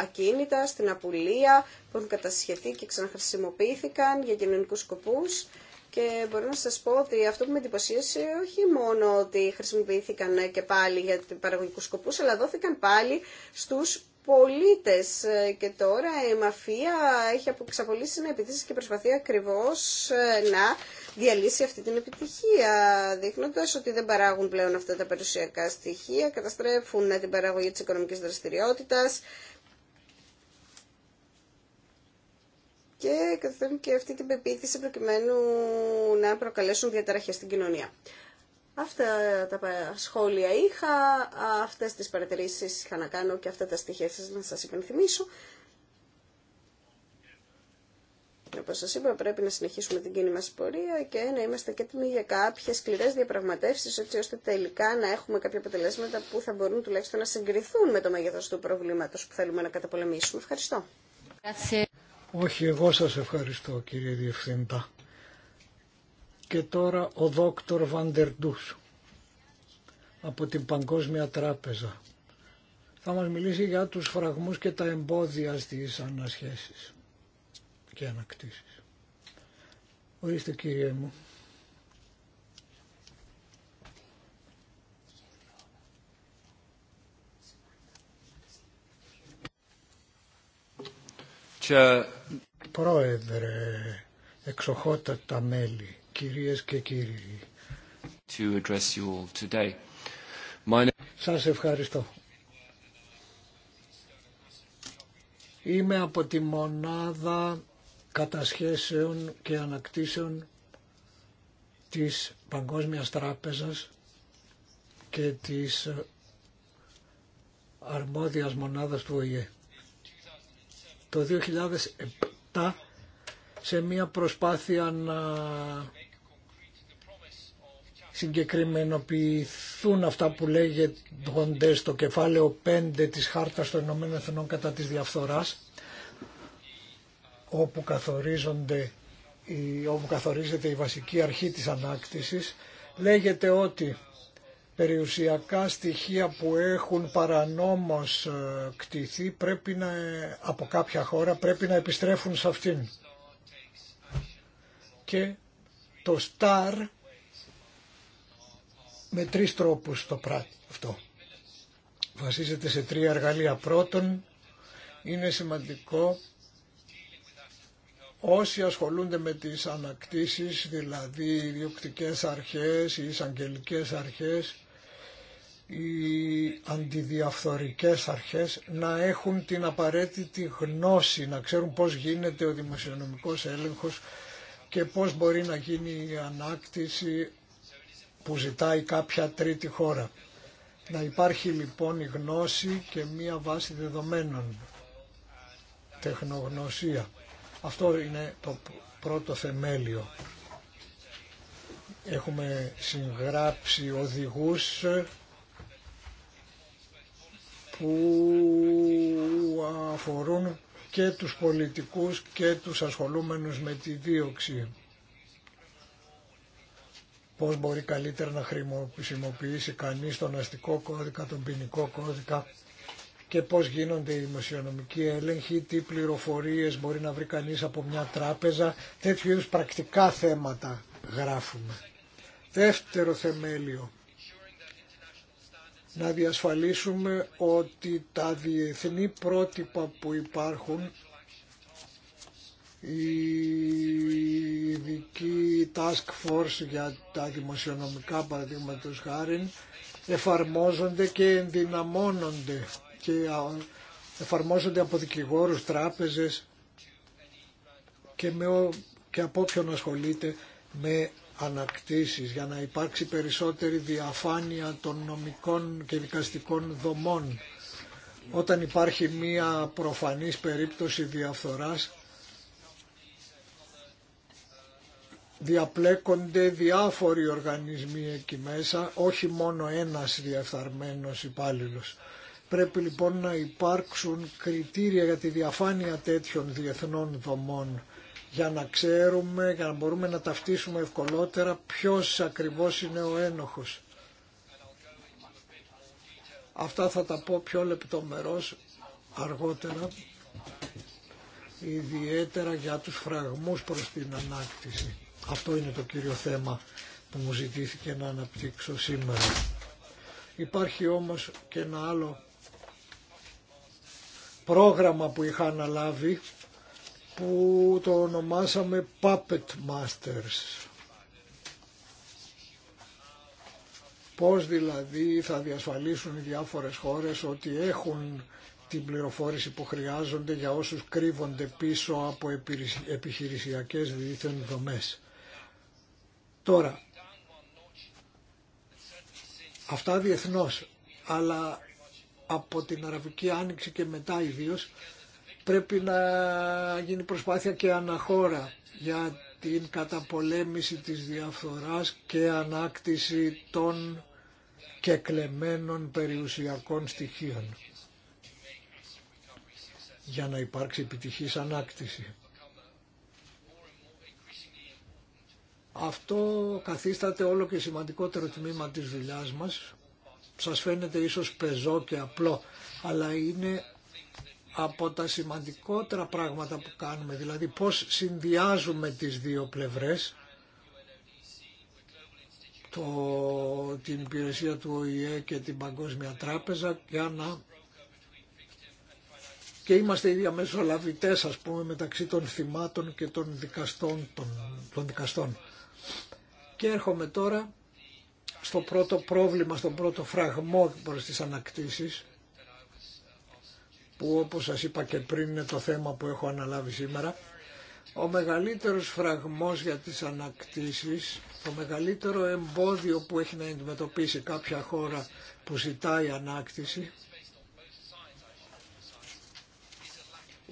ακίνητα στην Απουλία που έχουν κατασχεθεί και ξαναχρησιμοποιήθηκαν για κοινωνικούς σκοπούς και μπορώ να σας πω ότι αυτό που με εντυπωσίασε όχι μόνο ότι χρησιμοποιήθηκαν και πάλι για παραγωγικούς σκοπούς αλλά δόθηκαν πάλι στους πολίτες ε, και τώρα η μαφία έχει εξαπολύσει να επιτύχει και προσπαθεί ακριβώς ε, να διαλύσει αυτή την επιτυχία δείχνοντας ότι δεν παράγουν πλέον αυτά τα περιουσιακά στοιχεία, καταστρέφουν ε, την παραγωγή της οικονομικής δραστηριότητας και καταστρέφουν και αυτή την πεποίθηση προκειμένου να προκαλέσουν διαταραχές στην κοινωνία. Αυτά τα σχόλια είχα, αυτές τις παρατηρήσεις είχα να κάνω και αυτά τα στοιχεία σας να σας υπενθυμίσω. Όπω σα είπα, πρέπει να συνεχίσουμε την κίνημα μα πορεία και να είμαστε και έτοιμοι για κάποιε σκληρέ διαπραγματεύσει, έτσι ώστε τελικά να έχουμε κάποια αποτελέσματα που θα μπορούν τουλάχιστον να συγκριθούν με το μέγεθο του προβλήματο που θέλουμε να καταπολεμήσουμε. Ευχαριστώ. Όχι, εγώ σα ευχαριστώ, κύριε Διευθύντα. Και τώρα ο δόκτωρ Βαντερντούς από την Παγκόσμια Τράπεζα. Θα μας μιλήσει για τους φραγμούς και τα εμπόδια στις ανασχέσεις και ανακτήσεις. Ορίστε κύριε μου. Πρόεδρε, εξοχότατα μέλη, Κυρίες και κύριοι. Σας ευχαριστώ. Είμαι από τη μονάδα κατασχέσεων και ανακτήσεων της Παγκόσμιας Τράπεζας και της αρμόδιας μονάδας του ΟΗΕ. Το 2007 σε μια προσπάθεια να συγκεκριμενοποιηθούν αυτά που λέγονται στο κεφάλαιο 5 της Χάρτας των Ηνωμένων Εθνών κατά της διαφθοράς, όπου, καθορίζονται, όπου καθορίζεται η βασική αρχή της ανάκτησης, λέγεται ότι περιουσιακά στοιχεία που έχουν παρανόμως ε, κτηθεί πρέπει να, από κάποια χώρα πρέπει να επιστρέφουν σε αυτήν. Και το ΣΤΑΡ με τρεις τρόπους το πράγμα αυτό. Βασίζεται σε τρία εργαλεία. Πρώτον, είναι σημαντικό όσοι ασχολούνται με τις ανακτήσεις, δηλαδή οι διοκτικές αρχές, οι εισαγγελικές αρχές, οι αντιδιαφθορικές αρχές να έχουν την απαραίτητη γνώση, να ξέρουν πώς γίνεται ο δημοσιονομικός έλεγχος και πώς μπορεί να γίνει η ανάκτηση που ζητάει κάποια τρίτη χώρα. Να υπάρχει λοιπόν η γνώση και μία βάση δεδομένων, τεχνογνωσία. Αυτό είναι το πρώτο θεμέλιο. Έχουμε συγγράψει οδηγούς που αφορούν και τους πολιτικούς και τους ασχολούμενους με τη δίωξη πώς μπορεί καλύτερα να χρησιμοποιήσει κανείς τον αστικό κώδικα, τον ποινικό κώδικα και πώς γίνονται οι δημοσιονομικοί έλεγχοι, τι πληροφορίες μπορεί να βρει κανείς από μια τράπεζα, τέτοιου είδους πρακτικά θέματα γράφουμε. Δεύτερο θεμέλιο, να διασφαλίσουμε ότι τα διεθνή πρότυπα που υπάρχουν η ειδική task force για τα δημοσιονομικά παραδείγματο χάρη εφαρμόζονται και ενδυναμώνονται και εφαρμόζονται από δικηγόρους, τράπεζες και, και από όποιον ασχολείται με ανακτήσεις για να υπάρξει περισσότερη διαφάνεια των νομικών και δικαστικών δομών. Όταν υπάρχει μία προφανής περίπτωση διαφθοράς διαπλέκονται διάφοροι οργανισμοί εκεί μέσα, όχι μόνο ένας διεφθαρμένος υπάλληλο. Πρέπει λοιπόν να υπάρξουν κριτήρια για τη διαφάνεια τέτοιων διεθνών δομών για να ξέρουμε, για να μπορούμε να ταυτίσουμε ευκολότερα ποιος ακριβώς είναι ο ένοχος. Αυτά θα τα πω πιο λεπτομερώς αργότερα, ιδιαίτερα για τους φραγμούς προς την ανάκτηση. Αυτό είναι το κύριο θέμα που μου ζητήθηκε να αναπτύξω σήμερα. Υπάρχει όμως και ένα άλλο πρόγραμμα που είχα αναλάβει που το ονομάσαμε Puppet Masters. Πώς δηλαδή θα διασφαλίσουν οι διάφορες χώρες ότι έχουν την πληροφόρηση που χρειάζονται για όσους κρύβονται πίσω από επιχειρησιακές δίθεν δομές. Τώρα, αυτά διεθνώς, αλλά από την Αραβική Άνοιξη και μετά ιδίω πρέπει να γίνει προσπάθεια και αναχώρα για την καταπολέμηση της διαφθοράς και ανάκτηση των κεκλεμένων περιουσιακών στοιχείων για να υπάρξει επιτυχής ανάκτηση. Αυτό καθίσταται όλο και σημαντικότερο τμήμα της δουλειά μας. Σας φαίνεται ίσως πεζό και απλό, αλλά είναι από τα σημαντικότερα πράγματα που κάνουμε, δηλαδή πώς συνδυάζουμε τις δύο πλευρές, το, την υπηρεσία του ΟΗΕ και την Παγκόσμια Τράπεζα για να και είμαστε οι διαμεσολαβητές ας πούμε μεταξύ των θυμάτων και των δικαστών, των, των δικαστών. Και έρχομαι τώρα στο πρώτο πρόβλημα, στον πρώτο φραγμό προς τις ανακτήσεις που όπως σας είπα και πριν είναι το θέμα που έχω αναλάβει σήμερα. Ο μεγαλύτερος φραγμός για τις ανακτήσεις, το μεγαλύτερο εμπόδιο που έχει να αντιμετωπίσει κάποια χώρα που ζητάει ανάκτηση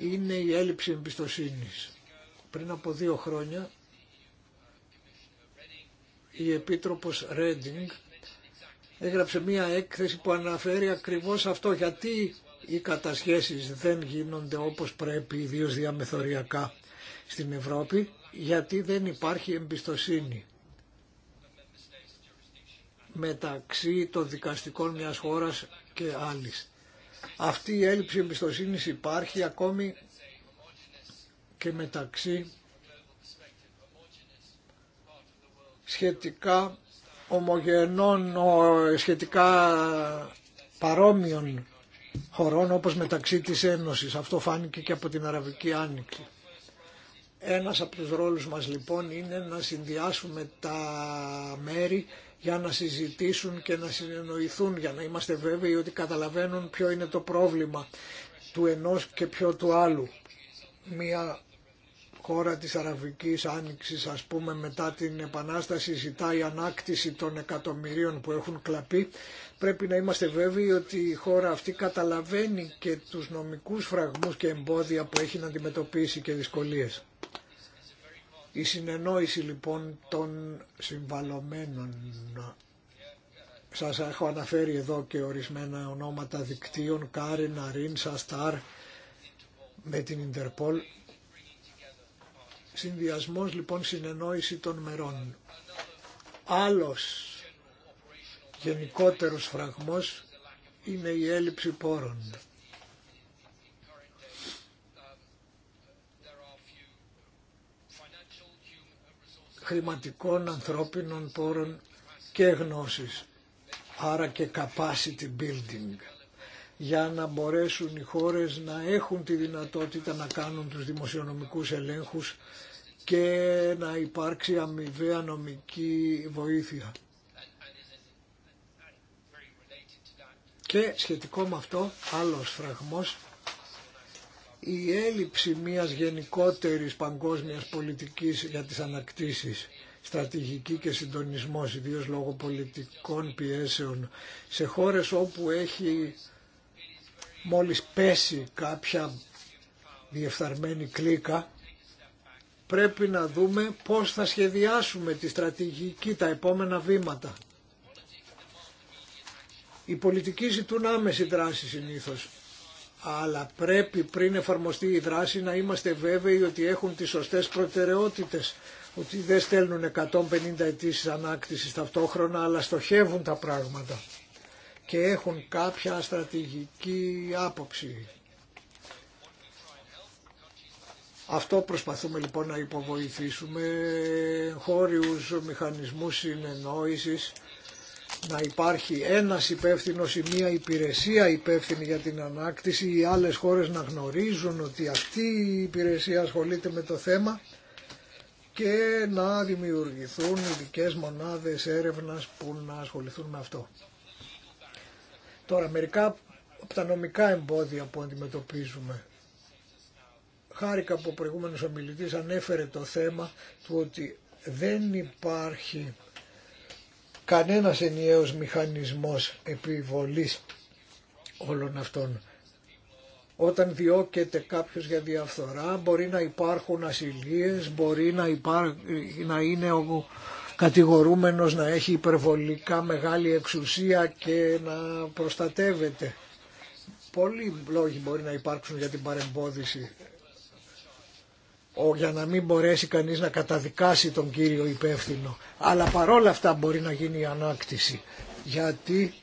είναι η έλλειψη εμπιστοσύνης. Πριν από δύο χρόνια η Επίτροπος Ρέντινγκ έγραψε μία έκθεση που αναφέρει ακριβώς αυτό γιατί οι κατασχέσεις δεν γίνονται όπως πρέπει ιδίως διαμεθοριακά στην Ευρώπη γιατί δεν υπάρχει εμπιστοσύνη μεταξύ των δικαστικών μιας χώρας και άλλης. Αυτή η έλλειψη εμπιστοσύνης υπάρχει ακόμη και μεταξύ σχετικά ομογενών, σχετικά παρόμοιων χωρών όπως μεταξύ της Ένωσης. Αυτό φάνηκε και από την Αραβική Άνοιξη. Ένας από τους ρόλους μας λοιπόν είναι να συνδυάσουμε τα μέρη για να συζητήσουν και να συνεννοηθούν, για να είμαστε βέβαιοι ότι καταλαβαίνουν ποιο είναι το πρόβλημα του ενός και ποιο του άλλου. Μια χώρα της Αραβικής Άνοιξης ας πούμε μετά την Επανάσταση ζητάει ανάκτηση των εκατομμυρίων που έχουν κλαπεί πρέπει να είμαστε βέβαιοι ότι η χώρα αυτή καταλαβαίνει και τους νομικούς φραγμούς και εμπόδια που έχει να αντιμετωπίσει και δυσκολίες. Η συνεννόηση λοιπόν των συμβαλωμένων σας έχω αναφέρει εδώ και ορισμένα ονόματα δικτύων, Κάριν, Αρίν, Σαστάρ, με την Ιντερπολ Συνδυασμός λοιπόν συνεννόηση των μερών. Άλλος γενικότερος φραγμός είναι η έλλειψη πόρων. χρηματικών, ανθρώπινων πόρων και γνώσης. Άρα και capacity building για να μπορέσουν οι χώρες να έχουν τη δυνατότητα να κάνουν τους δημοσιονομικούς ελέγχους και να υπάρξει αμοιβαία νομική βοήθεια. Και σχετικό με αυτό, άλλος φραγμός, η έλλειψη μιας γενικότερης παγκόσμιας πολιτικής για τις ανακτήσεις, στρατηγική και συντονισμός, ιδίως λόγω πολιτικών πιέσεων, σε χώρες όπου έχει μόλις πέσει κάποια διεφθαρμένη κλίκα πρέπει να δούμε πώς θα σχεδιάσουμε τη στρατηγική τα επόμενα βήματα. Οι πολιτικοί ζητούν άμεση δράση συνήθως, αλλά πρέπει πριν εφαρμοστεί η δράση να είμαστε βέβαιοι ότι έχουν τις σωστές προτεραιότητες, ότι δεν στέλνουν 150 αιτήσει ανάκτησης ταυτόχρονα, αλλά στοχεύουν τα πράγματα και έχουν κάποια στρατηγική άποψη. Αυτό προσπαθούμε λοιπόν να υποβοηθήσουμε χώριους μηχανισμούς συνεννόησης, να υπάρχει ένας υπεύθυνο ή μία υπηρεσία υπεύθυνη για την ανάκτηση, οι άλλες χώρες να γνωρίζουν ότι αυτή η υπηρεσία ασχολείται με το θέμα και να δημιουργηθούν ειδικέ μονάδες έρευνας που να ασχοληθούν με αυτό. Τώρα μερικά από τα νομικά εμπόδια που αντιμετωπίζουμε. Χάρηκα που ο προηγούμενος ομιλητής ανέφερε το θέμα του ότι δεν υπάρχει κανένας ενιαίος μηχανισμός επιβολής όλων αυτών. Όταν διώκεται κάποιος για διαφθορά μπορεί να υπάρχουν ασυλίες, μπορεί να, να είναι ο κατηγορούμενος να έχει υπερβολικά μεγάλη εξουσία και να προστατεύεται. Πολλοί λόγοι μπορεί να υπάρξουν για την παρεμπόδιση για να μην μπορέσει κανείς να καταδικάσει τον κύριο υπεύθυνο. Αλλά παρόλα αυτά μπορεί να γίνει η ανάκτηση. Γιατί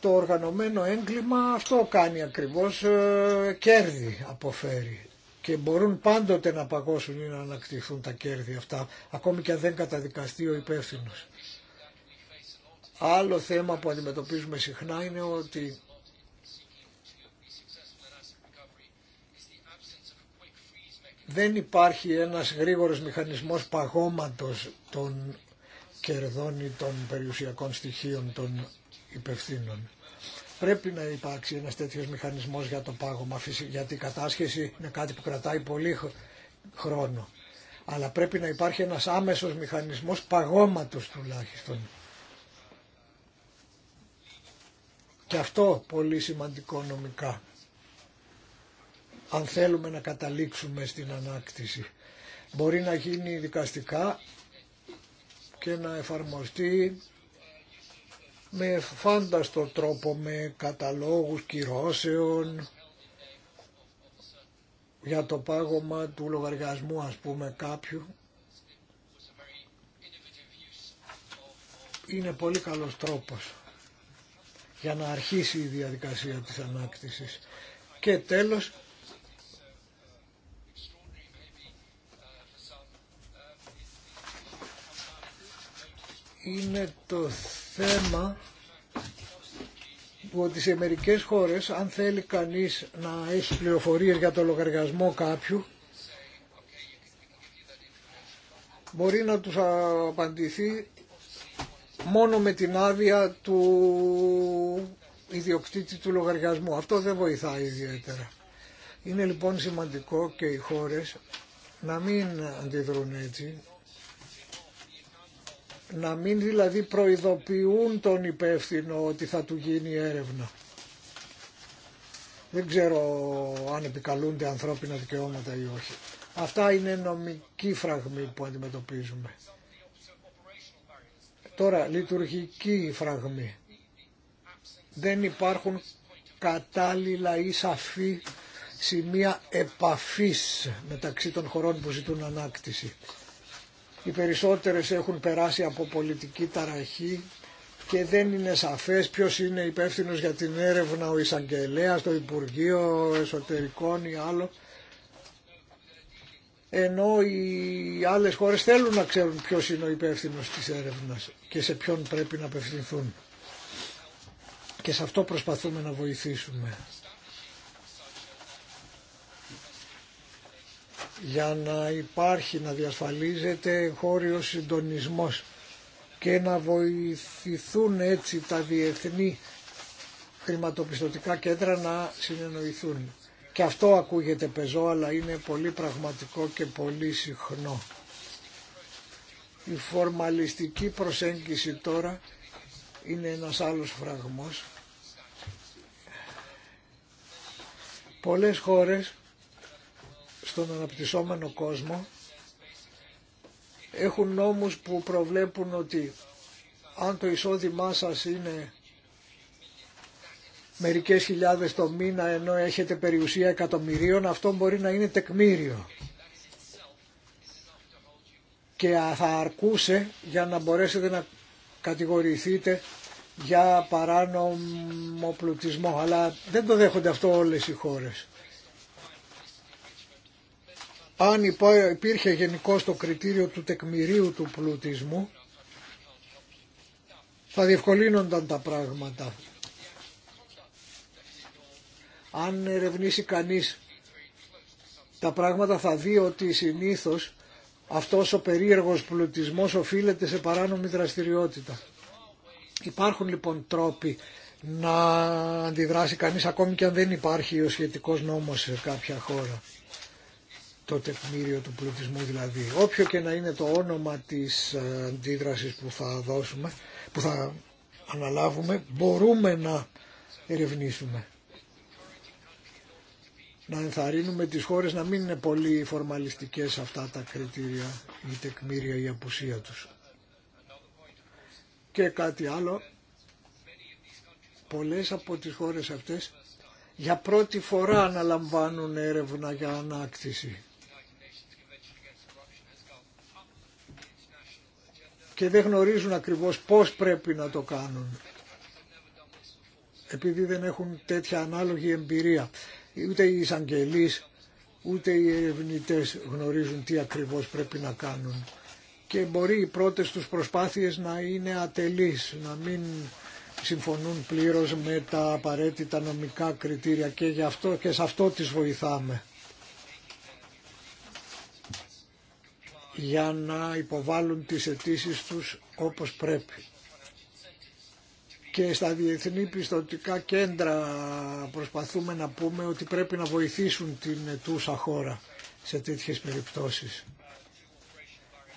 το οργανωμένο έγκλημα αυτό κάνει ακριβώς, ε, κέρδη αποφέρει και μπορούν πάντοτε να παγώσουν ή να ανακτηθούν τα κέρδη αυτά, ακόμη και αν δεν καταδικαστεί ο υπεύθυνο. Άλλο θέμα που αντιμετωπίζουμε συχνά είναι ότι δεν υπάρχει ένας γρήγορος μηχανισμός παγώματος των κερδών ή των περιουσιακών στοιχείων των υπευθύνων. Πρέπει να υπάρξει ένας τέτοιος μηχανισμός για το πάγωμα, γιατί η κατάσχεση είναι κάτι που κρατάει πολύ χρόνο. Αλλά πρέπει να υπάρχει ένας άμεσος μηχανισμός παγώματος τουλάχιστον. Και αυτό πολύ σημαντικό νομικά. Αν θέλουμε να καταλήξουμε στην ανάκτηση. Μπορεί να γίνει δικαστικά και να εφαρμοστεί με φάνταστο τρόπο, με καταλόγους κυρώσεων για το πάγωμα του λογαριασμού ας πούμε κάποιου. Είναι πολύ καλός τρόπος για να αρχίσει η διαδικασία της ανάκτησης. Και τέλος, είναι το θέμα που ότι σε μερικές χώρες αν θέλει κανείς να έχει πληροφορίες για το λογαριασμό κάποιου μπορεί να τους απαντηθεί μόνο με την άδεια του ιδιοκτήτη του λογαριασμού. Αυτό δεν βοηθάει ιδιαίτερα. Είναι λοιπόν σημαντικό και οι χώρες να μην αντιδρούν έτσι να μην δηλαδή προειδοποιούν τον υπεύθυνο ότι θα του γίνει έρευνα. Δεν ξέρω αν επικαλούνται ανθρώπινα δικαιώματα ή όχι. Αυτά είναι νομικοί φραγμή που αντιμετωπίζουμε. Τώρα, λειτουργικοί φραγμή. Δεν υπάρχουν κατάλληλα ή σαφή σημεία επαφής μεταξύ των χωρών που ζητούν ανάκτηση. Οι περισσότερες έχουν περάσει από πολιτική ταραχή και δεν είναι σαφές ποιος είναι υπεύθυνος για την έρευνα ο εισαγγελέα, το Υπουργείο Εσωτερικών ή άλλο. Ενώ οι άλλες χώρες θέλουν να ξέρουν ποιος είναι ο υπεύθυνος της έρευνας και σε ποιον πρέπει να απευθυνθούν. Και σε αυτό προσπαθούμε να βοηθήσουμε. για να υπάρχει, να διασφαλίζεται χώριο συντονισμός και να βοηθηθούν έτσι τα διεθνή χρηματοπιστωτικά κέντρα να συνεννοηθούν. Και αυτό ακούγεται πεζό, αλλά είναι πολύ πραγματικό και πολύ συχνό. Η φορμαλιστική προσέγγιση τώρα είναι ένας άλλος φραγμός. Πολλές χώρες στον αναπτυσσόμενο κόσμο έχουν νόμους που προβλέπουν ότι αν το εισόδημά σας είναι μερικές χιλιάδες το μήνα ενώ έχετε περιουσία εκατομμυρίων, αυτό μπορεί να είναι τεκμήριο. Και θα αρκούσε για να μπορέσετε να κατηγορηθείτε για παράνομο πλουτισμό. Αλλά δεν το δέχονται αυτό όλες οι χώρες αν υπήρχε γενικώ το κριτήριο του τεκμηρίου του πλουτισμού, θα διευκολύνονταν τα πράγματα. Αν ερευνήσει κανείς τα πράγματα θα δει ότι συνήθως αυτός ο περίεργος πλουτισμός οφείλεται σε παράνομη δραστηριότητα. Υπάρχουν λοιπόν τρόποι να αντιδράσει κανείς ακόμη και αν δεν υπάρχει ο σχετικός νόμος σε κάποια χώρα το τεκμήριο του πλουτισμού δηλαδή. Όποιο και να είναι το όνομα της ε, αντίδρασης που θα δώσουμε, που θα αναλάβουμε, μπορούμε να ερευνήσουμε. Να ενθαρρύνουμε τις χώρες να μην είναι πολύ φορμαλιστικές αυτά τα κριτήρια, η τεκμήρια, η απουσία τους. Και κάτι άλλο, πολλές από τις χώρες αυτές για πρώτη φορά αναλαμβάνουν έρευνα για ανάκτηση. και δεν γνωρίζουν ακριβώς πώς πρέπει να το κάνουν επειδή δεν έχουν τέτοια ανάλογη εμπειρία. Ούτε οι εισαγγελείς, ούτε οι ερευνητέ γνωρίζουν τι ακριβώς πρέπει να κάνουν. Και μπορεί οι πρώτες τους προσπάθειες να είναι ατελείς, να μην συμφωνούν πλήρως με τα απαραίτητα νομικά κριτήρια και, γι αυτό, και σε αυτό τις βοηθάμε. για να υποβάλουν τις αιτήσει τους όπως πρέπει. Και στα διεθνή πιστοτικά κέντρα προσπαθούμε να πούμε ότι πρέπει να βοηθήσουν την ετούσα χώρα σε τέτοιες περιπτώσεις.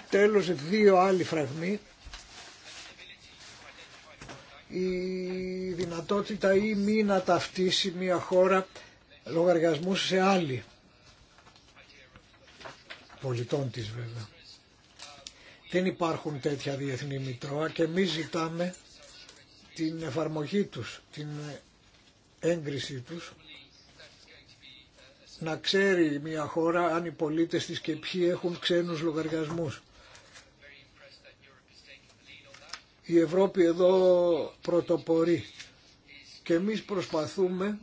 Τέλος, δύο άλλοι φραγμοί. Η δυνατότητα ή μη να ταυτίσει μια χώρα λογαριασμού σε άλλη πολιτών της βέβαια. Δεν υπάρχουν τέτοια διεθνή μητρώα και εμεί ζητάμε την εφαρμογή τους, την έγκριση τους, να ξέρει μια χώρα αν οι πολίτες της και ποιοι έχουν ξένους λογαριασμούς. Η Ευρώπη εδώ πρωτοπορεί και εμείς προσπαθούμε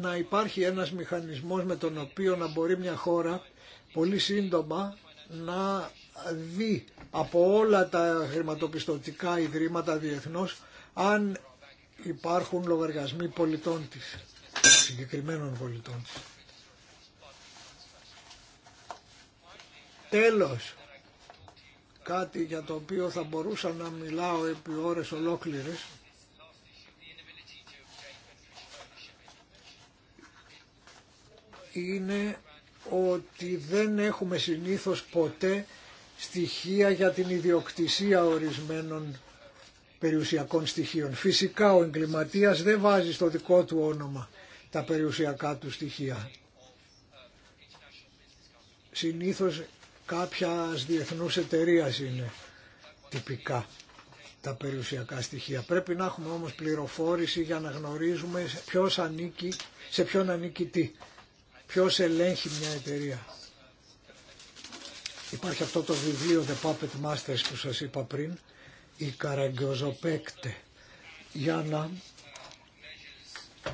να υπάρχει ένας μηχανισμός με τον οποίο να μπορεί μια χώρα πολύ σύντομα να δει από όλα τα χρηματοπιστωτικά ιδρύματα διεθνώς αν υπάρχουν λογαριασμοί πολιτών της, συγκεκριμένων πολιτών της. Τέλος, κάτι για το οποίο θα μπορούσα να μιλάω επί ώρες ολόκληρες, είναι ότι δεν έχουμε συνήθως ποτέ στοιχεία για την ιδιοκτησία ορισμένων περιουσιακών στοιχείων. Φυσικά ο εγκληματίας δεν βάζει στο δικό του όνομα τα περιουσιακά του στοιχεία. Συνήθως κάποια διεθνούς εταιρεία είναι τυπικά τα περιουσιακά στοιχεία. Πρέπει να έχουμε όμως πληροφόρηση για να γνωρίζουμε ανήκει, σε ποιον ανήκει τι. Ποιος ελέγχει μια εταιρεία. Υπάρχει αυτό το βιβλίο The Puppet Masters που σας είπα πριν, η καραγκιοζοπέκτε, για να,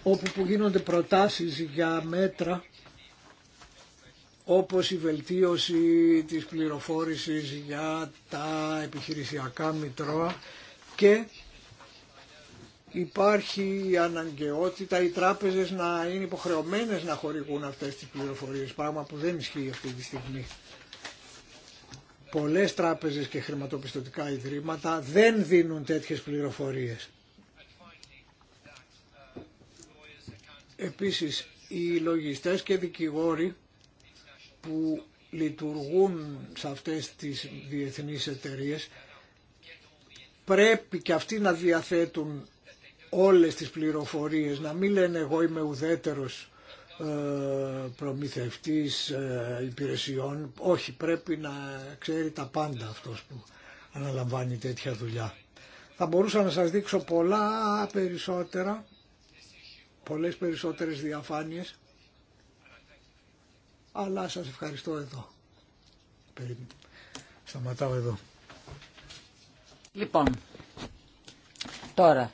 όπου που γίνονται προτάσεις για μέτρα όπως η βελτίωση της πληροφόρησης για τα επιχειρησιακά μητρώα και υπάρχει η αναγκαιότητα οι τράπεζες να είναι υποχρεωμένες να χορηγούν αυτές τις πληροφορίες, πράγμα που δεν ισχύει αυτή τη στιγμή. Πολλές τράπεζες και χρηματοπιστωτικά ιδρύματα δεν δίνουν τέτοιες πληροφορίες. Επίσης, οι λογιστές και δικηγόροι που λειτουργούν σε αυτές τις διεθνείς εταιρείες πρέπει και αυτοί να διαθέτουν όλες τις πληροφορίες, να μην λένε εγώ είμαι ουδέτερος ε, προμηθευτής ε, υπηρεσιών. Όχι, πρέπει να ξέρει τα πάντα αυτός που αναλαμβάνει τέτοια δουλειά. Θα μπορούσα να σας δείξω πολλά περισσότερα, πολλές περισσότερες διαφάνειες, αλλά σας ευχαριστώ εδώ. Σταματάω εδώ. Λοιπόν, τώρα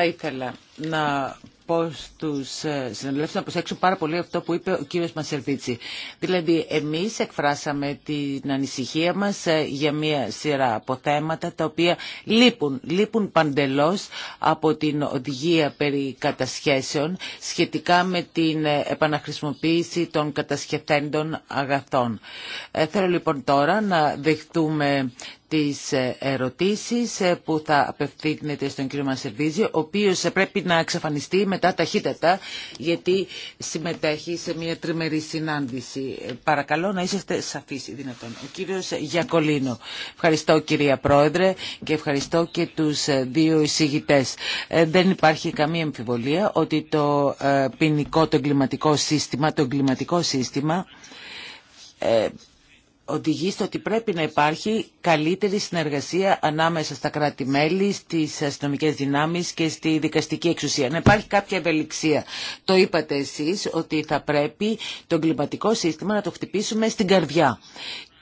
θα ήθελα να πω στους ε, να πάρα πολύ αυτό που είπε ο κύριος Μασερδίτσι. Δηλαδή, εμείς εκφράσαμε την ανησυχία μας ε, για μια σειρά από θέματα τα οποία λείπουν, λείπουν παντελώς από την οδηγία περί κατασχέσεων σχετικά με την ε, επαναχρησιμοποίηση των κατασχεθέντων αγαθών. Θέλω λοιπόν τώρα να δεχτούμε τις ε, ερωτήσεις ε, που θα απευθύνεται στον κύριο Μασερβίζη, ο οποίος ε, πρέπει να εξαφανιστεί μετά ταχύτατα, γιατί συμμετέχει σε μια τριμερή συνάντηση. Παρακαλώ να είσαστε σαφείς δυνατόν. Ο κύριος Γιακολίνο. Ευχαριστώ κυρία Πρόεδρε και ευχαριστώ και τους δύο εισηγητές. Δεν υπάρχει καμία εμφιβολία ότι το ποινικό, το εγκληματικό σύστημα, το εγκληματικό σύστημα οδηγεί στο ότι πρέπει να υπάρχει καλύτερη συνεργασία ανάμεσα στα κράτη-μέλη, στις αστυνομικές δυνάμεις και στη δικαστική εξουσία. Να υπάρχει κάποια ευελιξία. Το είπατε εσείς ότι θα πρέπει το εγκληματικό σύστημα να το χτυπήσουμε στην καρδιά.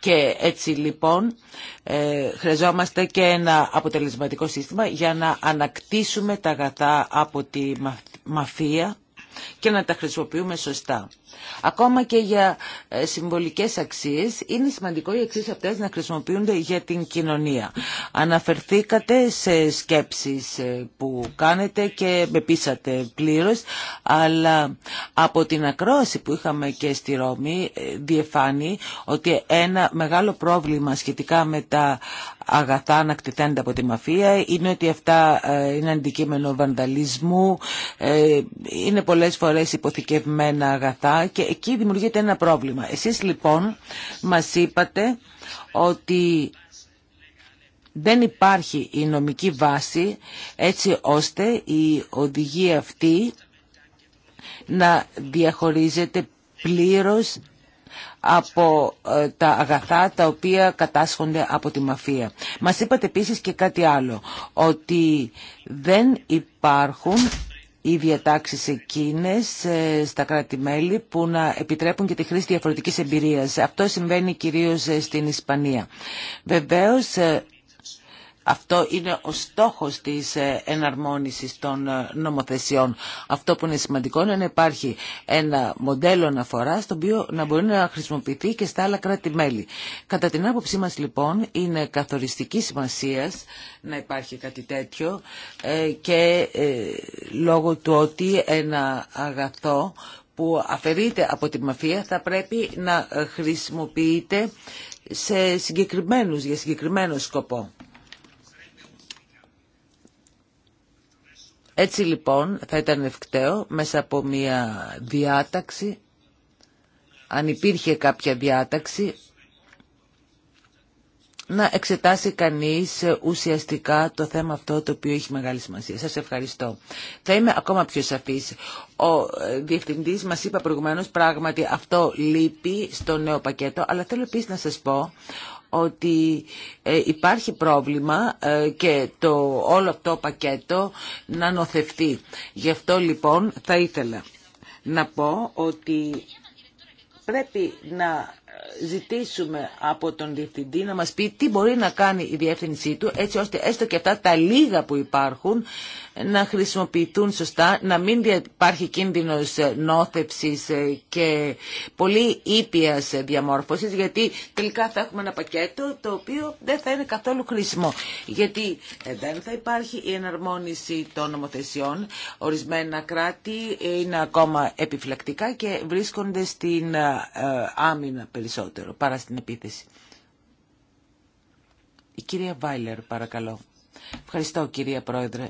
Και έτσι λοιπόν ε, χρειαζόμαστε και ένα αποτελεσματικό σύστημα για να ανακτήσουμε τα αγαθά από τη μαφία και να τα χρησιμοποιούμε σωστά. Ακόμα και για ε, συμβολικές αξίες είναι σημαντικό οι αξίες αυτές να χρησιμοποιούνται για την κοινωνία. Αναφερθήκατε σε σκέψεις ε, που κάνετε και με πείσατε πλήρως, αλλά από την ακρόαση που είχαμε και στη Ρώμη ε, διεφάνει ότι ένα μεγάλο πρόβλημα σχετικά με τα αγαθά ανακτηθέντα από τη μαφία είναι ότι αυτά είναι αντικείμενο βανδαλισμού, είναι πολλές φορές υποθηκευμένα αγαθά και εκεί δημιουργείται ένα πρόβλημα. Εσείς λοιπόν μας είπατε ότι δεν υπάρχει η νομική βάση έτσι ώστε η οδηγία αυτή να διαχωρίζεται πλήρως από ε, τα αγαθά τα οποία κατάσχονται από τη μαφία. Μας είπατε επίσης και κάτι άλλο, ότι δεν υπάρχουν οι διατάξει εκείνε ε, στα κράτη-μέλη που να επιτρέπουν και τη χρήση διαφορετική εμπειρία. Αυτό συμβαίνει κυρίω ε, στην Ισπανία. Βεβαίως ε, αυτό είναι ο στόχος της ε, εναρμόνισης των ε, νομοθεσιών. Αυτό που είναι σημαντικό είναι να υπάρχει ένα μοντέλο αναφορά το οποίο να μπορεί να χρησιμοποιηθεί και στα άλλα κράτη-μέλη. Κατά την άποψή μας λοιπόν είναι καθοριστική σημασία να υπάρχει κάτι τέτοιο ε, και λόγω του ότι ένα αγαθό που αφαιρείται από τη μαφία θα πρέπει να χρησιμοποιείται σε για συγκεκριμένο σκοπό. Έτσι λοιπόν θα ήταν ευκταίο μέσα από μια διάταξη, αν υπήρχε κάποια διάταξη, να εξετάσει κανείς ουσιαστικά το θέμα αυτό το οποίο έχει μεγάλη σημασία. Σας ευχαριστώ. Θα είμαι ακόμα πιο σαφής. Ο ε, διευθυντής μας είπα προηγουμένως πράγματι αυτό λείπει στο νέο πακέτο, αλλά θέλω επίσης να σας πω ότι ε, υπάρχει πρόβλημα ε, και το όλο αυτό πακέτο να νοθευτεί. Γι' αυτό λοιπόν θα ήθελα να πω ότι πρέπει να ζητήσουμε από τον διευθυντή να μας πει τι μπορεί να κάνει η διεύθυνσή του έτσι ώστε έστω και αυτά τα λίγα που υπάρχουν να χρησιμοποιηθούν σωστά, να μην υπάρχει κίνδυνος ε, νόθεψης ε, και πολύ ήπιας ε, διαμόρφωσης, γιατί τελικά θα έχουμε ένα πακέτο το οποίο δεν θα είναι καθόλου χρήσιμο. Γιατί δεν θα υπάρχει η εναρμόνιση των νομοθεσιών. Ορισμένα κράτη είναι ακόμα επιφυλακτικά και βρίσκονται στην άμυνα περισσότερο παρά στην επίθεση. Η κυρία Βάιλερ, παρακαλώ. Ευχαριστώ, κυρία Πρόεδρε.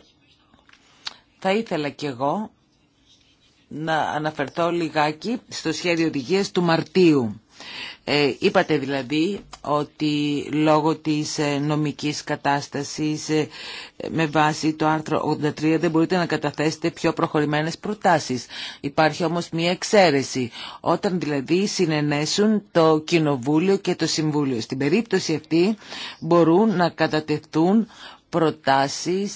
Θα ήθελα κι εγώ να αναφερθώ λιγάκι στο σχέδιο οδηγίας του Μαρτίου. Ε, είπατε δηλαδή ότι λόγω της ε, νομικής κατάστασης ε, με βάση το άρθρο 83 δεν μπορείτε να καταθέσετε πιο προχωρημένες προτάσεις. Υπάρχει όμως μία εξαίρεση όταν δηλαδή συνενέσουν το Κοινοβούλιο και το Συμβούλιο. Στην περίπτωση αυτή μπορούν να κατατεθούν προτάσεις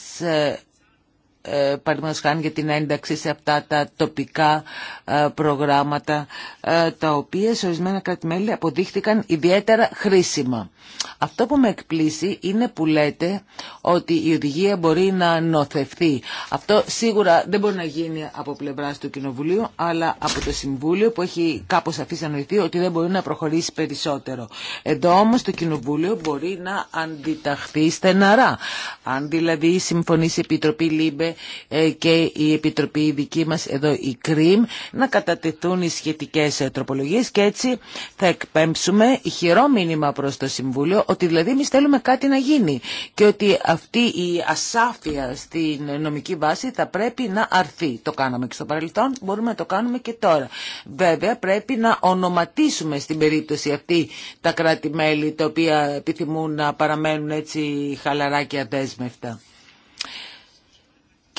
ε, Παραδείγματο χάνει για την ένταξη σε αυτά τα τοπικά ε, προγράμματα ε, τα οποία σε ορισμένα κράτη-μέλη αποδείχθηκαν ιδιαίτερα χρήσιμα. Αυτό που με εκπλήσει είναι που λέτε ότι η οδηγία μπορεί να νοθευθεί. Αυτό σίγουρα δεν μπορεί να γίνει από πλευρά του Κοινοβουλίου αλλά από το Συμβούλιο που έχει κάπως αφήσει να νοηθεί ότι δεν μπορεί να προχωρήσει περισσότερο. Εδώ όμως το Κοινοβούλιο μπορεί να αντιταχθεί στεναρά. Αν δηλαδή συμφωνήσει η Επιτροπή Λίμπε ε, και η Επιτροπή δική μας εδώ, η ΚΡΙΜ, να κατατεθούν οι σχετικές ε, τροπολογίες και έτσι θα εκπέμψουμε χειρό μήνυμα προς το Συμβούλιο ότι δηλαδή εμεί θέλουμε κάτι να γίνει και ότι αυτή η ασάφεια στην νομική βάση θα πρέπει να αρθεί. Το κάναμε και στο παρελθόν, μπορούμε να το κάνουμε και τώρα. Βέβαια πρέπει να ονοματίσουμε στην περίπτωση αυτή τα κράτη-μέλη τα οποία επιθυμούν να παραμένουν έτσι χαλαρά και αδέσμευτα.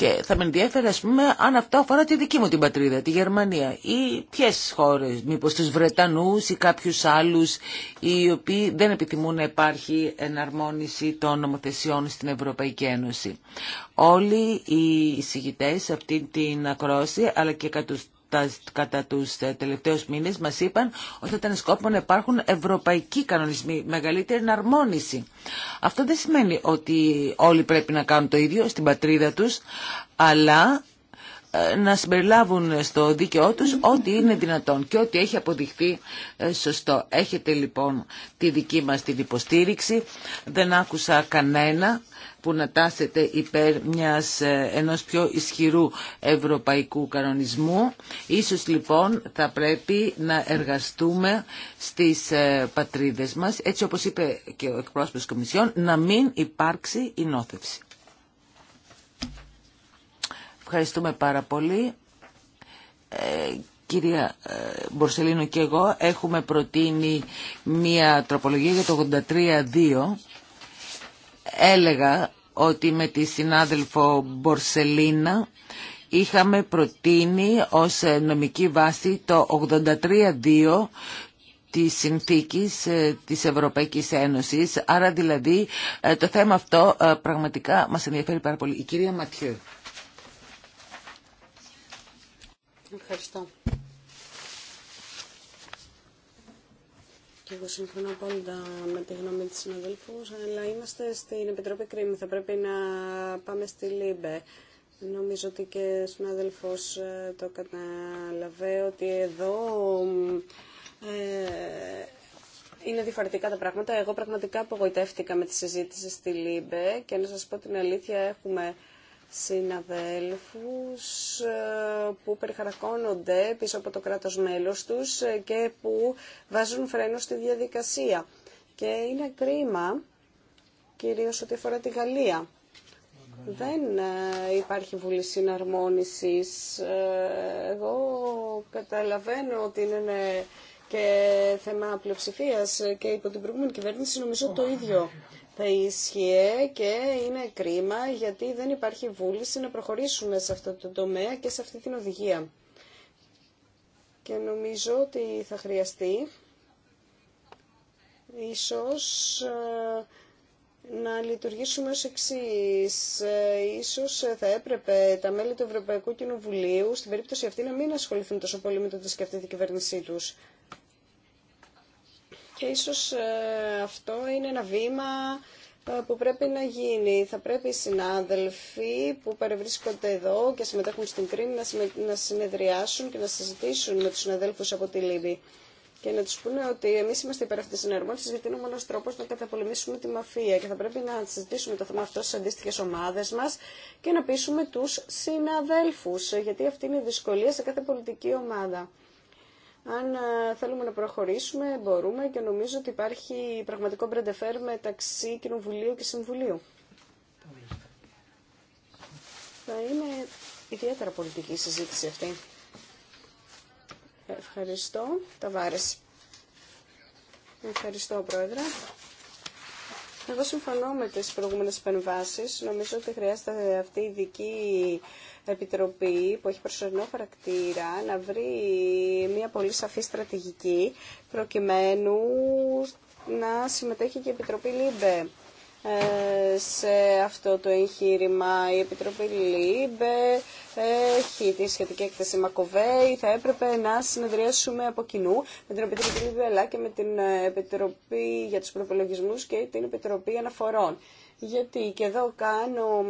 Και θα με ενδιαφέρει, α πούμε, αν αυτό αφορά τη δική μου την πατρίδα, τη Γερμανία ή ποιε χώρες, μήπω τους Βρετανούς ή κάποιου άλλους, οι οποίοι δεν επιθυμούν να υπάρχει εναρμόνιση των νομοθεσιών στην Ευρωπαϊκή Ένωση. Όλοι οι εισηγητές αυτή την ακρόση, αλλά και κατά τους ε, τελευταίους μήνες μας είπαν ότι θα ήταν σκόπιμο να υπάρχουν ευρωπαϊκοί κανονισμοί, μεγαλύτερη εναρμόνιση. Αυτό δεν σημαίνει ότι όλοι πρέπει να κάνουν το ίδιο στην πατρίδα τους, αλλά ε, να συμπεριλάβουν στο δίκαιό τους ό,τι είναι δυνατόν και ό,τι έχει αποδειχθεί ε, σωστό. Έχετε λοιπόν τη δική μας την υποστήριξη. Δεν άκουσα κανένα που να τάσετε υπέρ μιας, ε, ενός πιο ισχυρού ευρωπαϊκού κανονισμού. Ίσως λοιπόν θα πρέπει να εργαστούμε στις ε, πατρίδες μας, έτσι όπως είπε και ο εκπρόσωπος Κομισιόν, να μην υπάρξει η νόθευση. Ευχαριστούμε πάρα πολύ. Ε, κυρία Μπορσελίνο και εγώ έχουμε προτείνει μία τροπολογία για το 83-2. Έλεγα ότι με τη συνάδελφο Μπορσελίνα είχαμε προτείνει ως νομική βάση το 83.2 της συνθήκης ε, της Ευρωπαϊκής Ένωσης. Άρα δηλαδή ε, το θέμα αυτό ε, πραγματικά μας ενδιαφέρει πάρα πολύ. Η κυρία Ματιού. Ευχαριστώ. εγώ συμφωνώ απόλυτα με τη γνώμη της συναδέλφου, αλλά είμαστε στην Επιτροπή Κρίμη, θα πρέπει να πάμε στη ΛΥΜΠΕ. Νομίζω ότι και συνάδελφος ε, το καταλαβαίνει ότι εδώ ε, είναι διαφορετικά τα πράγματα. Εγώ πραγματικά απογοητεύτηκα με τη συζήτηση στη ΛΥΜΠΕ και να σας πω την αλήθεια έχουμε συναδέλφους ε, που περιχαρακώνονται πίσω από το κράτος μέλος τους ε, και που βάζουν φρένο στη διαδικασία. Και είναι κρίμα, κυρίως ό,τι αφορά τη Γαλλία. Δεν ε, υπάρχει βουλή συναρμόνησης. Εγώ καταλαβαίνω ότι είναι ναι, και θέμα πλειοψηφίας και υπό την προηγούμενη κυβέρνηση νομίζω το ίδιο θα ισχύει και είναι κρίμα γιατί δεν υπάρχει βούληση να προχωρήσουμε σε αυτό το τομέα και σε αυτή την οδηγία. Και νομίζω ότι θα χρειαστεί ίσως ε, να λειτουργήσουμε ως εξής. Ε, ίσως θα έπρεπε τα μέλη του Ευρωπαϊκού Κοινοβουλίου στην περίπτωση αυτή να μην ασχοληθούν τόσο πολύ με το τι σκέφτεται η κυβέρνησή τους. Και ίσως ε, αυτό είναι ένα βήμα ε, που πρέπει να γίνει. Θα πρέπει οι συνάδελφοι που παρευρίσκονται εδώ και συμμετέχουν στην Κρίνη να συνεδριάσουν και να συζητήσουν με τους συναδέλφους από τη Λίβη και να τους πούνε ότι εμείς είμαστε υπέρ αυτής της γιατί είναι ο μόνο τρόπος να καταπολεμήσουμε τη μαφία και θα πρέπει να συζητήσουμε το θέμα αυτό στις αντίστοιχες ομάδες μας και να πείσουμε τους συναδέλφους γιατί αυτή είναι η δυσκολία σε κάθε πολιτική ομάδα. Αν ε, θέλουμε να προχωρήσουμε, μπορούμε και νομίζω ότι υπάρχει πραγματικό μπρεντεφέρ μεταξύ Κοινοβουλίου και Συμβουλίου. Θα είναι ιδιαίτερα πολιτική συζήτηση αυτή. Ευχαριστώ. Τα βάρες. Ευχαριστώ, Πρόεδρε. Εγώ συμφωνώ με τις προηγούμενες επεμβάσεις. Νομίζω ότι χρειάζεται αυτή η ειδική επιτροπή που έχει προσωρινό χαρακτήρα να βρει μια πολύ σαφή στρατηγική προκειμένου να συμμετέχει και η Επιτροπή ΛΥΜΠΕ ε, σε αυτό το εγχείρημα. Η Επιτροπή ΛΥΜΠΕ έχει τη σχετική έκθεση Μακοβέη. Θα έπρεπε να συνεδριάσουμε από κοινού με την Επιτροπή ΛΥΜΠΕ αλλά και με την ε, Επιτροπή για τους Προπολογισμούς και την Επιτροπή Αναφορών. Γιατί και εδώ κάνω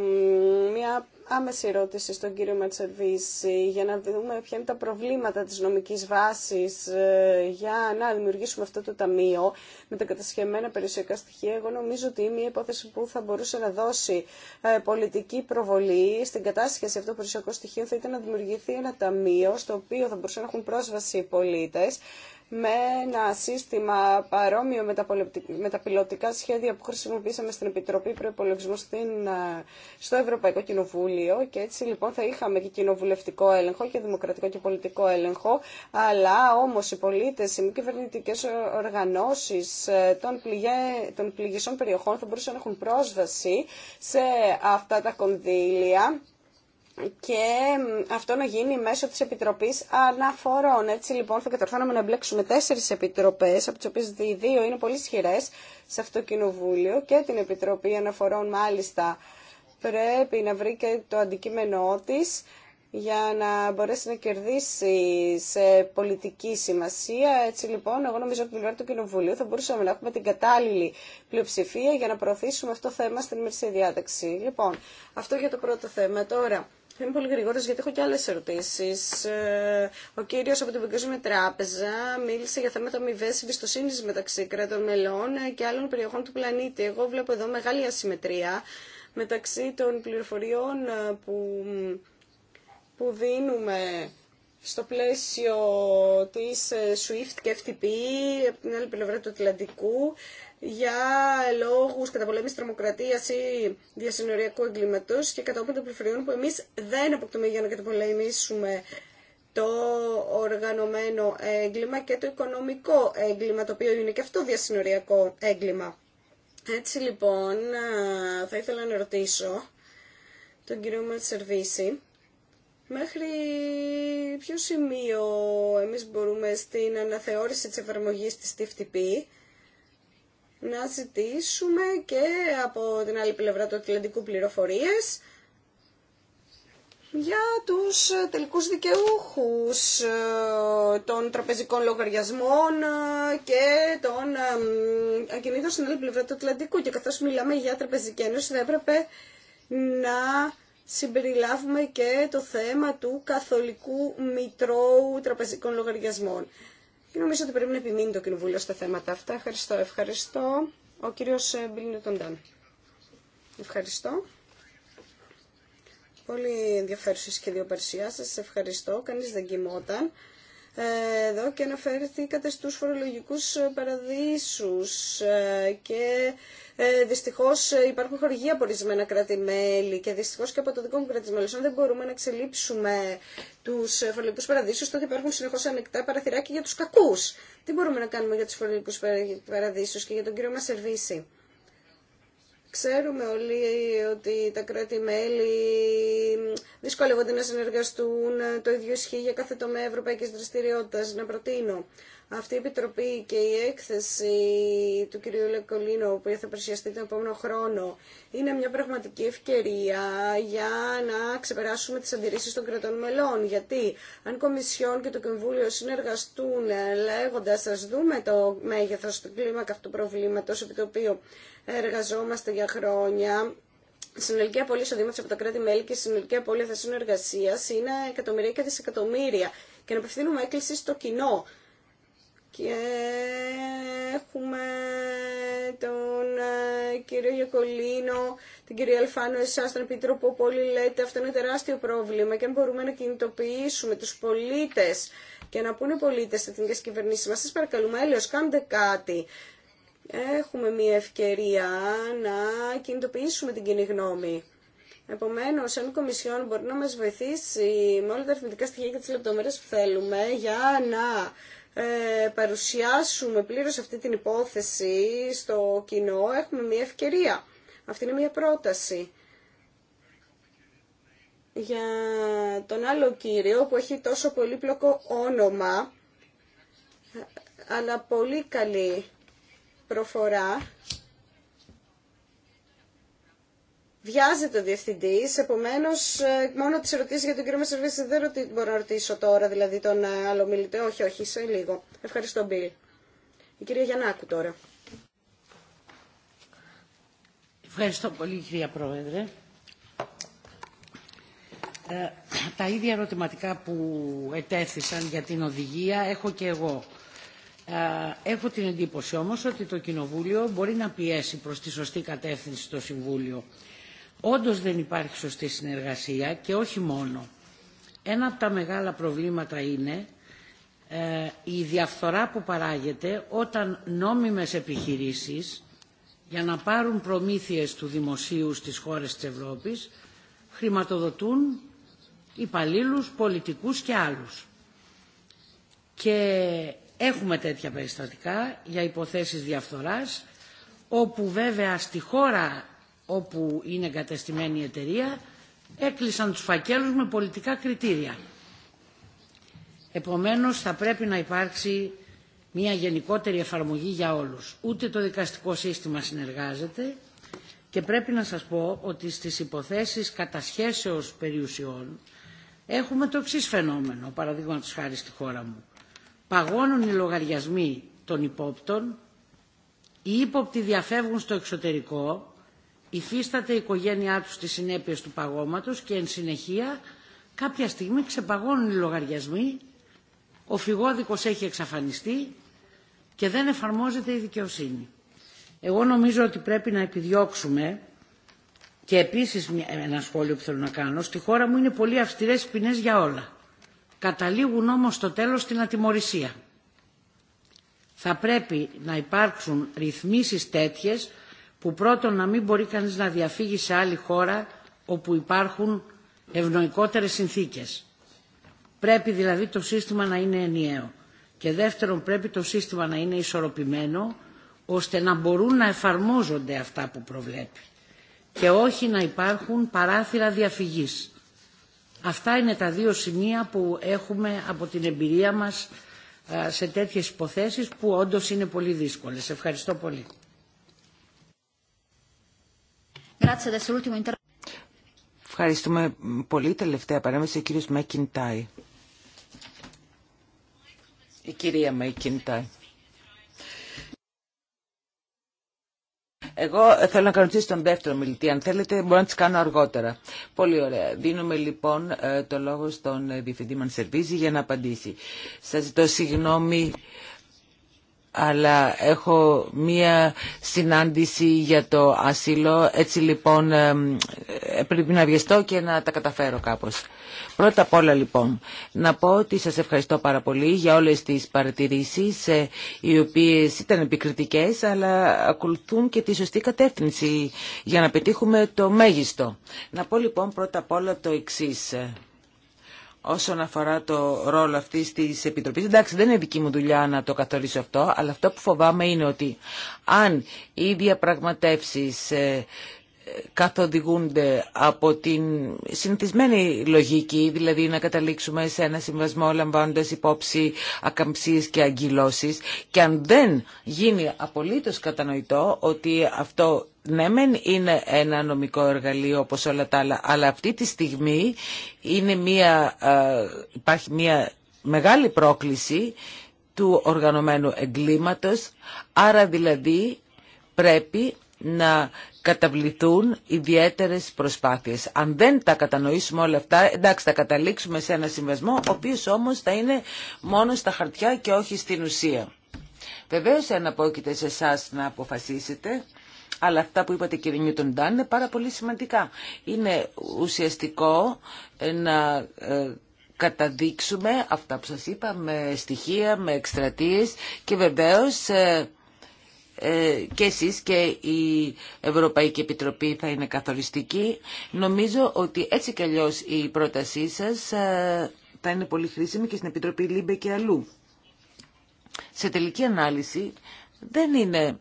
μια άμεση ερώτηση στον κύριο Ματσερβίση για να δούμε ποια είναι τα προβλήματα της νομικής βάσης ε, για να δημιουργήσουμε αυτό το ταμείο με τα κατασχεμένα περιουσιακά στοιχεία. Εγώ νομίζω ότι είναι μια υπόθεση που θα μπορούσε να δώσει ε, πολιτική προβολή στην κατάσχεση αυτών των περιουσιακών στοιχείων θα ήταν να δημιουργηθεί ένα ταμείο στο οποίο θα μπορούσαν να έχουν πρόσβαση οι πολίτες με ένα σύστημα παρόμοιο με τα πιλωτικά σχέδια που χρησιμοποίησαμε στην Επιτροπή Προπολογισμού ε, στο Ευρωπαϊκό Κοινοβούλιο και έτσι λοιπόν θα είχαμε και κοινοβουλευτικό έλεγχο και δημοκρατικό και πολιτικό έλεγχο αλλά όμως οι πολίτες, οι μη κυβερνητικέ οργανώσεις ε, των, πληγέ, των πληγισών περιοχών θα μπορούσαν να έχουν πρόσβαση σε αυτά τα κονδύλια και αυτό να γίνει μέσω της Επιτροπής Αναφορών. Έτσι λοιπόν θα κατορθώναμε να μπλέξουμε τέσσερις επιτροπές, από τις οποίες οι δύο είναι πολύ ισχυρέ σε αυτό το Κοινοβούλιο και την Επιτροπή Αναφορών μάλιστα πρέπει να βρει και το αντικείμενό της για να μπορέσει να κερδίσει σε πολιτική σημασία. Έτσι λοιπόν, εγώ νομίζω ότι την πλευρά του Κοινοβουλίου θα μπορούσαμε να έχουμε την κατάλληλη πλειοψηφία για να προωθήσουμε αυτό το θέμα στην ημερησία διάταξη. Λοιπόν, αυτό για το πρώτο θέμα. Τώρα, θα είμαι πολύ γρήγορο γιατί έχω και άλλε ερωτήσει. Ε, ο κύριο από την Παγκόσμια Τράπεζα μίλησε για θέματα αμοιβέ εμπιστοσύνη μεταξύ κρατών μελών και άλλων περιοχών του πλανήτη. Εγώ βλέπω εδώ μεγάλη ασυμμετρία μεταξύ των πληροφοριών ε, που, που δίνουμε στο πλαίσιο της ε, SWIFT και FTP από την άλλη πλευρά του Ατλαντικού για λόγους καταπολέμησης τρομοκρατίας ή διασυνοριακού εγκλήματος και κατόπιν των πληροφοριών που εμείς δεν αποκτούμε για να καταπολεμήσουμε το οργανωμένο έγκλημα και το οικονομικό έγκλημα, το οποίο είναι και αυτό διασυνοριακό έγκλημα. Έτσι λοιπόν, θα ήθελα να ρωτήσω τον κύριο Ματσερβίση, μέχρι ποιο σημείο εμείς μπορούμε στην αναθεώρηση της εφαρμογής της TFTP να ζητήσουμε και από την άλλη πλευρά του Ατλαντικού πληροφορίες για τους ε, τελικούς δικαιούχους ε, των τραπεζικών λογαριασμών ε, και των ακινήτων στην άλλη πλευρά του Ατλαντικού. Και καθώς μιλάμε για τραπεζική ένωση θα έπρεπε να συμπεριλάβουμε και το θέμα του καθολικού μητρώου τραπεζικών λογαριασμών. Και νομίζω ότι πρέπει να επιμείνει το Κοινοβούλιο στα θέματα αυτά. Ευχαριστώ. Ευχαριστώ. Ο κύριος ε, Μπιλνιούτον Ευχαριστώ. Πολύ ενδιαφέρουσε και δύο παρουσιάσει. ευχαριστώ. Κανεί δεν κοιμόταν. Ε, εδώ και αναφέρθηκατε στους φορολογικούς ε, παραδείσους ε, και δυστυχώς υπάρχουν χορηγία από ορισμένα κράτη-μέλη και δυστυχώς και από το δικό μου κρατη μέλη. Αν δεν μπορούμε να εξελίψουμε τους φορολογικούς παραδείσους, τότε υπάρχουν συνεχώς ανοιχτά παραθυράκια για τους κακούς. Τι μπορούμε να κάνουμε για τους φορολογικούς παραδείσους και για τον κύριο Μασερβίση. Ξέρουμε όλοι ότι τα κράτη-μέλη δυσκολεύονται να συνεργαστούν, το ίδιο ισχύει για κάθε τομέα ευρωπαϊκής δραστηριότητας. Να προτείνω αυτή η επιτροπή και η έκθεση του κ. Λεκολίνου, που θα παρουσιαστεί τον επόμενο χρόνο, είναι μια πραγματική ευκαιρία για να ξεπεράσουμε τι αντιρρήσει των κρατών μελών. Γιατί αν Κομισιόν και το Κοινοβούλιο συνεργαστούν λέγοντα, α δούμε το μέγεθο του κλίμακα αυτού του προβλήματος, επί το οποίο εργαζόμαστε για χρόνια», η συνολική απολύτω εισοδήματο από τα κράτη-μέλη και συνολική απώλεια θέσεων εργασία είναι εκατομμύρια και δισεκατομμύρια. Και να απευθύνουμε έκκληση στο κοινό και έχουμε τον ε, κύριο Γιακολίνο, την κυρία Αλφάνο, εσά τον Επίτροπο που όλοι λέτε αυτό είναι τεράστιο πρόβλημα και αν μπορούμε να κινητοποιήσουμε του πολίτε και να πούνε πολίτε στις εθνικέ κυβερνήσει μα, σας παρακαλούμε έλεος, κάντε κάτι. Έχουμε μια ευκαιρία να κινητοποιήσουμε την κοινή γνώμη. Επομένω, αν η Κομισιόν μπορεί να μα βοηθήσει με όλα τα αριθμητικά στοιχεία και τι λεπτομέρειε που θέλουμε για να ε, παρουσιάσουμε πλήρως αυτή την υπόθεση στο κοινό, έχουμε μια ευκαιρία. Αυτή είναι μια πρόταση για τον άλλο κύριο που έχει τόσο πολύπλοκο όνομα αλλά πολύ καλή προφορά Βιάζεται ο διευθυντή, επομένω ε, μόνο τι ερωτήσει για τον κύριο Μεσερβίση δεν ρωτή, μπορώ να ρωτήσω τώρα, δηλαδή τον ε, άλλο μιλητή. Όχι, όχι, σε λίγο. Ευχαριστώ, Μπιλ. Η κυρία Γιαννάκου τώρα. Ευχαριστώ πολύ, κυρία Πρόεδρε. Ε, τα ίδια ερωτηματικά που ετέθησαν για την οδηγία έχω και εγώ. Ε, έχω την εντύπωση όμως ότι το Κοινοβούλιο μπορεί να πιέσει προς τη σωστή κατεύθυνση το Συμβούλιο. Όντως δεν υπάρχει σωστή συνεργασία και όχι μόνο. Ένα από τα μεγάλα προβλήματα είναι ε, η διαφθορά που παράγεται όταν νόμιμες επιχειρήσεις για να πάρουν προμήθειες του δημοσίου στις χώρες της Ευρώπης χρηματοδοτούν υπαλλήλους, πολιτικούς και άλλους. Και έχουμε τέτοια περιστατικά για υποθέσεις διαφθοράς όπου βέβαια στη χώρα όπου είναι εγκατεστημένη η εταιρεία έκλεισαν τους φακέλους με πολιτικά κριτήρια. Επομένως θα πρέπει να υπάρξει μια γενικότερη εφαρμογή για όλους. Ούτε το δικαστικό σύστημα συνεργάζεται και πρέπει να σας πω ότι στις υποθέσεις κατασχέσεως περιουσιών έχουμε το εξή φαινόμενο, παραδείγματο χάρη στη χώρα μου. Παγώνουν οι λογαριασμοί των υπόπτων, οι ύποπτοι διαφεύγουν στο εξωτερικό Υφίσταται η οικογένειά τους τις συνέπειες του παγώματος και εν συνεχεία κάποια στιγμή ξεπαγώνουν οι λογαριασμοί, ο φυγόδικος έχει εξαφανιστεί και δεν εφαρμόζεται η δικαιοσύνη. Εγώ νομίζω ότι πρέπει να επιδιώξουμε και επίσης ένα σχόλιο που θέλω να κάνω. Στη χώρα μου είναι πολύ αυστηρές ποινές για όλα. Καταλήγουν όμως στο τέλος στην ατιμορρησία. Θα πρέπει να υπάρξουν ρυθμίσεις τέτοιες που πρώτον να μην μπορεί κανείς να διαφύγει σε άλλη χώρα όπου υπάρχουν ευνοϊκότερες συνθήκες. Πρέπει δηλαδή το σύστημα να είναι ενιαίο. Και δεύτερον πρέπει το σύστημα να είναι ισορροπημένο ώστε να μπορούν να εφαρμόζονται αυτά που προβλέπει και όχι να υπάρχουν παράθυρα διαφυγής. Αυτά είναι τα δύο σημεία που έχουμε από την εμπειρία μας σε τέτοιες υποθέσεις που όντως είναι πολύ δύσκολες. Ευχαριστώ πολύ. Ευχαριστούμε πολύ. Τελευταία παρέμβαση ο κύριος Τάι. Η κυρία Τάι. Εγώ θέλω να κάνω τον δεύτερο μιλητή. Αν θέλετε, μπορώ να τι κάνω αργότερα. Πολύ ωραία. Δίνουμε λοιπόν ε, το λόγο στον ε, Διευθυντή Μανσερβίζη για να απαντήσει. Σα ζητώ συγγνώμη αλλά έχω μία συνάντηση για το ασύλο, έτσι λοιπόν ε, πρέπει να βιαστώ και να τα καταφέρω κάπως. Πρώτα απ' όλα λοιπόν, να πω ότι σας ευχαριστώ πάρα πολύ για όλες τις παρατηρήσεις, ε, οι οποίες ήταν επικριτικές, αλλά ακολουθούν και τη σωστή κατεύθυνση για να πετύχουμε το μέγιστο. Να πω λοιπόν πρώτα απ' όλα το εξής. Ε όσον αφορά το ρόλο αυτή τη επιτροπή, Εντάξει, δεν είναι δική μου δουλειά να το καθορίσω αυτό, αλλά αυτό που φοβάμαι είναι ότι αν οι διαπραγματεύσεις ε, καθοδηγούνται από την συνηθισμένη λογική, δηλαδή να καταλήξουμε σε ένα συμβασμό λαμβάνοντας υπόψη ακαμψίες και αγκυλώσεις και αν δεν γίνει απολύτως κατανοητό ότι αυτό ναι μεν είναι ένα νομικό εργαλείο όπως όλα τα άλλα, αλλά αυτή τη στιγμή είναι μια, ε, υπάρχει μια μεγάλη πρόκληση του οργανωμένου εγκλήματος, άρα δηλαδή πρέπει να καταβληθούν ιδιαίτερες προσπάθειες. Αν δεν τα κατανοήσουμε όλα αυτά, εντάξει θα καταλήξουμε σε ένα συμβασμό, ο οποίος όμως θα είναι μόνο στα χαρτιά και όχι στην ουσία. Βεβαίως εναπόκειται σε εσά να αποφασίσετε, αλλά αυτά που είπατε κύριε Νιούτον Ντάν είναι πάρα πολύ σημαντικά. Είναι ουσιαστικό να ε, καταδείξουμε αυτά που σας είπα με στοιχεία, με εκστρατείες και βεβαίως ε, ε, και εσείς και η Ευρωπαϊκή Επιτροπή θα είναι καθοριστική. Νομίζω ότι έτσι κι αλλιώς η πρότασή σας ε, θα είναι πολύ χρήσιμη και στην Επιτροπή Λίμπε και αλλού. Σε τελική ανάλυση δεν είναι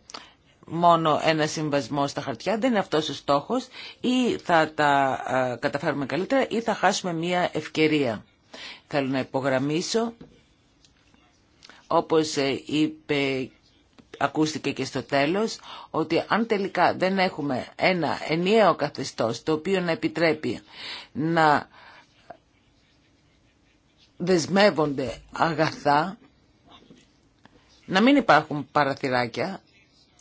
μόνο ένα συμβασμό στα χαρτιά, δεν είναι αυτός ο στόχος ή θα τα ε, καταφέρουμε καλύτερα ή θα χάσουμε μία ευκαιρία. Θέλω να υπογραμμίσω, όπως είπε ακούστηκε και στο τέλος, ότι αν τελικά δεν έχουμε ένα ενιαίο καθεστώς το οποίο να επιτρέπει να δεσμεύονται αγαθά, να μην υπάρχουν παραθυράκια,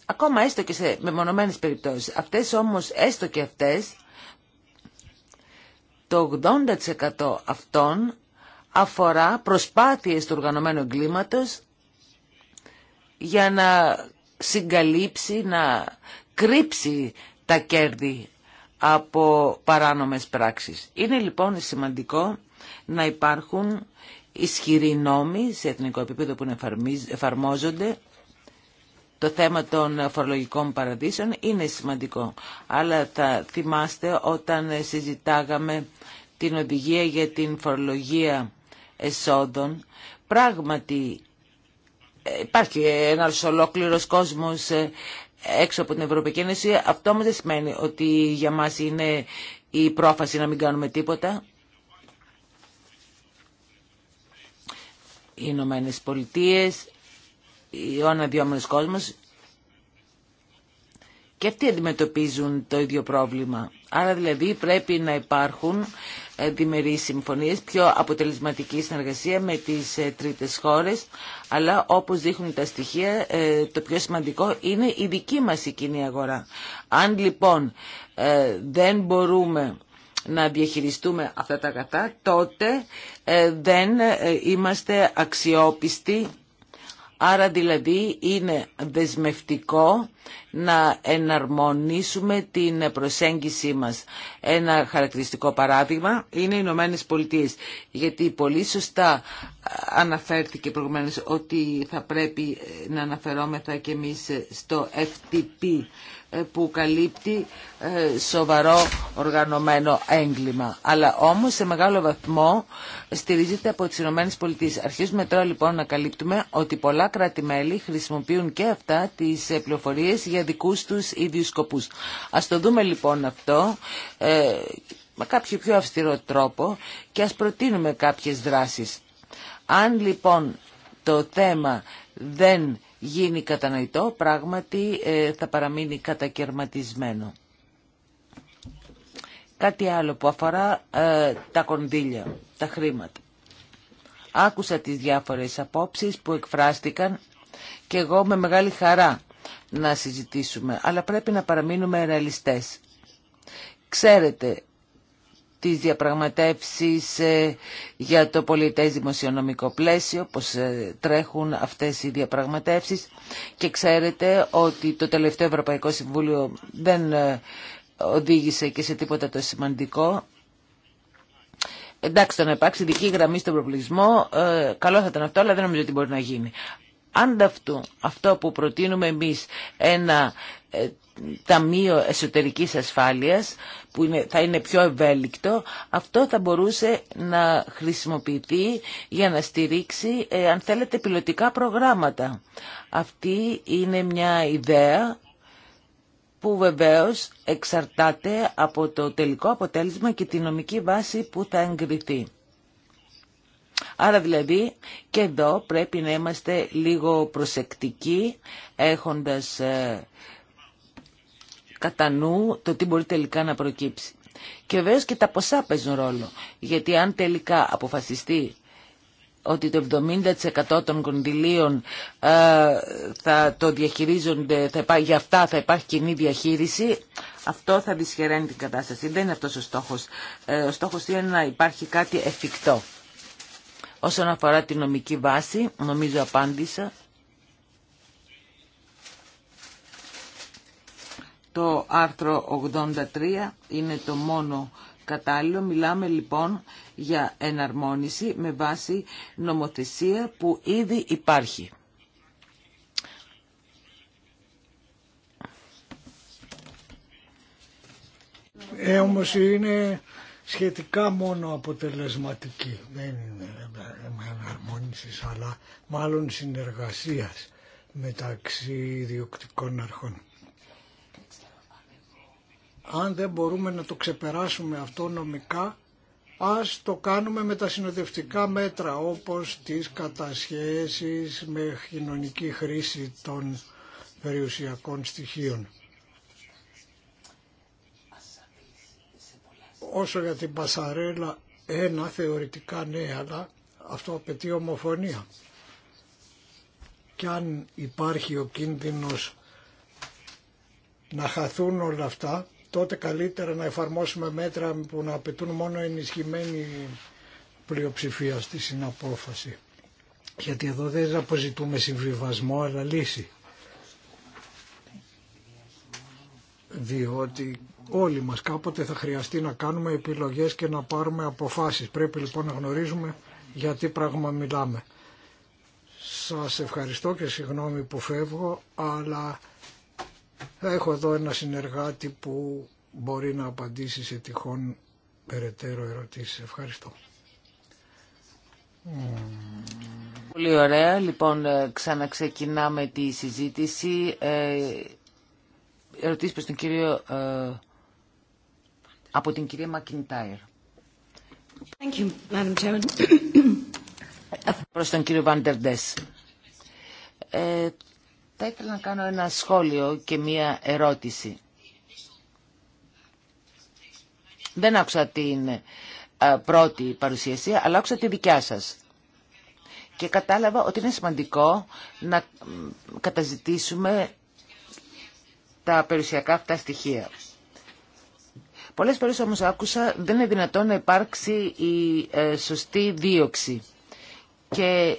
ακόμα έστω και σε μεμονωμένες περιπτώσεις. Αυτές όμως, έστω και αυτές, το 80% αυτών αφορά προσπάθειες του οργανωμένου εγκλήματος για να συγκαλύψει, να κρύψει τα κέρδη από παράνομες πράξεις. Είναι λοιπόν σημαντικό να υπάρχουν ισχυροί νόμοι σε εθνικό επίπεδο που εφαρμόζονται. Το θέμα των φορολογικών παραδείσων είναι σημαντικό. Αλλά θα θυμάστε όταν συζητάγαμε την οδηγία για την φορολογία εσόδων, πράγματι Υπάρχει ένας ολόκληρος κόσμος ε, έξω από την Ευρωπαϊκή Ένωση. Αυτό όμως δεν σημαίνει ότι για μας είναι η πρόφαση να μην κάνουμε τίποτα. Οι Ηνωμένε Πολιτείε, ο αναδυόμενος κόσμος και αυτοί αντιμετωπίζουν το ίδιο πρόβλημα. Άρα δηλαδή πρέπει να υπάρχουν διμερεί συμφωνίε, πιο αποτελεσματική συνεργασία με τις ε, τρίτες χώρες, αλλά όπως δείχνουν τα στοιχεία, ε, το πιο σημαντικό είναι η δική μας η κοινή αγορά. Αν λοιπόν ε, δεν μπορούμε να διαχειριστούμε αυτά τα κατά, τότε δεν είμαστε αξιόπιστοι Άρα δηλαδή είναι δεσμευτικό να εναρμονίσουμε την προσέγγιση μας. Ένα χαρακτηριστικό παράδειγμα είναι οι Ηνωμένε Πολιτείε. Γιατί πολύ σωστά αναφέρθηκε προηγουμένως ότι θα πρέπει ε, να αναφερόμεθα και εμείς ε, στο FTP που καλύπτει ε, σοβαρό οργανωμένο έγκλημα. Αλλά όμως σε μεγάλο βαθμό στηρίζεται από τις ΗΠΑ. Αρχίζουμε τώρα λοιπόν να καλύπτουμε ότι πολλά κράτη-μέλη χρησιμοποιούν και αυτά τις ε, πληροφορίες για δικούς τους ίδιους σκοπούς. Ας το δούμε λοιπόν αυτό ε, με κάποιο πιο αυστηρό τρόπο και ας προτείνουμε κάποιες δράσεις. Αν λοιπόν το θέμα δεν γίνει κατανοητό, πράγματι ε, θα παραμείνει κατακαιρματισμένο. Κάτι άλλο που αφορά ε, τα κονδύλια, τα χρήματα. Άκουσα τις διάφορες απόψεις που εκφράστηκαν και εγώ με μεγάλη χαρά να συζητήσουμε, αλλά πρέπει να παραμείνουμε ρεαλιστές. Ξέρετε τις διαπραγματεύσεις ε, για το πολιτές δημοσιονομικό πλαίσιο, πώς ε, τρέχουν αυτές οι διαπραγματεύσεις και ξέρετε ότι το τελευταίο Ευρωπαϊκό Συμβούλιο δεν ε, οδήγησε και σε τίποτα το σημαντικό. Εντάξει, το να υπάρξει δική γραμμή στον προβλησμό, καλό θα ήταν αυτό, αλλά δεν νομίζω ότι μπορεί να γίνει. Ανταυτού, αυτό που προτείνουμε εμείς, ένα ταμείο εσωτερικής ασφάλειας, που θα είναι πιο ευέλικτο, αυτό θα μπορούσε να χρησιμοποιηθεί για να στηρίξει, ε, αν θέλετε, πιλωτικά προγράμματα. Αυτή είναι μια ιδέα που βεβαίως εξαρτάται από το τελικό αποτέλεσμα και τη νομική βάση που θα εγκριθεί. Άρα δηλαδή και εδώ πρέπει να είμαστε λίγο προσεκτικοί έχοντας ε, κατά νου το τι μπορεί τελικά να προκύψει. Και βέβαια και τα ποσά παίζουν ρόλο. Γιατί αν τελικά αποφασιστεί ότι το 70% των κονδυλίων ε, θα το διαχειρίζονται, θα υπά, για αυτά θα υπάρχει κοινή διαχείριση, αυτό θα δυσχεραίνει την κατάσταση. Δεν είναι αυτός ο στόχος. Ε, ο στόχος είναι να υπάρχει κάτι εφικτό. Όσον αφορά τη νομική βάση, νομίζω απάντησα. Το άρθρο 83 είναι το μόνο κατάλληλο. Μιλάμε λοιπόν για εναρμόνιση με βάση νομοθεσία που ήδη υπάρχει. Ε, όμως είναι σχετικά μόνο αποτελεσματική. Δεν είναι εναρμόνιση, αλλά μάλλον συνεργασίας μεταξύ ιδιοκτικών αρχών αν δεν μπορούμε να το ξεπεράσουμε αυτό νομικά, ας το κάνουμε με τα συνοδευτικά μέτρα όπως τις κατασχέσεις με κοινωνική χρήση των περιουσιακών στοιχείων. Όσο για την Πασαρέλα, ένα θεωρητικά ναι, αλλά αυτό απαιτεί ομοφωνία. Κι αν υπάρχει ο κίνδυνος να χαθούν όλα αυτά, τότε καλύτερα να εφαρμόσουμε μέτρα που να απαιτούν μόνο ενισχυμένη πλειοψηφία στη συναπόφαση. Γιατί εδώ δεν αποζητούμε συμβιβασμό αλλά λύση. Διότι όλοι μας κάποτε θα χρειαστεί να κάνουμε επιλογές και να πάρουμε αποφάσεις. Πρέπει λοιπόν να γνωρίζουμε για τι πράγμα μιλάμε. Σας ευχαριστώ και συγγνώμη που φεύγω, αλλά έχω εδώ ένα συνεργάτη που μπορεί να απαντήσει σε τυχόν περαιτέρω ερωτήσεις. Ευχαριστώ. Πολύ ωραία. Λοιπόν, ε, ξαναξεκινάμε τη συζήτηση. Ε, ερωτήσεις προς τον κύριο, ε, από την κυρία Μακιντάιρ. Προς τον κύριο Βαντερντές. Ε, θα ήθελα να κάνω ένα σχόλιο και μία ερώτηση. Δεν άκουσα την ε, πρώτη παρουσίαση, αλλά άκουσα τη δικιά σας. Και κατάλαβα ότι είναι σημαντικό να καταζητήσουμε τα περιουσιακά αυτά στοιχεία. Πολλές φορέ όμως άκουσα δεν είναι δυνατόν να υπάρξει η ε, σωστή δίωξη. Και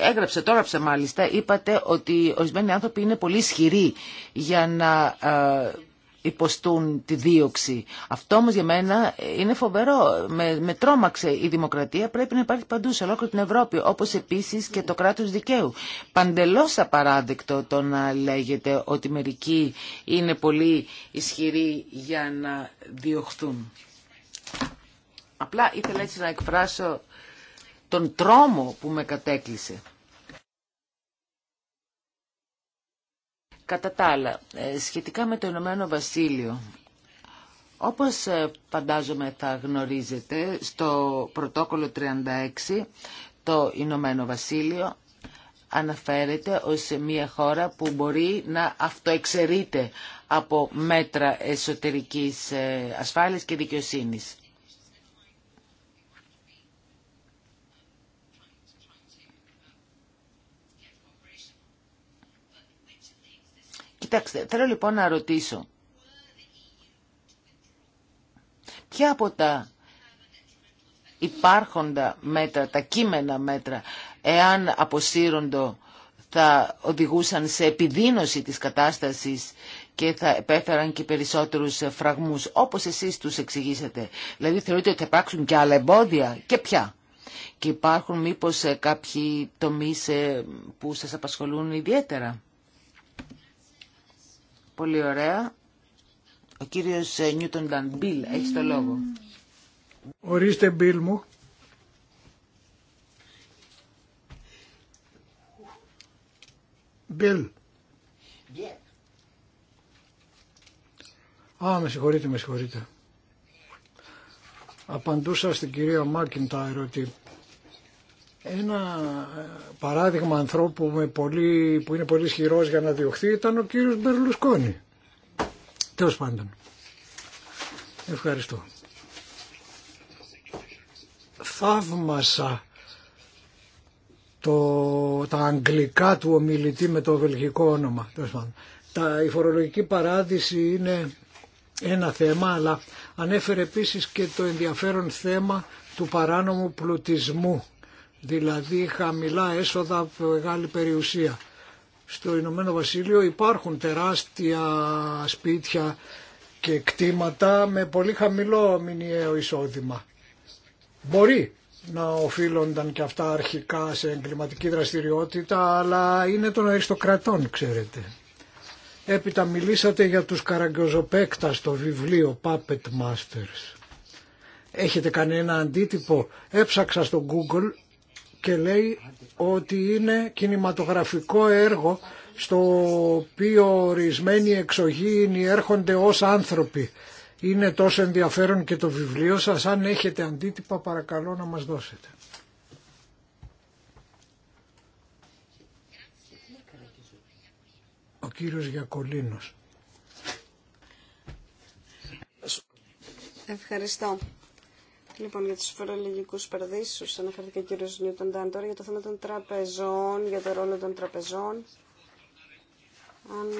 έγραψε, τώρα έγραψε μάλιστα, είπατε ότι ορισμένοι άνθρωποι είναι πολύ ισχυροί για να ε, υποστούν τη δίωξη. Αυτό όμως για μένα είναι φοβερό. Με, με τρόμαξε η δημοκρατία. Πρέπει να υπάρχει παντού σε ολόκληρη την Ευρώπη, όπως επίσης και το κράτος δικαίου. Παντελώς απαράδεκτο το να λέγεται ότι μερικοί είναι πολύ ισχυροί για να διωχθούν. Απλά ήθελα έτσι να εκφράσω τον τρόμο που με κατέκλυσε. Κατά τα άλλα, ε, σχετικά με το Ηνωμένο Βασίλειο, όπως ε, φαντάζομαι θα γνωρίζετε, στο πρωτόκολλο 36 το Ηνωμένο Βασίλειο αναφέρεται ως μια χώρα που μπορεί να αυτοεξαιρείται από μέτρα εσωτερικής ε, ασφάλειας και δικαιοσύνης. Κοιτάξτε, θέλω λοιπόν να ρωτήσω. Ποια από τα υπάρχοντα μέτρα, τα κείμενα μέτρα, εάν αποσύροντο θα οδηγούσαν σε επιδείνωση της κατάστασης και θα επέφεραν και περισσότερους φραγμούς, όπως εσείς τους εξηγήσατε. Δηλαδή θεωρείτε ότι θα υπάρξουν και άλλα εμπόδια και ποια. Και υπάρχουν μήπως ε, κάποιοι τομείς ε, που σας απασχολούν ιδιαίτερα. Πολύ ωραία. Ο κύριος ε, Νιούτον Μπιλ, έχει το λόγο. Ορίστε Μπίλ μου. Μπίλ. Α, με συγχωρείτε, με συγχωρείτε. Απαντούσα στην κυρία τα ότι ένα ε, παράδειγμα ανθρώπου με πολύ, που είναι πολύ ισχυρό για να διωχθεί ήταν ο κύριος Μπερλουσκόνη. Τέλο πάντων. Ευχαριστώ. Θαύμασα το, τα αγγλικά του ομιλητή με το βελγικό όνομα. Τα, η φορολογική παράδειση είναι ένα θέμα, αλλά ανέφερε επίσης και το ενδιαφέρον θέμα του παράνομου πλουτισμού δηλαδή χαμηλά έσοδα, από μεγάλη περιουσία. Στο Ηνωμένο Βασίλειο υπάρχουν τεράστια σπίτια και κτήματα με πολύ χαμηλό μηνιαίο εισόδημα. Μπορεί να οφείλονταν και αυτά αρχικά σε εγκληματική δραστηριότητα, αλλά είναι των αριστοκρατών, ξέρετε. Έπειτα μιλήσατε για τους καραγκιοζοπέκτα στο βιβλίο Puppet Masters. Έχετε κανένα αντίτυπο. Έψαξα στο Google και λέει ότι είναι κινηματογραφικό έργο στο οποίο ορισμένοι εξωγήινοι έρχονται ως άνθρωποι. Είναι τόσο ενδιαφέρον και το βιβλίο σας. Αν έχετε αντίτυπα παρακαλώ να μας δώσετε. Ο κύριος Γιακολίνος. Ευχαριστώ. Λοιπόν, για τους φορολογικούς παραδείσους, αναφέρθηκε ο κύριος Νιούτον Ντάν τώρα για το θέμα των τραπεζών, για το ρόλο των τραπεζών. Αν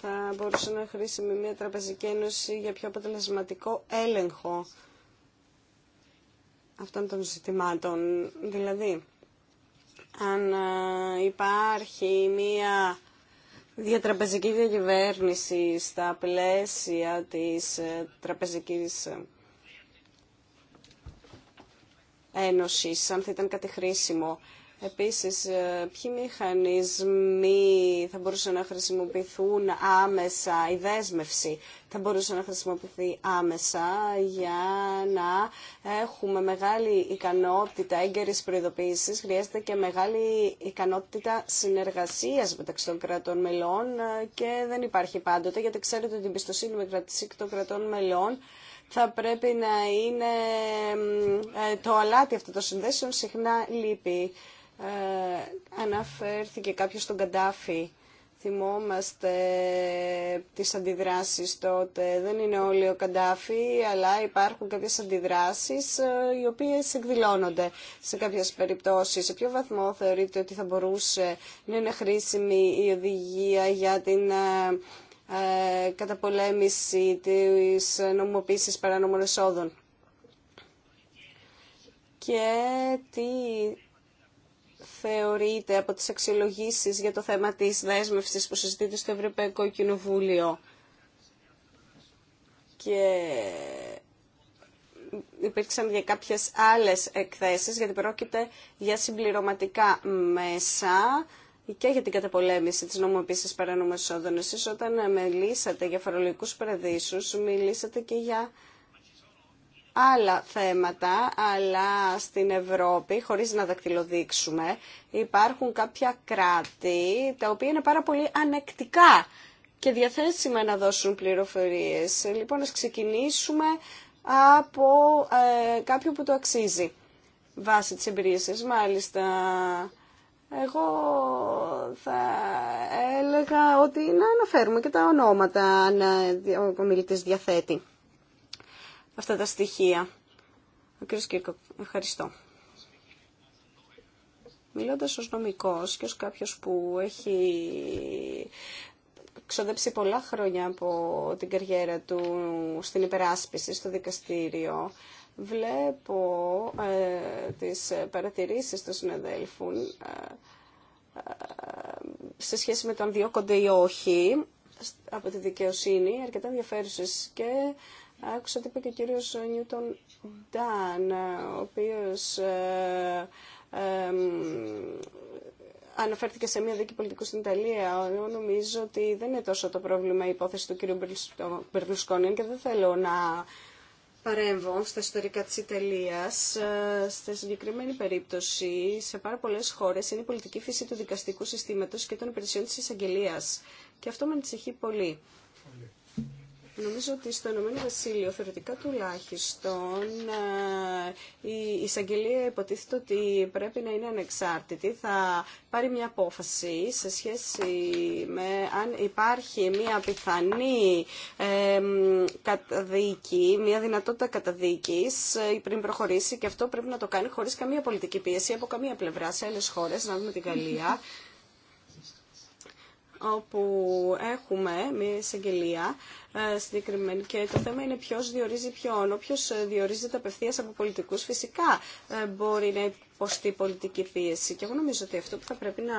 θα μπορούσε να χρήσιμη μια τραπεζική ένωση για πιο αποτελεσματικό έλεγχο αυτών των ζητημάτων. Δηλαδή, αν υπάρχει μια διατραπεζική διακυβέρνηση στα πλαίσια της ε, τραπεζικής ε, Ένωσης, αν θα ήταν κάτι χρήσιμο. Επίσης, ε, ποιοι μηχανισμοί θα μπορούσαν να χρησιμοποιηθούν άμεσα, η δέσμευση θα μπορούσε να χρησιμοποιηθεί άμεσα για να έχουμε μεγάλη ικανότητα έγκαιρης προειδοποίησης. Χρειάζεται και μεγάλη ικανότητα συνεργασίας μεταξύ των κρατών μελών ε, και δεν υπάρχει πάντοτε, γιατί ξέρετε ότι η εμπιστοσύνη μεταξύ των κρατών μελών θα πρέπει να είναι ε, το αλάτι αυτό των συνδέσεων συχνά λείπει. Ε, αναφέρθηκε κάποιος στον Καντάφη. Θυμόμαστε τις αντιδράσεις τότε. Δεν είναι όλοι ο Καντάφη, αλλά υπάρχουν κάποιες αντιδράσεις ε, οι οποίες εκδηλώνονται σε κάποιες περιπτώσεις. Σε ποιο βαθμό θεωρείτε ότι θα μπορούσε να είναι χρήσιμη η οδηγία για την ε, καταπολέμηση της νομοποίησης παράνομων εσόδων και τι θεωρείται από τις αξιολογήσεις για το θέμα της δέσμευσης που συζητείται στο Ευρωπαϊκό Κοινοβούλιο. Και υπήρξαν για κάποιες άλλες εκθέσεις, γιατί πρόκειται για συμπληρωματικά μέσα και για την καταπολέμηση της νομοποίηση παράνομων εισόδων. όταν μιλήσατε για φορολογικού παραδείσου, μιλήσατε και για άλλα θέματα, αλλά στην Ευρώπη, χωρίς να δακτυλοδείξουμε, υπάρχουν κάποια κράτη τα οποία είναι πάρα πολύ ανεκτικά και διαθέσιμα να δώσουν πληροφορίες. Λοιπόν, ας ξεκινήσουμε από ε, κάποιο που το αξίζει. Βάσει της εμπειρίας σας, μάλιστα, εγώ θα έλεγα ότι να αναφέρουμε και τα ονόματα αν ε, ο μιλητής διαθέτει αυτά τα στοιχεία. Ο κ. Κύρκο, ευχαριστώ. Μιλώντας ως νομικός και ως κάποιος που έχει ξοδέψει πολλά χρόνια από την καριέρα του στην υπεράσπιση, στο δικαστήριο, Βλέπω ε, τις παρατηρήσεις των συναδέλφων ε, ε, σε σχέση με το αν διώκονται ή όχι από τη δικαιοσύνη, αρκετά ενδιαφέρουσες και άκουσα ότι είπε και ο κύριος Νιούτον Ντάν, ο οποίος ε, αναφέρθηκε σε μια δίκη πολιτικού στην Ιταλία. Εγώ νομίζω ότι δεν είναι τόσο το πρόβλημα η υπόθεση του κύριου Μπερλουσκόνη και δεν θέλω να παρέμβω στα ιστορικά της Ιταλίας, ε, στη συγκεκριμένη περίπτωση, σε πάρα πολλές χώρες είναι η πολιτική φύση του δικαστικού συστήματος και των υπηρεσιών της εισαγγελία. Και αυτό με ανησυχεί πολύ. πολύ. Νομίζω ότι στο Ηνωμένο Βασίλειο, θεωρητικά τουλάχιστον, ε, η εισαγγελία υποτίθεται ότι πρέπει να είναι ανεξάρτητη. Θα πάρει μια απόφαση σε σχέση με αν υπάρχει μια πιθανή ε, καταδίκη, μια δυνατότητα καταδίκης ε, πριν προχωρήσει και αυτό πρέπει να το κάνει χωρίς καμία πολιτική πίεση από καμία πλευρά. Σε άλλες χώρες, να δούμε την Γαλλία, (laughs) όπου έχουμε μια εισαγγελία ε, συγκεκριμένη και το θέμα είναι ποιο διορίζει ποιον. Όποιο ε, διορίζεται απευθεία από πολιτικού φυσικά ε, μπορεί να υποστεί πολιτική πίεση. Και εγώ νομίζω ότι αυτό που θα πρέπει να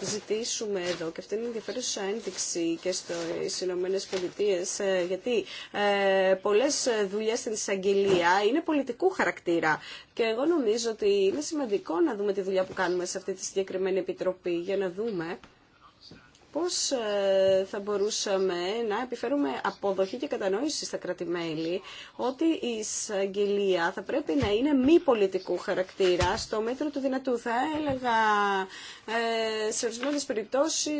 ζητήσουμε εδώ και αυτή είναι ενδιαφέρουσα ένδειξη και στι Ηνωμένε Πολιτείε γιατί πολλέ δουλειέ στην εισαγγελία είναι πολιτικού χαρακτήρα. Και εγώ νομίζω ότι είναι σημαντικό να δούμε τη δουλειά που κάνουμε σε αυτή τη συγκεκριμένη επιτροπή για να δούμε πώς ε, θα μπορούσαμε να επιφέρουμε αποδοχή και κατανόηση στα κρατημέλη ότι η εισαγγελία θα πρέπει να είναι μη πολιτικού χαρακτήρα στο μέτρο του δυνατού. Θα έλεγα ε, σε ορισμένε περιπτώσει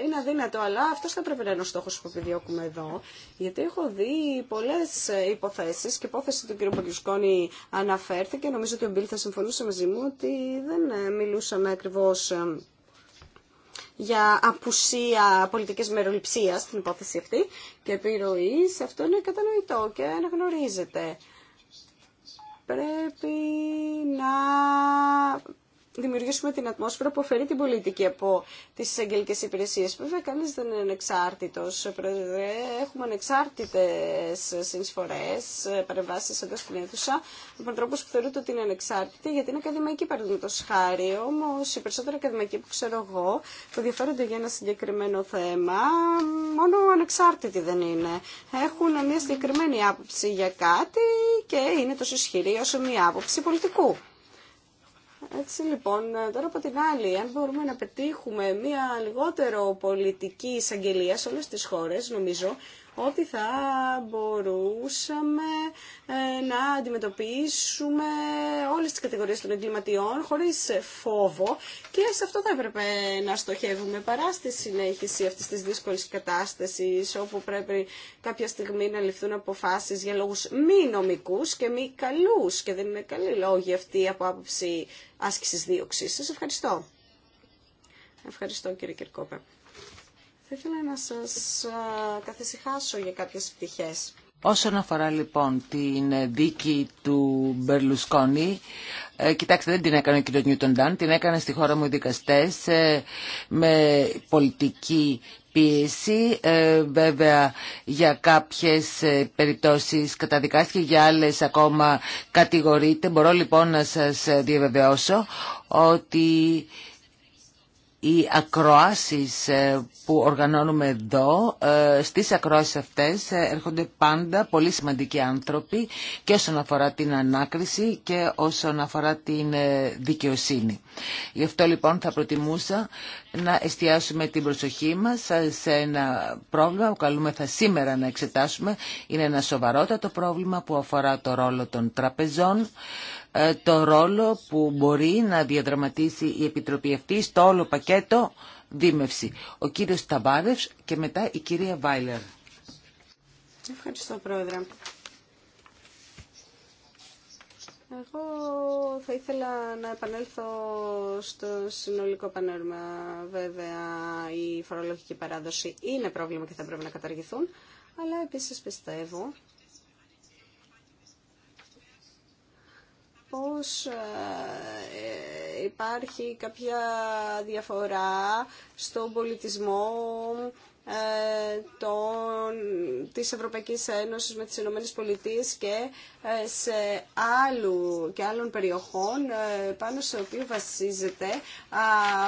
ε, είναι αδύνατο, αλλά αυτό θα πρέπει να είναι ο στόχο που επιδιώκουμε εδώ. Γιατί έχω δει πολλέ υποθέσει και η υπόθεση του κ. Παγκλουσκόνη αναφέρθηκε. Νομίζω ότι ο Μπίλ θα συμφωνούσε μαζί μου ότι δεν μιλούσαμε ακριβώ για απουσία πολιτικής μεροληψίας στην υπόθεση αυτή και σε αυτό είναι κατανοητό και αναγνωρίζεται. Πρέπει να δημιουργήσουμε την ατμόσφαιρα που αφαιρεί την πολιτική από τι εισαγγελικέ υπηρεσίε. Βέβαια, κανεί δεν είναι ανεξάρτητο. Έχουμε ανεξάρτητε συνεισφορέ, παρεμβάσει εδώ στην αίθουσα, από ανθρώπου που θεωρούνται ότι είναι ανεξάρτητοι, γιατί είναι ακαδημαϊκοί παραδείγματο χάρη. Όμω, οι περισσότεροι ακαδημαϊκοί που ξέρω εγώ, που ενδιαφέρονται για ένα συγκεκριμένο θέμα, μόνο ανεξάρτητοι δεν είναι. Έχουν μια συγκεκριμένη άποψη για κάτι και είναι τόσο ισχυρή όσο μια άποψη πολιτικού. Έτσι λοιπόν, ε, τώρα από την άλλη, αν μπορούμε να πετύχουμε μια λιγότερο πολιτική εισαγγελία σε όλες τις χώρες, νομίζω ότι θα μπορούσαμε ε, να αντιμετωπίσουμε όλες τις κατηγορίες των εγκληματιών χωρίς φόβο και σε αυτό θα έπρεπε να στοχεύουμε παρά στη συνέχιση αυτής της δύσκολης κατάστασης όπου πρέπει κάποια στιγμή να ληφθούν αποφάσεις για λόγους μη νομικούς και μη καλούς και δεν είναι καλή λόγοι αυτή από άποψη άσκησης δίωξης. Σας ευχαριστώ. Ευχαριστώ κύριε Κερκόπε. Θα ήθελα να σας καθησυχάσω για κάποιες πτυχές. Όσον αφορά λοιπόν την δίκη του Μπερλουσκόνη, ε, κοιτάξτε δεν την έκανε ο κ. Νιούτον Ντάν, την έκανε στη χώρα μου οι δικαστές ε, με πολιτική πίεση. Ε, βέβαια για κάποιες περιπτώσεις καταδικάστηκε, για άλλες ακόμα κατηγορείται. Μπορώ λοιπόν να σας διαβεβαιώσω ότι οι ακροάσεις ε, που οργανώνουμε εδώ, ε, στις ακροάσεις αυτές ε, έρχονται πάντα πολύ σημαντικοί άνθρωποι και όσον αφορά την ανάκριση και όσον αφορά την δικαιοσύνη. Γι' αυτό λοιπόν θα προτιμούσα να εστιάσουμε την προσοχή μας σε ένα πρόβλημα που θα σήμερα να εξετάσουμε. Είναι ένα σοβαρότατο πρόβλημα που αφορά το ρόλο των τραπεζών ε, το ρόλο που μπορεί να διαδραματίσει η Επιτροπή αυτή στο όλο πακέτο δίμευση. Ο κύριος Ταμπάρευς και μετά η κυρία Βάιλερ. Ευχαριστώ πρόεδρε. Εγώ θα ήθελα να επανέλθω στο συνολικό πανέρμα. Βέβαια, η φορολογική παράδοση είναι πρόβλημα και θα πρέπει να καταργηθούν. Αλλά επίσης πιστεύω πως ε, ε, υπάρχει κάποια διαφορά στον πολιτισμό ε, των, της Ευρωπαϊκής Ένωσης με τις Ηνωμένες Πολιτείες και ε, σε άλλου και άλλων περιοχών ε, πάνω σε οποίο βασίζεται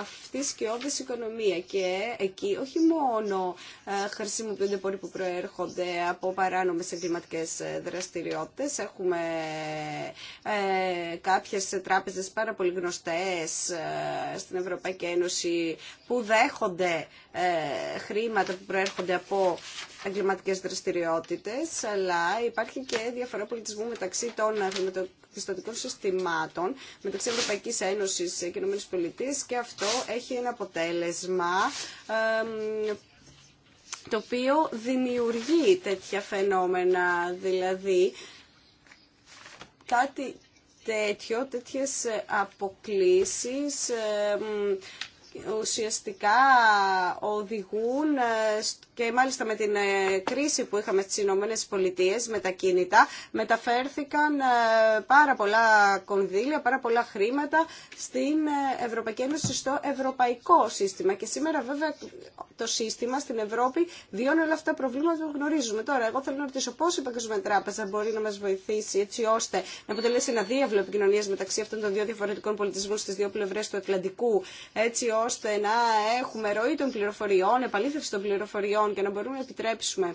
αυτή η σκιώδης οικονομία και εκεί όχι μόνο χρησιμοποιούνται πόροι που προέρχονται από παράνομες εγκληματικές δραστηριότητες έχουμε κάποιες τράπεζες πάρα πολύ γνωστές στην Ευρωπαϊκή Ένωση που δέχονται ε, χρήματα που προέρχονται από εγκληματικές δραστηριότητες, αλλά υπάρχει και διαφορά πολιτισμού μεταξύ των χρηματοπιστωτικών συστημάτων, μεταξύ Ευρωπαϊκής Ένωσης και ΗΠΑ και αυτό έχει ένα αποτέλεσμα το οποίο δημιουργεί τέτοια φαινόμενα, δηλαδή κάτι τέτοιο, τέτοιες αποκλήσεις ουσιαστικά οδηγούν ε, και μάλιστα με την ε, κρίση που είχαμε στις Ηνωμένε Πολιτείε με τα κίνητα μεταφέρθηκαν ε, πάρα πολλά κονδύλια, πάρα πολλά χρήματα στην ε, Ευρωπαϊκή Ένωση, στο ευρωπαϊκό σύστημα. Και σήμερα βέβαια το σύστημα στην Ευρώπη βιώνει όλα αυτά τα προβλήματα που γνωρίζουμε. Τώρα, εγώ θέλω να ρωτήσω πώς η Παγκοσμία Τράπεζα μπορεί να μας βοηθήσει έτσι ώστε να αποτελέσει ένα διάβλο επικοινωνία μεταξύ αυτών των δύο διαφορετικών πολιτισμών στις δύο πλευρές του Ατλαντικού, έτσι ώστε να έχουμε ροή των πληροφοριών, επαλήθευση των πληροφοριών και να μπορούμε να επιτρέψουμε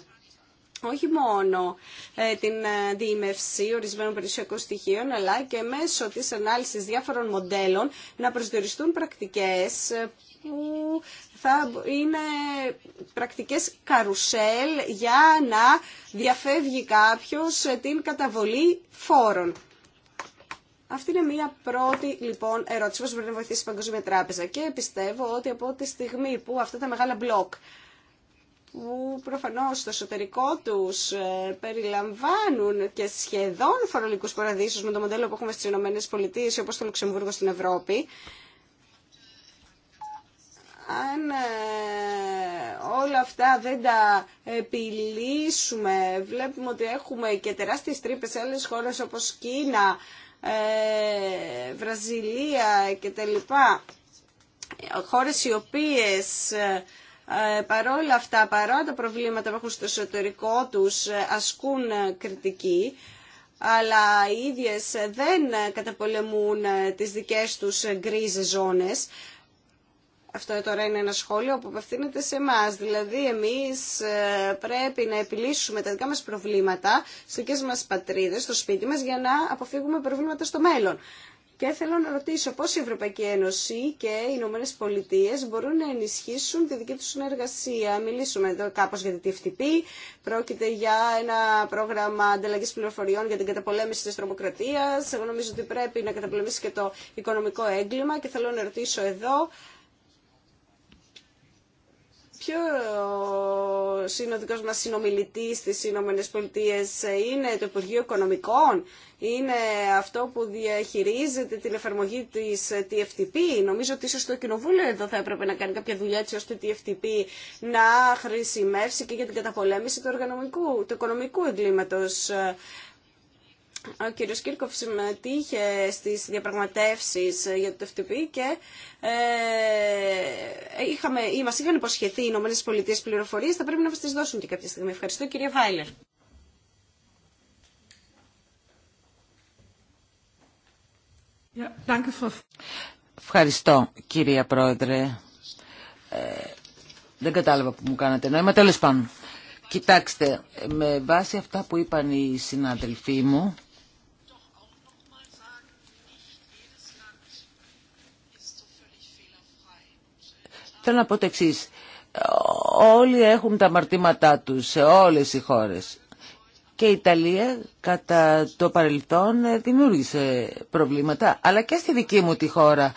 όχι μόνο ε, την ε, διήμευση ορισμένων περιουσιακών στοιχείων, αλλά και μέσω της ανάλυσης διάφορων μοντέλων να προσδιοριστούν πρακτικές ε, που θα είναι πρακτικές καρουσέλ για να διαφεύγει κάποιος την καταβολή φόρων. Αυτή είναι μια πρώτη λοιπόν ερώτηση, πώς μπορεί να βοηθήσει η Παγκοσμία Τράπεζα. Και πιστεύω ότι από τη στιγμή που αυτά τα μεγάλα μπλοκ που προφανώς στο εσωτερικό τους ε, περιλαμβάνουν και σχεδόν φορολογικούς παραδείσους με το μοντέλο που έχουμε στις ΗΠΑ... Πολιτείες όπως το Λουξεμβούργο στην Ευρώπη. Αν ε, όλα αυτά δεν τα επιλύσουμε, βλέπουμε ότι έχουμε και τεράστιες τρύπες σε άλλες χώρες όπως Κίνα, ε, Βραζιλία και τα λοιπά. Χώρες οι οποίες ε, παρόλα αυτά, παρά τα προβλήματα που έχουν στο εσωτερικό τους, ε, ασκούν ε, κριτική, αλλά οι ίδιες δεν καταπολεμούν τις δικές τους γκρίζες ζώνες. Αυτό τώρα είναι ένα σχόλιο που απευθύνεται σε εμά. Δηλαδή, εμεί πρέπει να επιλύσουμε τα δικά μα προβλήματα στι δικέ μα πατρίδε, στο σπίτι μα, για να αποφύγουμε προβλήματα στο μέλλον. Και θέλω να ρωτήσω πώς η Ευρωπαϊκή Ένωση και οι Ηνωμένε Πολιτείε μπορούν να ενισχύσουν τη δική τους συνεργασία. Μιλήσουμε εδώ κάπως για τη TFTP. Πρόκειται για ένα πρόγραμμα ανταλλαγής πληροφοριών για την καταπολέμηση της τρομοκρατίας. Εγώ νομίζω ότι πρέπει να καταπολεμήσει και το οικονομικό έγκλημα και θέλω να ρωτήσω εδώ Ποιο ο συνομιλητή μας συνομιλητής στις Ηνωμένες είναι το Υπουργείο Οικονομικών, είναι αυτό που διαχειρίζεται την εφαρμογή της TFTP. Νομίζω ότι ίσω το Κοινοβούλιο εδώ θα έπρεπε να κάνει κάποια δουλειά έτσι ώστε η TFTP να χρησιμεύσει και για την καταπολέμηση του, του οικονομικού εγκλήματο ο κύριος Κίρκοφ συμμετείχε στις διαπραγματεύσεις για το FTP και ε, είχαμε, μας είχαν υποσχεθεί οι Ηνωμένες Πολιτείες πληροφορίες, θα πρέπει να μας τις δώσουν και κάποια στιγμή. Ευχαριστώ κυρία Βάιλερ. Ευχαριστώ κυρία Πρόεδρε. Ε, δεν κατάλαβα που μου κάνατε νόημα. Τέλος πάντων. Κοιτάξτε, με βάση αυτά που είπαν οι συναδελφοί μου, Θέλω να πω το εξή. Όλοι έχουν τα μαρτήματά τους σε όλες οι χώρες. Και η Ιταλία κατά το παρελθόν δημιούργησε προβλήματα. Αλλά και στη δική μου τη χώρα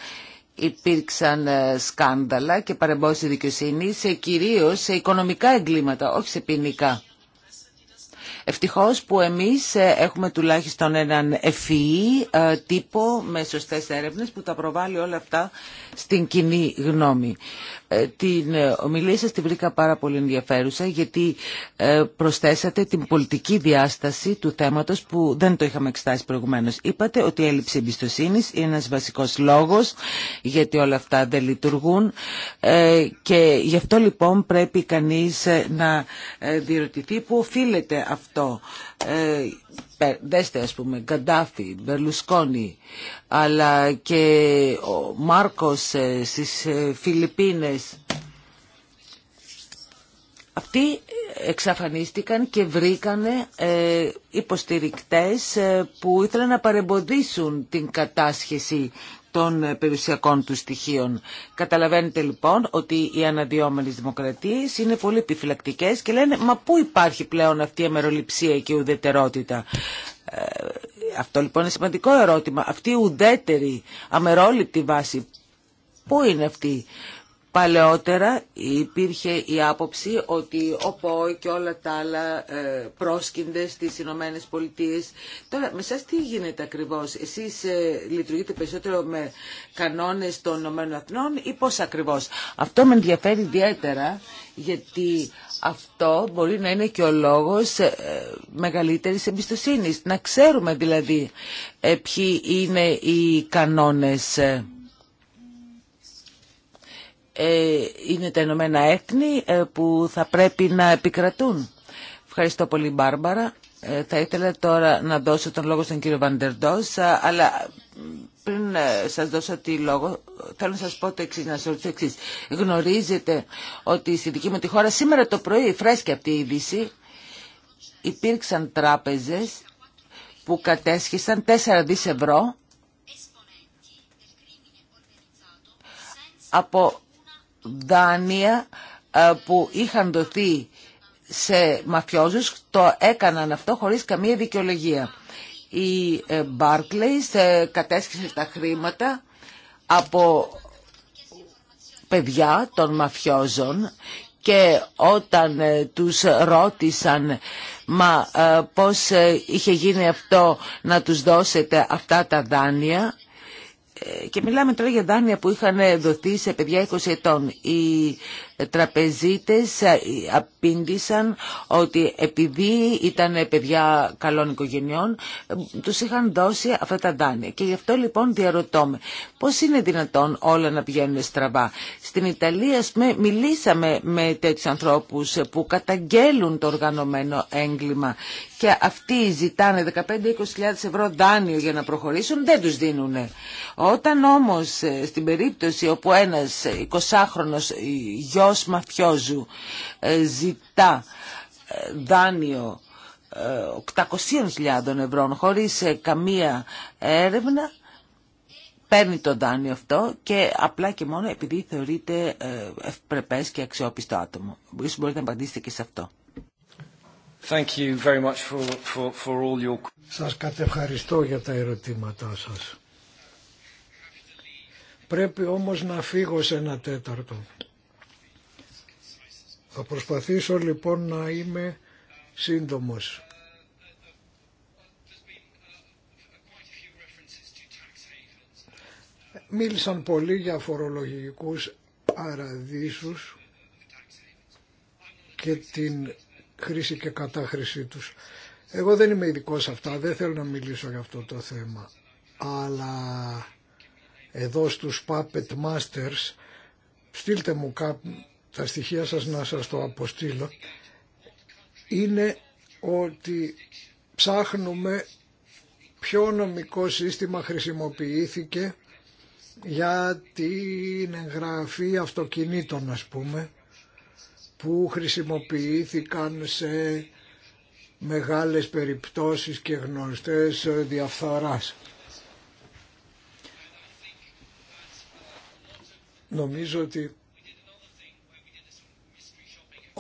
υπήρξαν ε, σκάνδαλα και παρεμπόσεις δικαιοσύνη σε κυρίως σε οικονομικά εγκλήματα, όχι σε ποινικά. Ευτυχώς που εμείς ε, έχουμε τουλάχιστον έναν e e, ευφυή τύπο με σωστές έρευνες που τα προβάλλει όλα αυτά στην κοινή γνώμη. Ε, την ε, ομιλία σας τη βρήκα πάρα πολύ ενδιαφέρουσα γιατί ε, προσθέσατε την πολιτική διάσταση του θέματος που δεν το είχαμε εξετάσει προηγουμένως. Είπατε ότι η έλλειψη εμπιστοσύνης είναι ένας βασικός λόγος γιατί όλα αυτά δεν λειτουργούν και γι' αυτό λοιπόν πρέπει κανείς να διερωτηθεί που οφείλεται αυτό ε, δέστε ας πούμε Γκαντάφη, Μπερλουσκόνη αλλά και ο Μάρκος ε, στις ε, Φιλιππίνες αυτοί εξαφανίστηκαν και βρήκανε ε, υποστηρικτές ε, που ήθελαν να παρεμποδίσουν την κατάσχεση των ε, περιουσιακών του στοιχείων. Καταλαβαίνετε λοιπόν ότι οι αναδυόμενες δημοκρατίες είναι πολύ επιφυλακτικέ και λένε «Μα πού υπάρχει πλέον αυτή η αμεροληψία και η ουδετερότητα». Ε, αυτό λοιπόν είναι σημαντικό ερώτημα. Αυτή η ουδέτερη, αμερόληπτη βάση, πού είναι αυτή. Παλαιότερα υπήρχε η άποψη ότι ο ΠΟΕ και όλα τα άλλα ε, πρόσκυνται στις Ηνωμένε Πολιτείε. Τώρα, με εσάς τι γίνεται ακριβώς. Εσείς ε, λειτουργείτε περισσότερο με κανόνες των Ηνωμένων Αθνών ή πώς ακριβώς. Αυτό με ενδιαφέρει ιδιαίτερα γιατί αυτό μπορεί να είναι και ο λόγος ε, μεγαλύτερης εμπιστοσύνης. Να ξέρουμε δηλαδή ποιοι είναι οι κανόνες ε, είναι τα Ηνωμένα Έθνη ε, που θα πρέπει να επικρατούν. Ευχαριστώ πολύ Μπάρμπαρα. Ε, θα ήθελα τώρα να δώσω τον λόγο στον κύριο Βαντερντός, αλλά πριν σας δώσω τη λόγο, θέλω να σας πω το εξής, να σας ρωτήσω εξής. Γνωρίζετε ότι στη δική μου τη χώρα σήμερα το πρωί, φρέσκια αυτή τη είδηση, υπήρξαν τράπεζες που κατέσχισαν 4 δις ευρώ από δάνεια ε, που είχαν δοθεί σε μαφιόζους το έκαναν αυτό χωρίς καμία δικαιολογία. Η ε, Barclays ε, κατέσχισε τα χρήματα από παιδιά των μαφιόζων και όταν τους ρώτησαν μα πώς είχε γίνει αυτό να τους δώσετε αυτά τα δάνεια ε, και μιλάμε τώρα για δάνεια που είχαν δοθεί σε παιδιά 20 ετών. Η τραπεζίτες ε, απήντησαν ότι επειδή ήταν παιδιά καλών οικογενειών ε, τους είχαν δώσει αυτά τα δάνεια και γι' αυτό λοιπόν διαρωτώμε πώς είναι δυνατόν όλα να πηγαίνουν στραβά. Στην Ιταλία μιλήσαμε με τέτοιους ανθρώπους που καταγγέλουν το οργανωμένο έγκλημα και αυτοί ζητάνε 15-20 ευρώ δάνειο για να προχωρήσουν, δεν τους δίνουν. Όταν όμως ε, στην περίπτωση όπου ένας 20χρονος ως μαφιόζου ε, ζητά ε, δάνειο 800.000 ε, ευρώ χωρίς καμία έρευνα παίρνει το δάνειο αυτό και απλά και μόνο επειδή θεωρείται ευπρεπές και αξιόπιστο άτομο. Ίσως μπορείτε να απαντήσετε και σε αυτό. Thank you Σας κατευχαριστώ για τα ερωτήματά σας. Πρέπει όμως να φύγω σε ένα τέταρτο. Θα προσπαθήσω λοιπόν να είμαι σύντομος. Μίλησαν πολύ για φορολογικούς αραδίσους και την χρήση και κατάχρηση τους. Εγώ δεν είμαι ειδικό σε αυτά, δεν θέλω να μιλήσω για αυτό το θέμα. Αλλά εδώ στους Puppet Masters στείλτε μου τα στοιχεία σας να σας το αποστείλω, είναι ότι ψάχνουμε ποιο νομικό σύστημα χρησιμοποιήθηκε για την εγγραφή αυτοκινήτων ας πούμε που χρησιμοποιήθηκαν σε μεγάλες περιπτώσεις και γνωστές διαφθοράς. Νομίζω ότι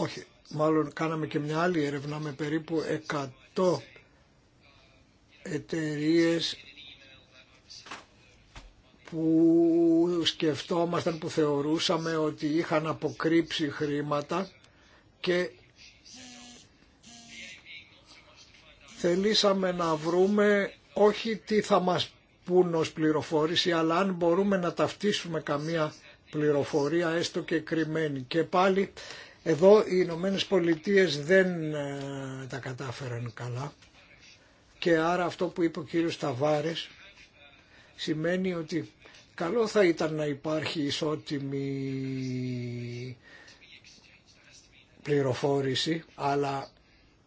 όχι, μάλλον κάναμε και μια άλλη έρευνα με περίπου 100 εταιρείες που σκεφτόμασταν, που θεωρούσαμε ότι είχαν αποκρύψει χρήματα και θελήσαμε να βρούμε όχι τι θα μας πούν ως πληροφόρηση, αλλά αν μπορούμε να ταυτίσουμε καμία πληροφορία έστω και κρυμμένη. Και πάλι εδώ οι Ηνωμένε Πολιτείε δεν ε, τα κατάφεραν καλά και άρα αυτό που είπε ο κύριος Ταβάρες σημαίνει ότι καλό θα ήταν να υπάρχει ισότιμη πληροφόρηση, αλλά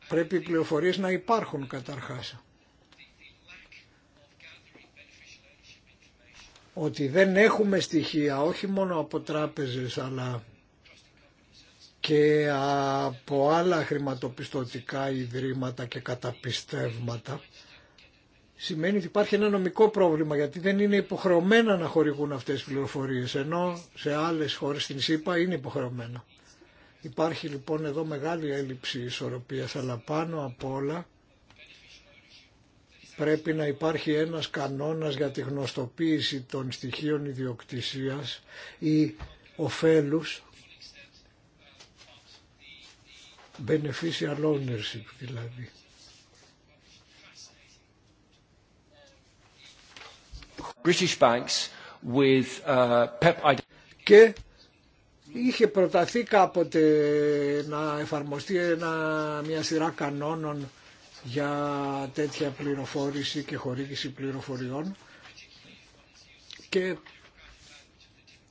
πρέπει οι πληροφορίες να υπάρχουν καταρχάς. Ότι δεν έχουμε στοιχεία όχι μόνο από τράπεζες αλλά και από άλλα χρηματοπιστωτικά ιδρύματα και καταπιστεύματα σημαίνει ότι υπάρχει ένα νομικό πρόβλημα γιατί δεν είναι υποχρεωμένα να χορηγούν αυτές τις πληροφορίες ενώ σε άλλες χώρες στην ΣΥΠΑ είναι υποχρεωμένα. Υπάρχει λοιπόν εδώ μεγάλη έλλειψη ισορροπίας αλλά πάνω απ' όλα πρέπει να υπάρχει ένας κανόνας για τη γνωστοποίηση των στοιχείων ιδιοκτησίας ή οφέλους. beneficial ownership δηλαδή. British banks with, uh, Και είχε προταθεί κάποτε να εφαρμοστεί ένα, μια σειρά κανόνων για τέτοια πληροφόρηση και χορήγηση πληροφοριών και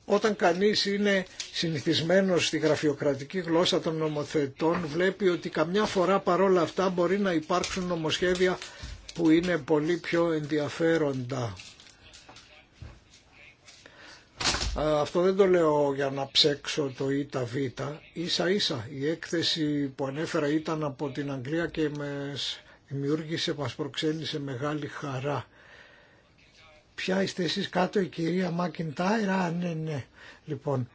όταν κανείς είναι συνηθισμένος στη γραφειοκρατική γλώσσα των νομοθετών βλέπει ότι καμιά φορά παρόλα αυτά μπορεί να υπάρξουν νομοσχέδια που είναι πολύ πιο ενδιαφέροντα. Αυτό δεν το λέω για να ψέξω το ή τα β. Ίσα ίσα η έκθεση που ανέφερα ήταν από την Αγγλία και με δημιούργησε, μας προξένησε μεγάλη χαρά. Ποια είστε εσείς κάτω, η κυρία Μάκιντάιρ, α, ναι, ναι. Λοιπόν,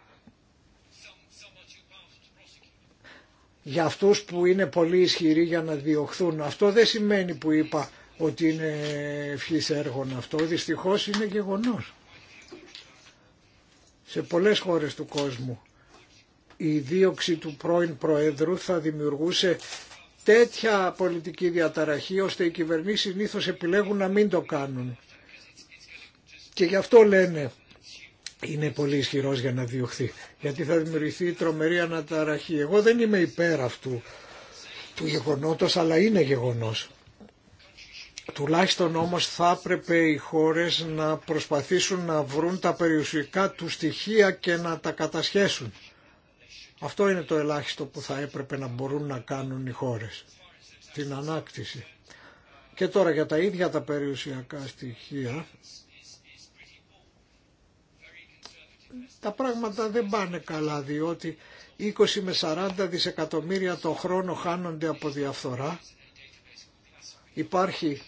για αυτούς που είναι πολύ ισχυροί για να διωχθούν. Αυτό δεν σημαίνει που είπα ότι είναι ευχής έργων αυτό, δυστυχώς είναι γεγονός. Σε πολλές χώρες του κόσμου η δίωξη του πρώην Προέδρου θα δημιουργούσε τέτοια πολιτική διαταραχή ώστε οι κυβερνήσεις συνήθως επιλέγουν να μην το κάνουν. Και γι' αυτό λένε είναι πολύ ισχυρό για να διωχθεί. Γιατί θα δημιουργηθεί τρομερή αναταραχή. Εγώ δεν είμαι υπέρ αυτού του γεγονότος, αλλά είναι γεγονός. Τουλάχιστον όμως θα έπρεπε οι χώρες να προσπαθήσουν να βρουν τα περιουσιακά του στοιχεία και να τα κατασχέσουν. Αυτό είναι το ελάχιστο που θα έπρεπε να μπορούν να κάνουν οι χώρες. Την ανάκτηση. Και τώρα για τα ίδια τα περιουσιακά στοιχεία τα πράγματα δεν πάνε καλά διότι 20 με 40 δισεκατομμύρια το χρόνο χάνονται από διαφθορά. Υπάρχει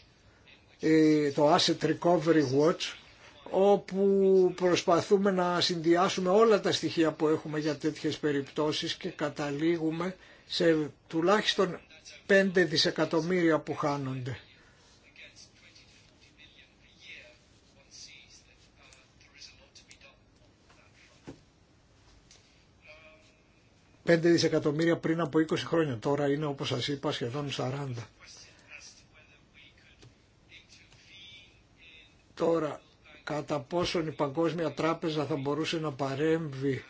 ε, το Asset Recovery Watch όπου προσπαθούμε να συνδυάσουμε όλα τα στοιχεία που έχουμε για τέτοιες περιπτώσεις και καταλήγουμε σε τουλάχιστον 5 δισεκατομμύρια που χάνονται. 5 δισεκατομμύρια πριν από 20 χρόνια. Τώρα είναι όπως σας είπα σχεδόν 40. Τώρα κατά πόσον η Παγκόσμια Τράπεζα θα μπορούσε να παρέμβει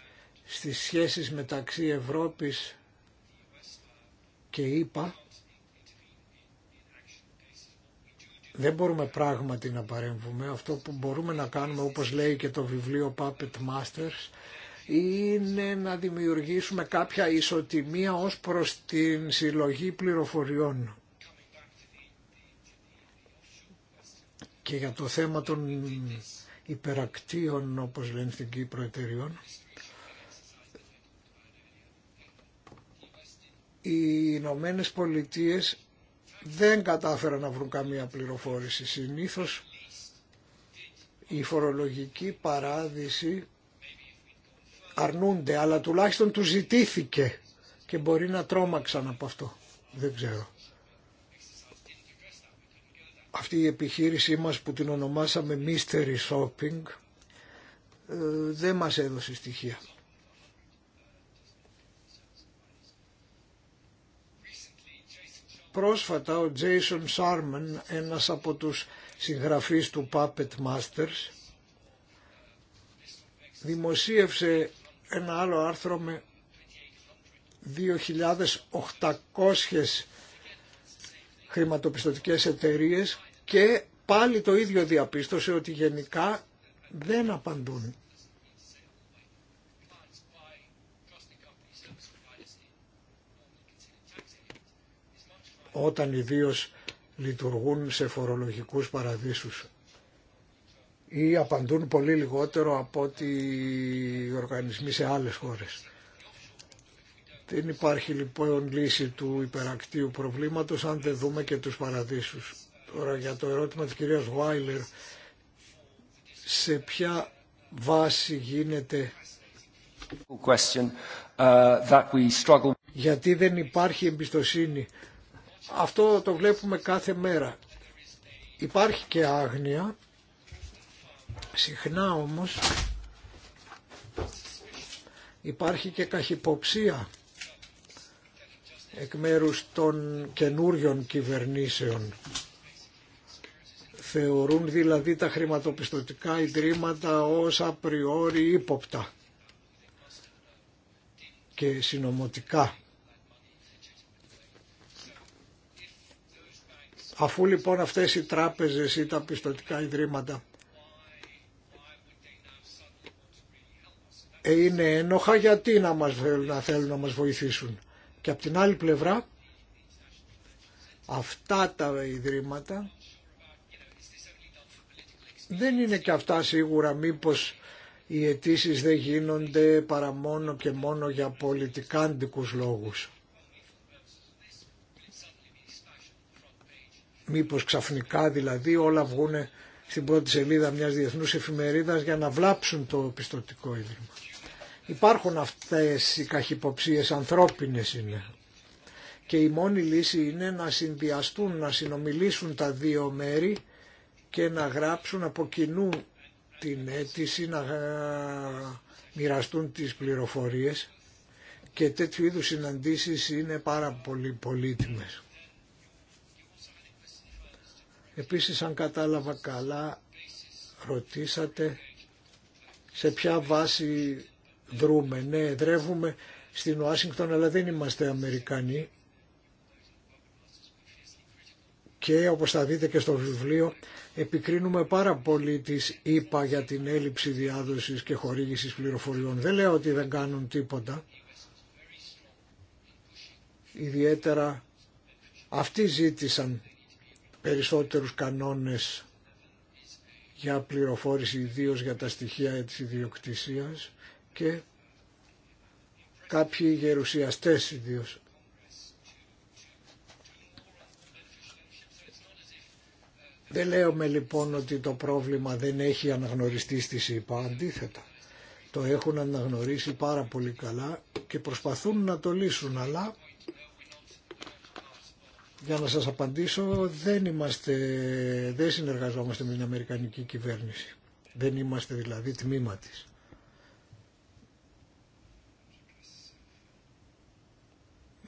στις σχέσεις μεταξύ Ευρώπης και ΗΠΑ δεν μπορούμε πράγματι να παρέμβουμε. Αυτό που μπορούμε να κάνουμε όπως λέει και το βιβλίο Puppet Masters είναι να δημιουργήσουμε κάποια ισοτιμία ως προς την συλλογή πληροφοριών. Και για το θέμα των υπερακτίων, όπως λένε στην Κύπρο εταιριών, οι Ηνωμένε Πολιτείε δεν κατάφεραν να βρουν καμία πληροφόρηση. Συνήθως η φορολογική παράδειση αρνούνται, αλλά τουλάχιστον του ζητήθηκε και μπορεί να τρόμαξαν από αυτό. Δεν ξέρω. Αυτή η επιχείρησή μας που την ονομάσαμε Mystery Shopping ε, δεν μας έδωσε στοιχεία. Πρόσφατα ο Jason Sharman, ένας από τους συγγραφείς του Puppet Masters, δημοσίευσε ένα άλλο άρθρο με 2.800 χρηματοπιστωτικές εταιρείες και πάλι το ίδιο διαπίστωσε ότι γενικά δεν απαντούν. όταν ιδίω λειτουργούν σε φορολογικούς παραδείσους ή απαντούν πολύ λιγότερο από ότι οι οργανισμοί σε άλλες χώρες. Δεν υπάρχει λοιπόν λύση του υπερακτίου προβλήματος αν δεν δούμε και τους παραδείσους. Τώρα για το ερώτημα της κυρίας Βάιλερ, σε ποια βάση γίνεται Question, uh, that we struggle. γιατί δεν υπάρχει εμπιστοσύνη. Αυτό το βλέπουμε κάθε μέρα. Υπάρχει και άγνοια Συχνά όμως υπάρχει και καχυποψία εκ μέρους των καινούριων κυβερνήσεων. Θεωρούν δηλαδή τα χρηματοπιστωτικά ιδρύματα ως απριόρι ύποπτα και συνομωτικά. Αφού λοιπόν αυτές οι τράπεζες ή τα πιστωτικά ιδρύματα είναι ένοχα γιατί να, μας θέλουν, να θέλουν να μας βοηθήσουν. Και από την άλλη πλευρά αυτά τα ιδρύματα δεν είναι και αυτά σίγουρα μήπως οι αιτήσει δεν γίνονται παρά μόνο και μόνο για πολιτικάντικους λόγους. Μήπως ξαφνικά δηλαδή όλα βγούνε στην πρώτη σελίδα μιας διεθνούς εφημερίδας για να βλάψουν το πιστοτικό ίδρυμα. Υπάρχουν αυτές οι καχυποψίες, ανθρώπινες είναι. Και η μόνη λύση είναι να συνδυαστούν, να συνομιλήσουν τα δύο μέρη και να γράψουν από κοινού την αίτηση, να ε, μοιραστούν τις πληροφορίες και τέτοιου είδους συναντήσεις είναι πάρα πολύ πολύτιμες. Επίσης αν κατάλαβα καλά ρωτήσατε σε ποια βάση δρούμε. Ναι, εδρεύουμε στην Ουάσιγκτον αλλά δεν είμαστε Αμερικανοί και όπως θα δείτε και στο βιβλίο επικρίνουμε πάρα πολύ τις ΗΠΑ για την έλλειψη διάδοσης και χορήγησης πληροφοριών. Δεν λέω ότι δεν κάνουν τίποτα. Ιδιαίτερα αυτοί ζήτησαν περισσότερους κανόνες για πληροφόρηση ιδίως για τα στοιχεία της ιδιοκτησίας και κάποιοι γερουσιαστές ιδίως Δεν λέμε λοιπόν ότι το πρόβλημα δεν έχει αναγνωριστεί στη ΣΥΠΑ, αντίθετα. Το έχουν αναγνωρίσει πάρα πολύ καλά και προσπαθούν να το λύσουν, αλλά για να σας απαντήσω δεν, είμαστε, δεν συνεργαζόμαστε με την Αμερικανική κυβέρνηση. Δεν είμαστε δηλαδή τμήμα της.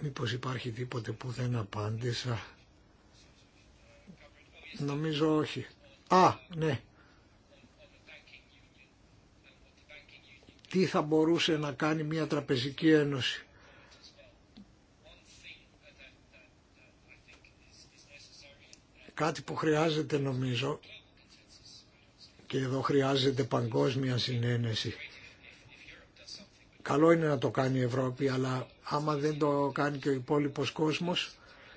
Μήπως υπάρχει τίποτε που δεν απάντησα. Νομίζω όχι. Α, ναι. Τι θα μπορούσε να κάνει μια τραπεζική ένωση. Κάτι που χρειάζεται νομίζω και εδώ χρειάζεται παγκόσμια συνένεση. Καλό είναι να το κάνει η Ευρώπη αλλά άμα δεν το κάνει και ο υπόλοιπος κόσμος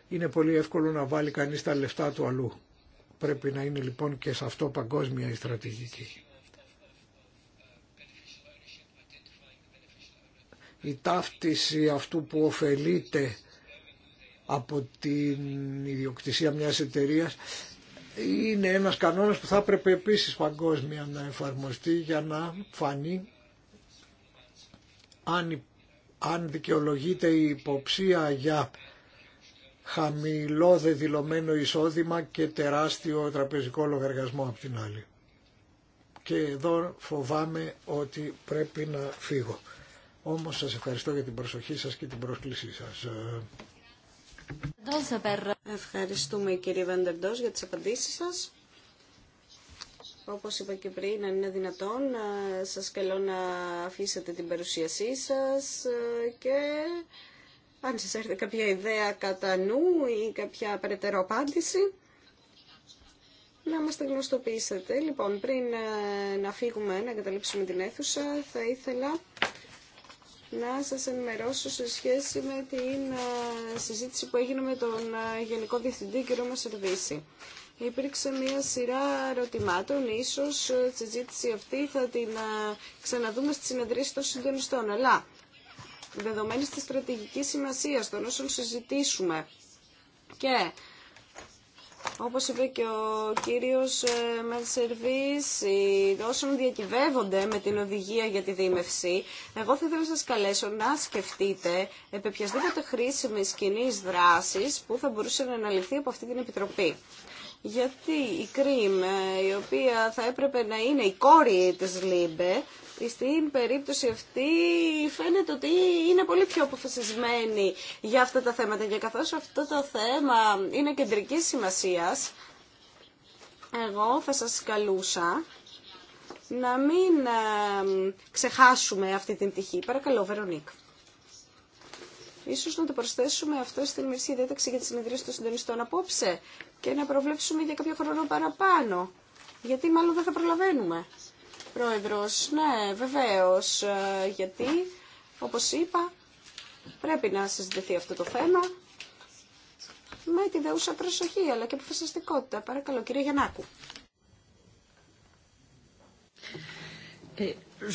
είναι πολύ εύκολο να βάλει κανείς τα λεφτά του αλλού. Πρέπει να είναι λοιπόν και σε αυτό παγκόσμια η στρατηγική. Η ταύτιση αυτού που ωφελείται από την ιδιοκτησία μιας εταιρείας είναι ένας κανόνας που θα έπρεπε επίσης παγκόσμια να εφαρμοστεί για να φανεί αν αν δικαιολογείται η υποψία για χαμηλό δεδηλωμένο εισόδημα και τεράστιο τραπεζικό λογαριασμό απ' την άλλη. Και εδώ φοβάμαι ότι πρέπει να φύγω. Όμως σας ευχαριστώ για την προσοχή σας και την πρόσκλησή σας. Ευχαριστούμε κύριε Βαντερντός για τις απαντήσεις σας. Όπως είπα και πριν, αν είναι δυνατόν, ε, σας καλώ να αφήσετε την παρουσίασή σας ε, και αν σας έρθει κάποια ιδέα κατά νου ή κάποια περαιτέρω απάντηση, να μας τα γνωστοποιήσετε. Λοιπόν, πριν ε, να φύγουμε, να καταλήψουμε την αίθουσα, θα ήθελα να σας ενημερώσω σε σχέση με την συζήτηση που έγινε με τον Γενικό Διευθυντή κ. Μασερβίση υπήρξε μια σειρά ερωτημάτων. Ίσως ε, τη συζήτηση αυτή θα την ε, ξαναδούμε στη συνεδρίαση των συντονιστών. Αλλά δεδομένη της στρατηγική σημασία των όσων συζητήσουμε και όπως είπε και ο κύριος ε, Μενσερβίς, όσων διακυβεύονται με την οδηγία για τη δίμευση, εγώ θα ήθελα να σας καλέσω να σκεφτείτε επί οποιασδήποτε χρήσιμης κοινή δράση που θα μπορούσε να αναλυθεί από αυτή την Επιτροπή γιατί η Κρίμ, ε, η οποία θα έπρεπε να είναι η κόρη της Λίμπε, στην περίπτωση αυτή φαίνεται ότι είναι πολύ πιο αποφασισμένη για αυτά τα θέματα και καθώς αυτό το θέμα είναι κεντρικής σημασίας, εγώ θα σας καλούσα να μην ε, ξεχάσουμε αυτή την τυχή. Παρακαλώ, Βερονίκ. Ίσως να το προσθέσουμε αυτό στην ημερήσια διέταξη για τη συνεδρία των συντονιστών απόψε και να προβλέψουμε για κάποιο χρόνο παραπάνω. Γιατί μάλλον δεν θα προλαβαίνουμε. Πρόεδρος, ναι, βεβαίως, ε, γιατί, όπως είπα, πρέπει να συζητηθεί αυτό το θέμα με τη δεούσα προσοχή, αλλά και αποφασιστικότητα. Παρακαλώ, κύριε Γιαννάκου. Ε, θα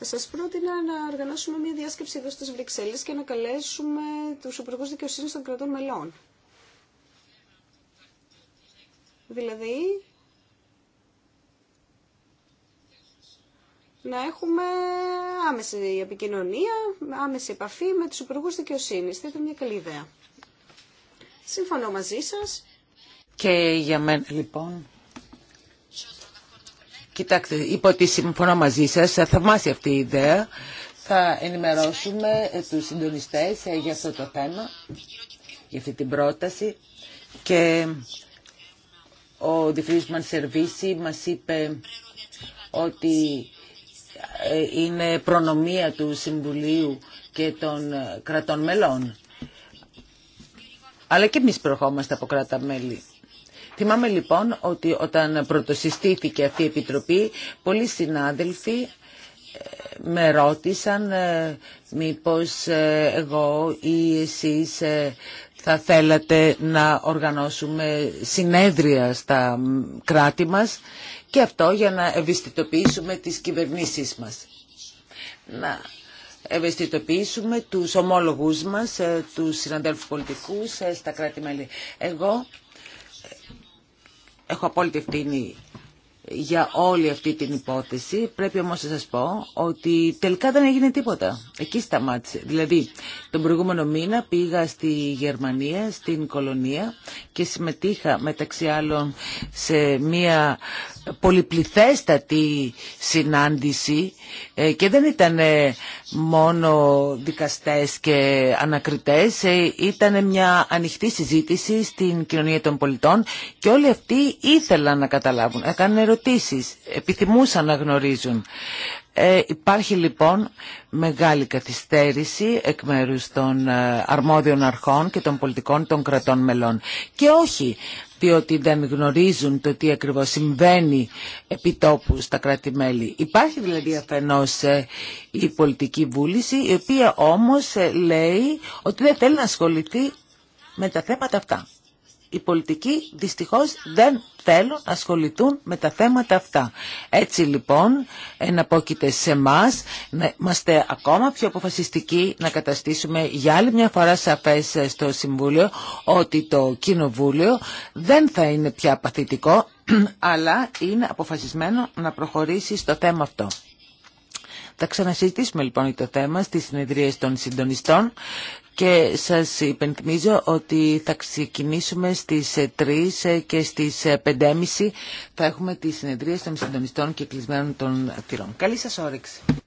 σας πρότεινα να οργανώσουμε μια διάσκεψη εδώ στις Βρυξέλλες και να καλέσουμε τους υπουργούς δικαιοσύνης των κρατών μελών. Δηλαδή, να έχουμε άμεση επικοινωνία, άμεση επαφή με τους υπουργούς δικαιοσύνης. Θα ήταν μια καλή ιδέα. Συμφωνώ μαζί σας. Και για μένα λοιπόν Κοιτάξτε, είπα ότι συμφωνώ μαζί σας, θαυμάσει αυτή η ιδέα. Θα ενημερώσουμε ε, τους συντονιστές ε, για αυτό το θέμα, για αυτή την πρόταση. Και ο Διευθυντής Μανσερβίση μας είπε ότι ε, είναι προνομία του Συμβουλίου και των κρατών μελών. Αλλά και εμείς προχώμαστε από κράτα μέλη. Θυμάμαι λοιπόν ότι όταν πρωτοσυστήθηκε αυτή η Επιτροπή, πολλοί συνάδελφοι ε, με ρώτησαν ε, μήπως ε, εγώ ή εσείς θα θέλατε να οργανώσουμε συνέδρια στα κράτη μας και αυτό για να ευαισθητοποιήσουμε τις κυβερνήσεις μας. Να ευαισθητοποιήσουμε τους ομόλογους μας, τους συναντέλφους πολιτικούς στα κράτη-μέλη. Εγώ έχω απόλυτη ευθύνη για όλη αυτή την υπόθεση. Πρέπει όμως να σας πω ότι τελικά δεν έγινε τίποτα. Εκεί σταμάτησε. Δηλαδή τον προηγούμενο μήνα πήγα στη Γερμανία, στην Κολονία και συμμετείχα μεταξύ άλλων σε μια πολυπληθέστατη συνάντηση ε, και δεν ήταν ε, μόνο δικαστές και ανακριτές, ε, ήταν μια ανοιχτή συζήτηση στην κοινωνία των πολιτών και όλοι αυτοί ήθελαν να καταλάβουν, να κάνουν ερωτήσεις, επιθυμούσαν να γνωρίζουν. Ε, υπάρχει λοιπόν μεγάλη καθυστέρηση εκ μέρου των ε, αρμόδιων αρχών και των πολιτικών των κρατών μελών. Και όχι διότι δεν γνωρίζουν το τι ακριβώς συμβαίνει επί τόπου στα κράτη-μέλη. Υπάρχει δηλαδή αφενός ε, η πολιτική βούληση, η οποία όμως ε, λέει ότι δεν θέλει να ασχοληθεί με τα θέματα αυτά οι πολιτικοί δυστυχώς δεν θέλουν να ασχοληθούν με τα θέματα αυτά. Έτσι λοιπόν εναπόκειται σε εμά να είμαστε ακόμα πιο αποφασιστικοί να καταστήσουμε για άλλη μια φορά σαφές στο Συμβούλιο ότι το Κοινοβούλιο δεν θα είναι πια παθητικό (clears throat) αλλά είναι αποφασισμένο να προχωρήσει στο θέμα αυτό. Θα ξανασυζητήσουμε λοιπόν το θέμα στις συνεδρίες των συντονιστών και σας υπενθυμίζω ότι θα ξεκινήσουμε στις 3 ε, ε, και στις 5.30 ε, θα έχουμε τη συνεδρία των συντονιστών και κλεισμένων των θυρών. Καλή σας όρεξη.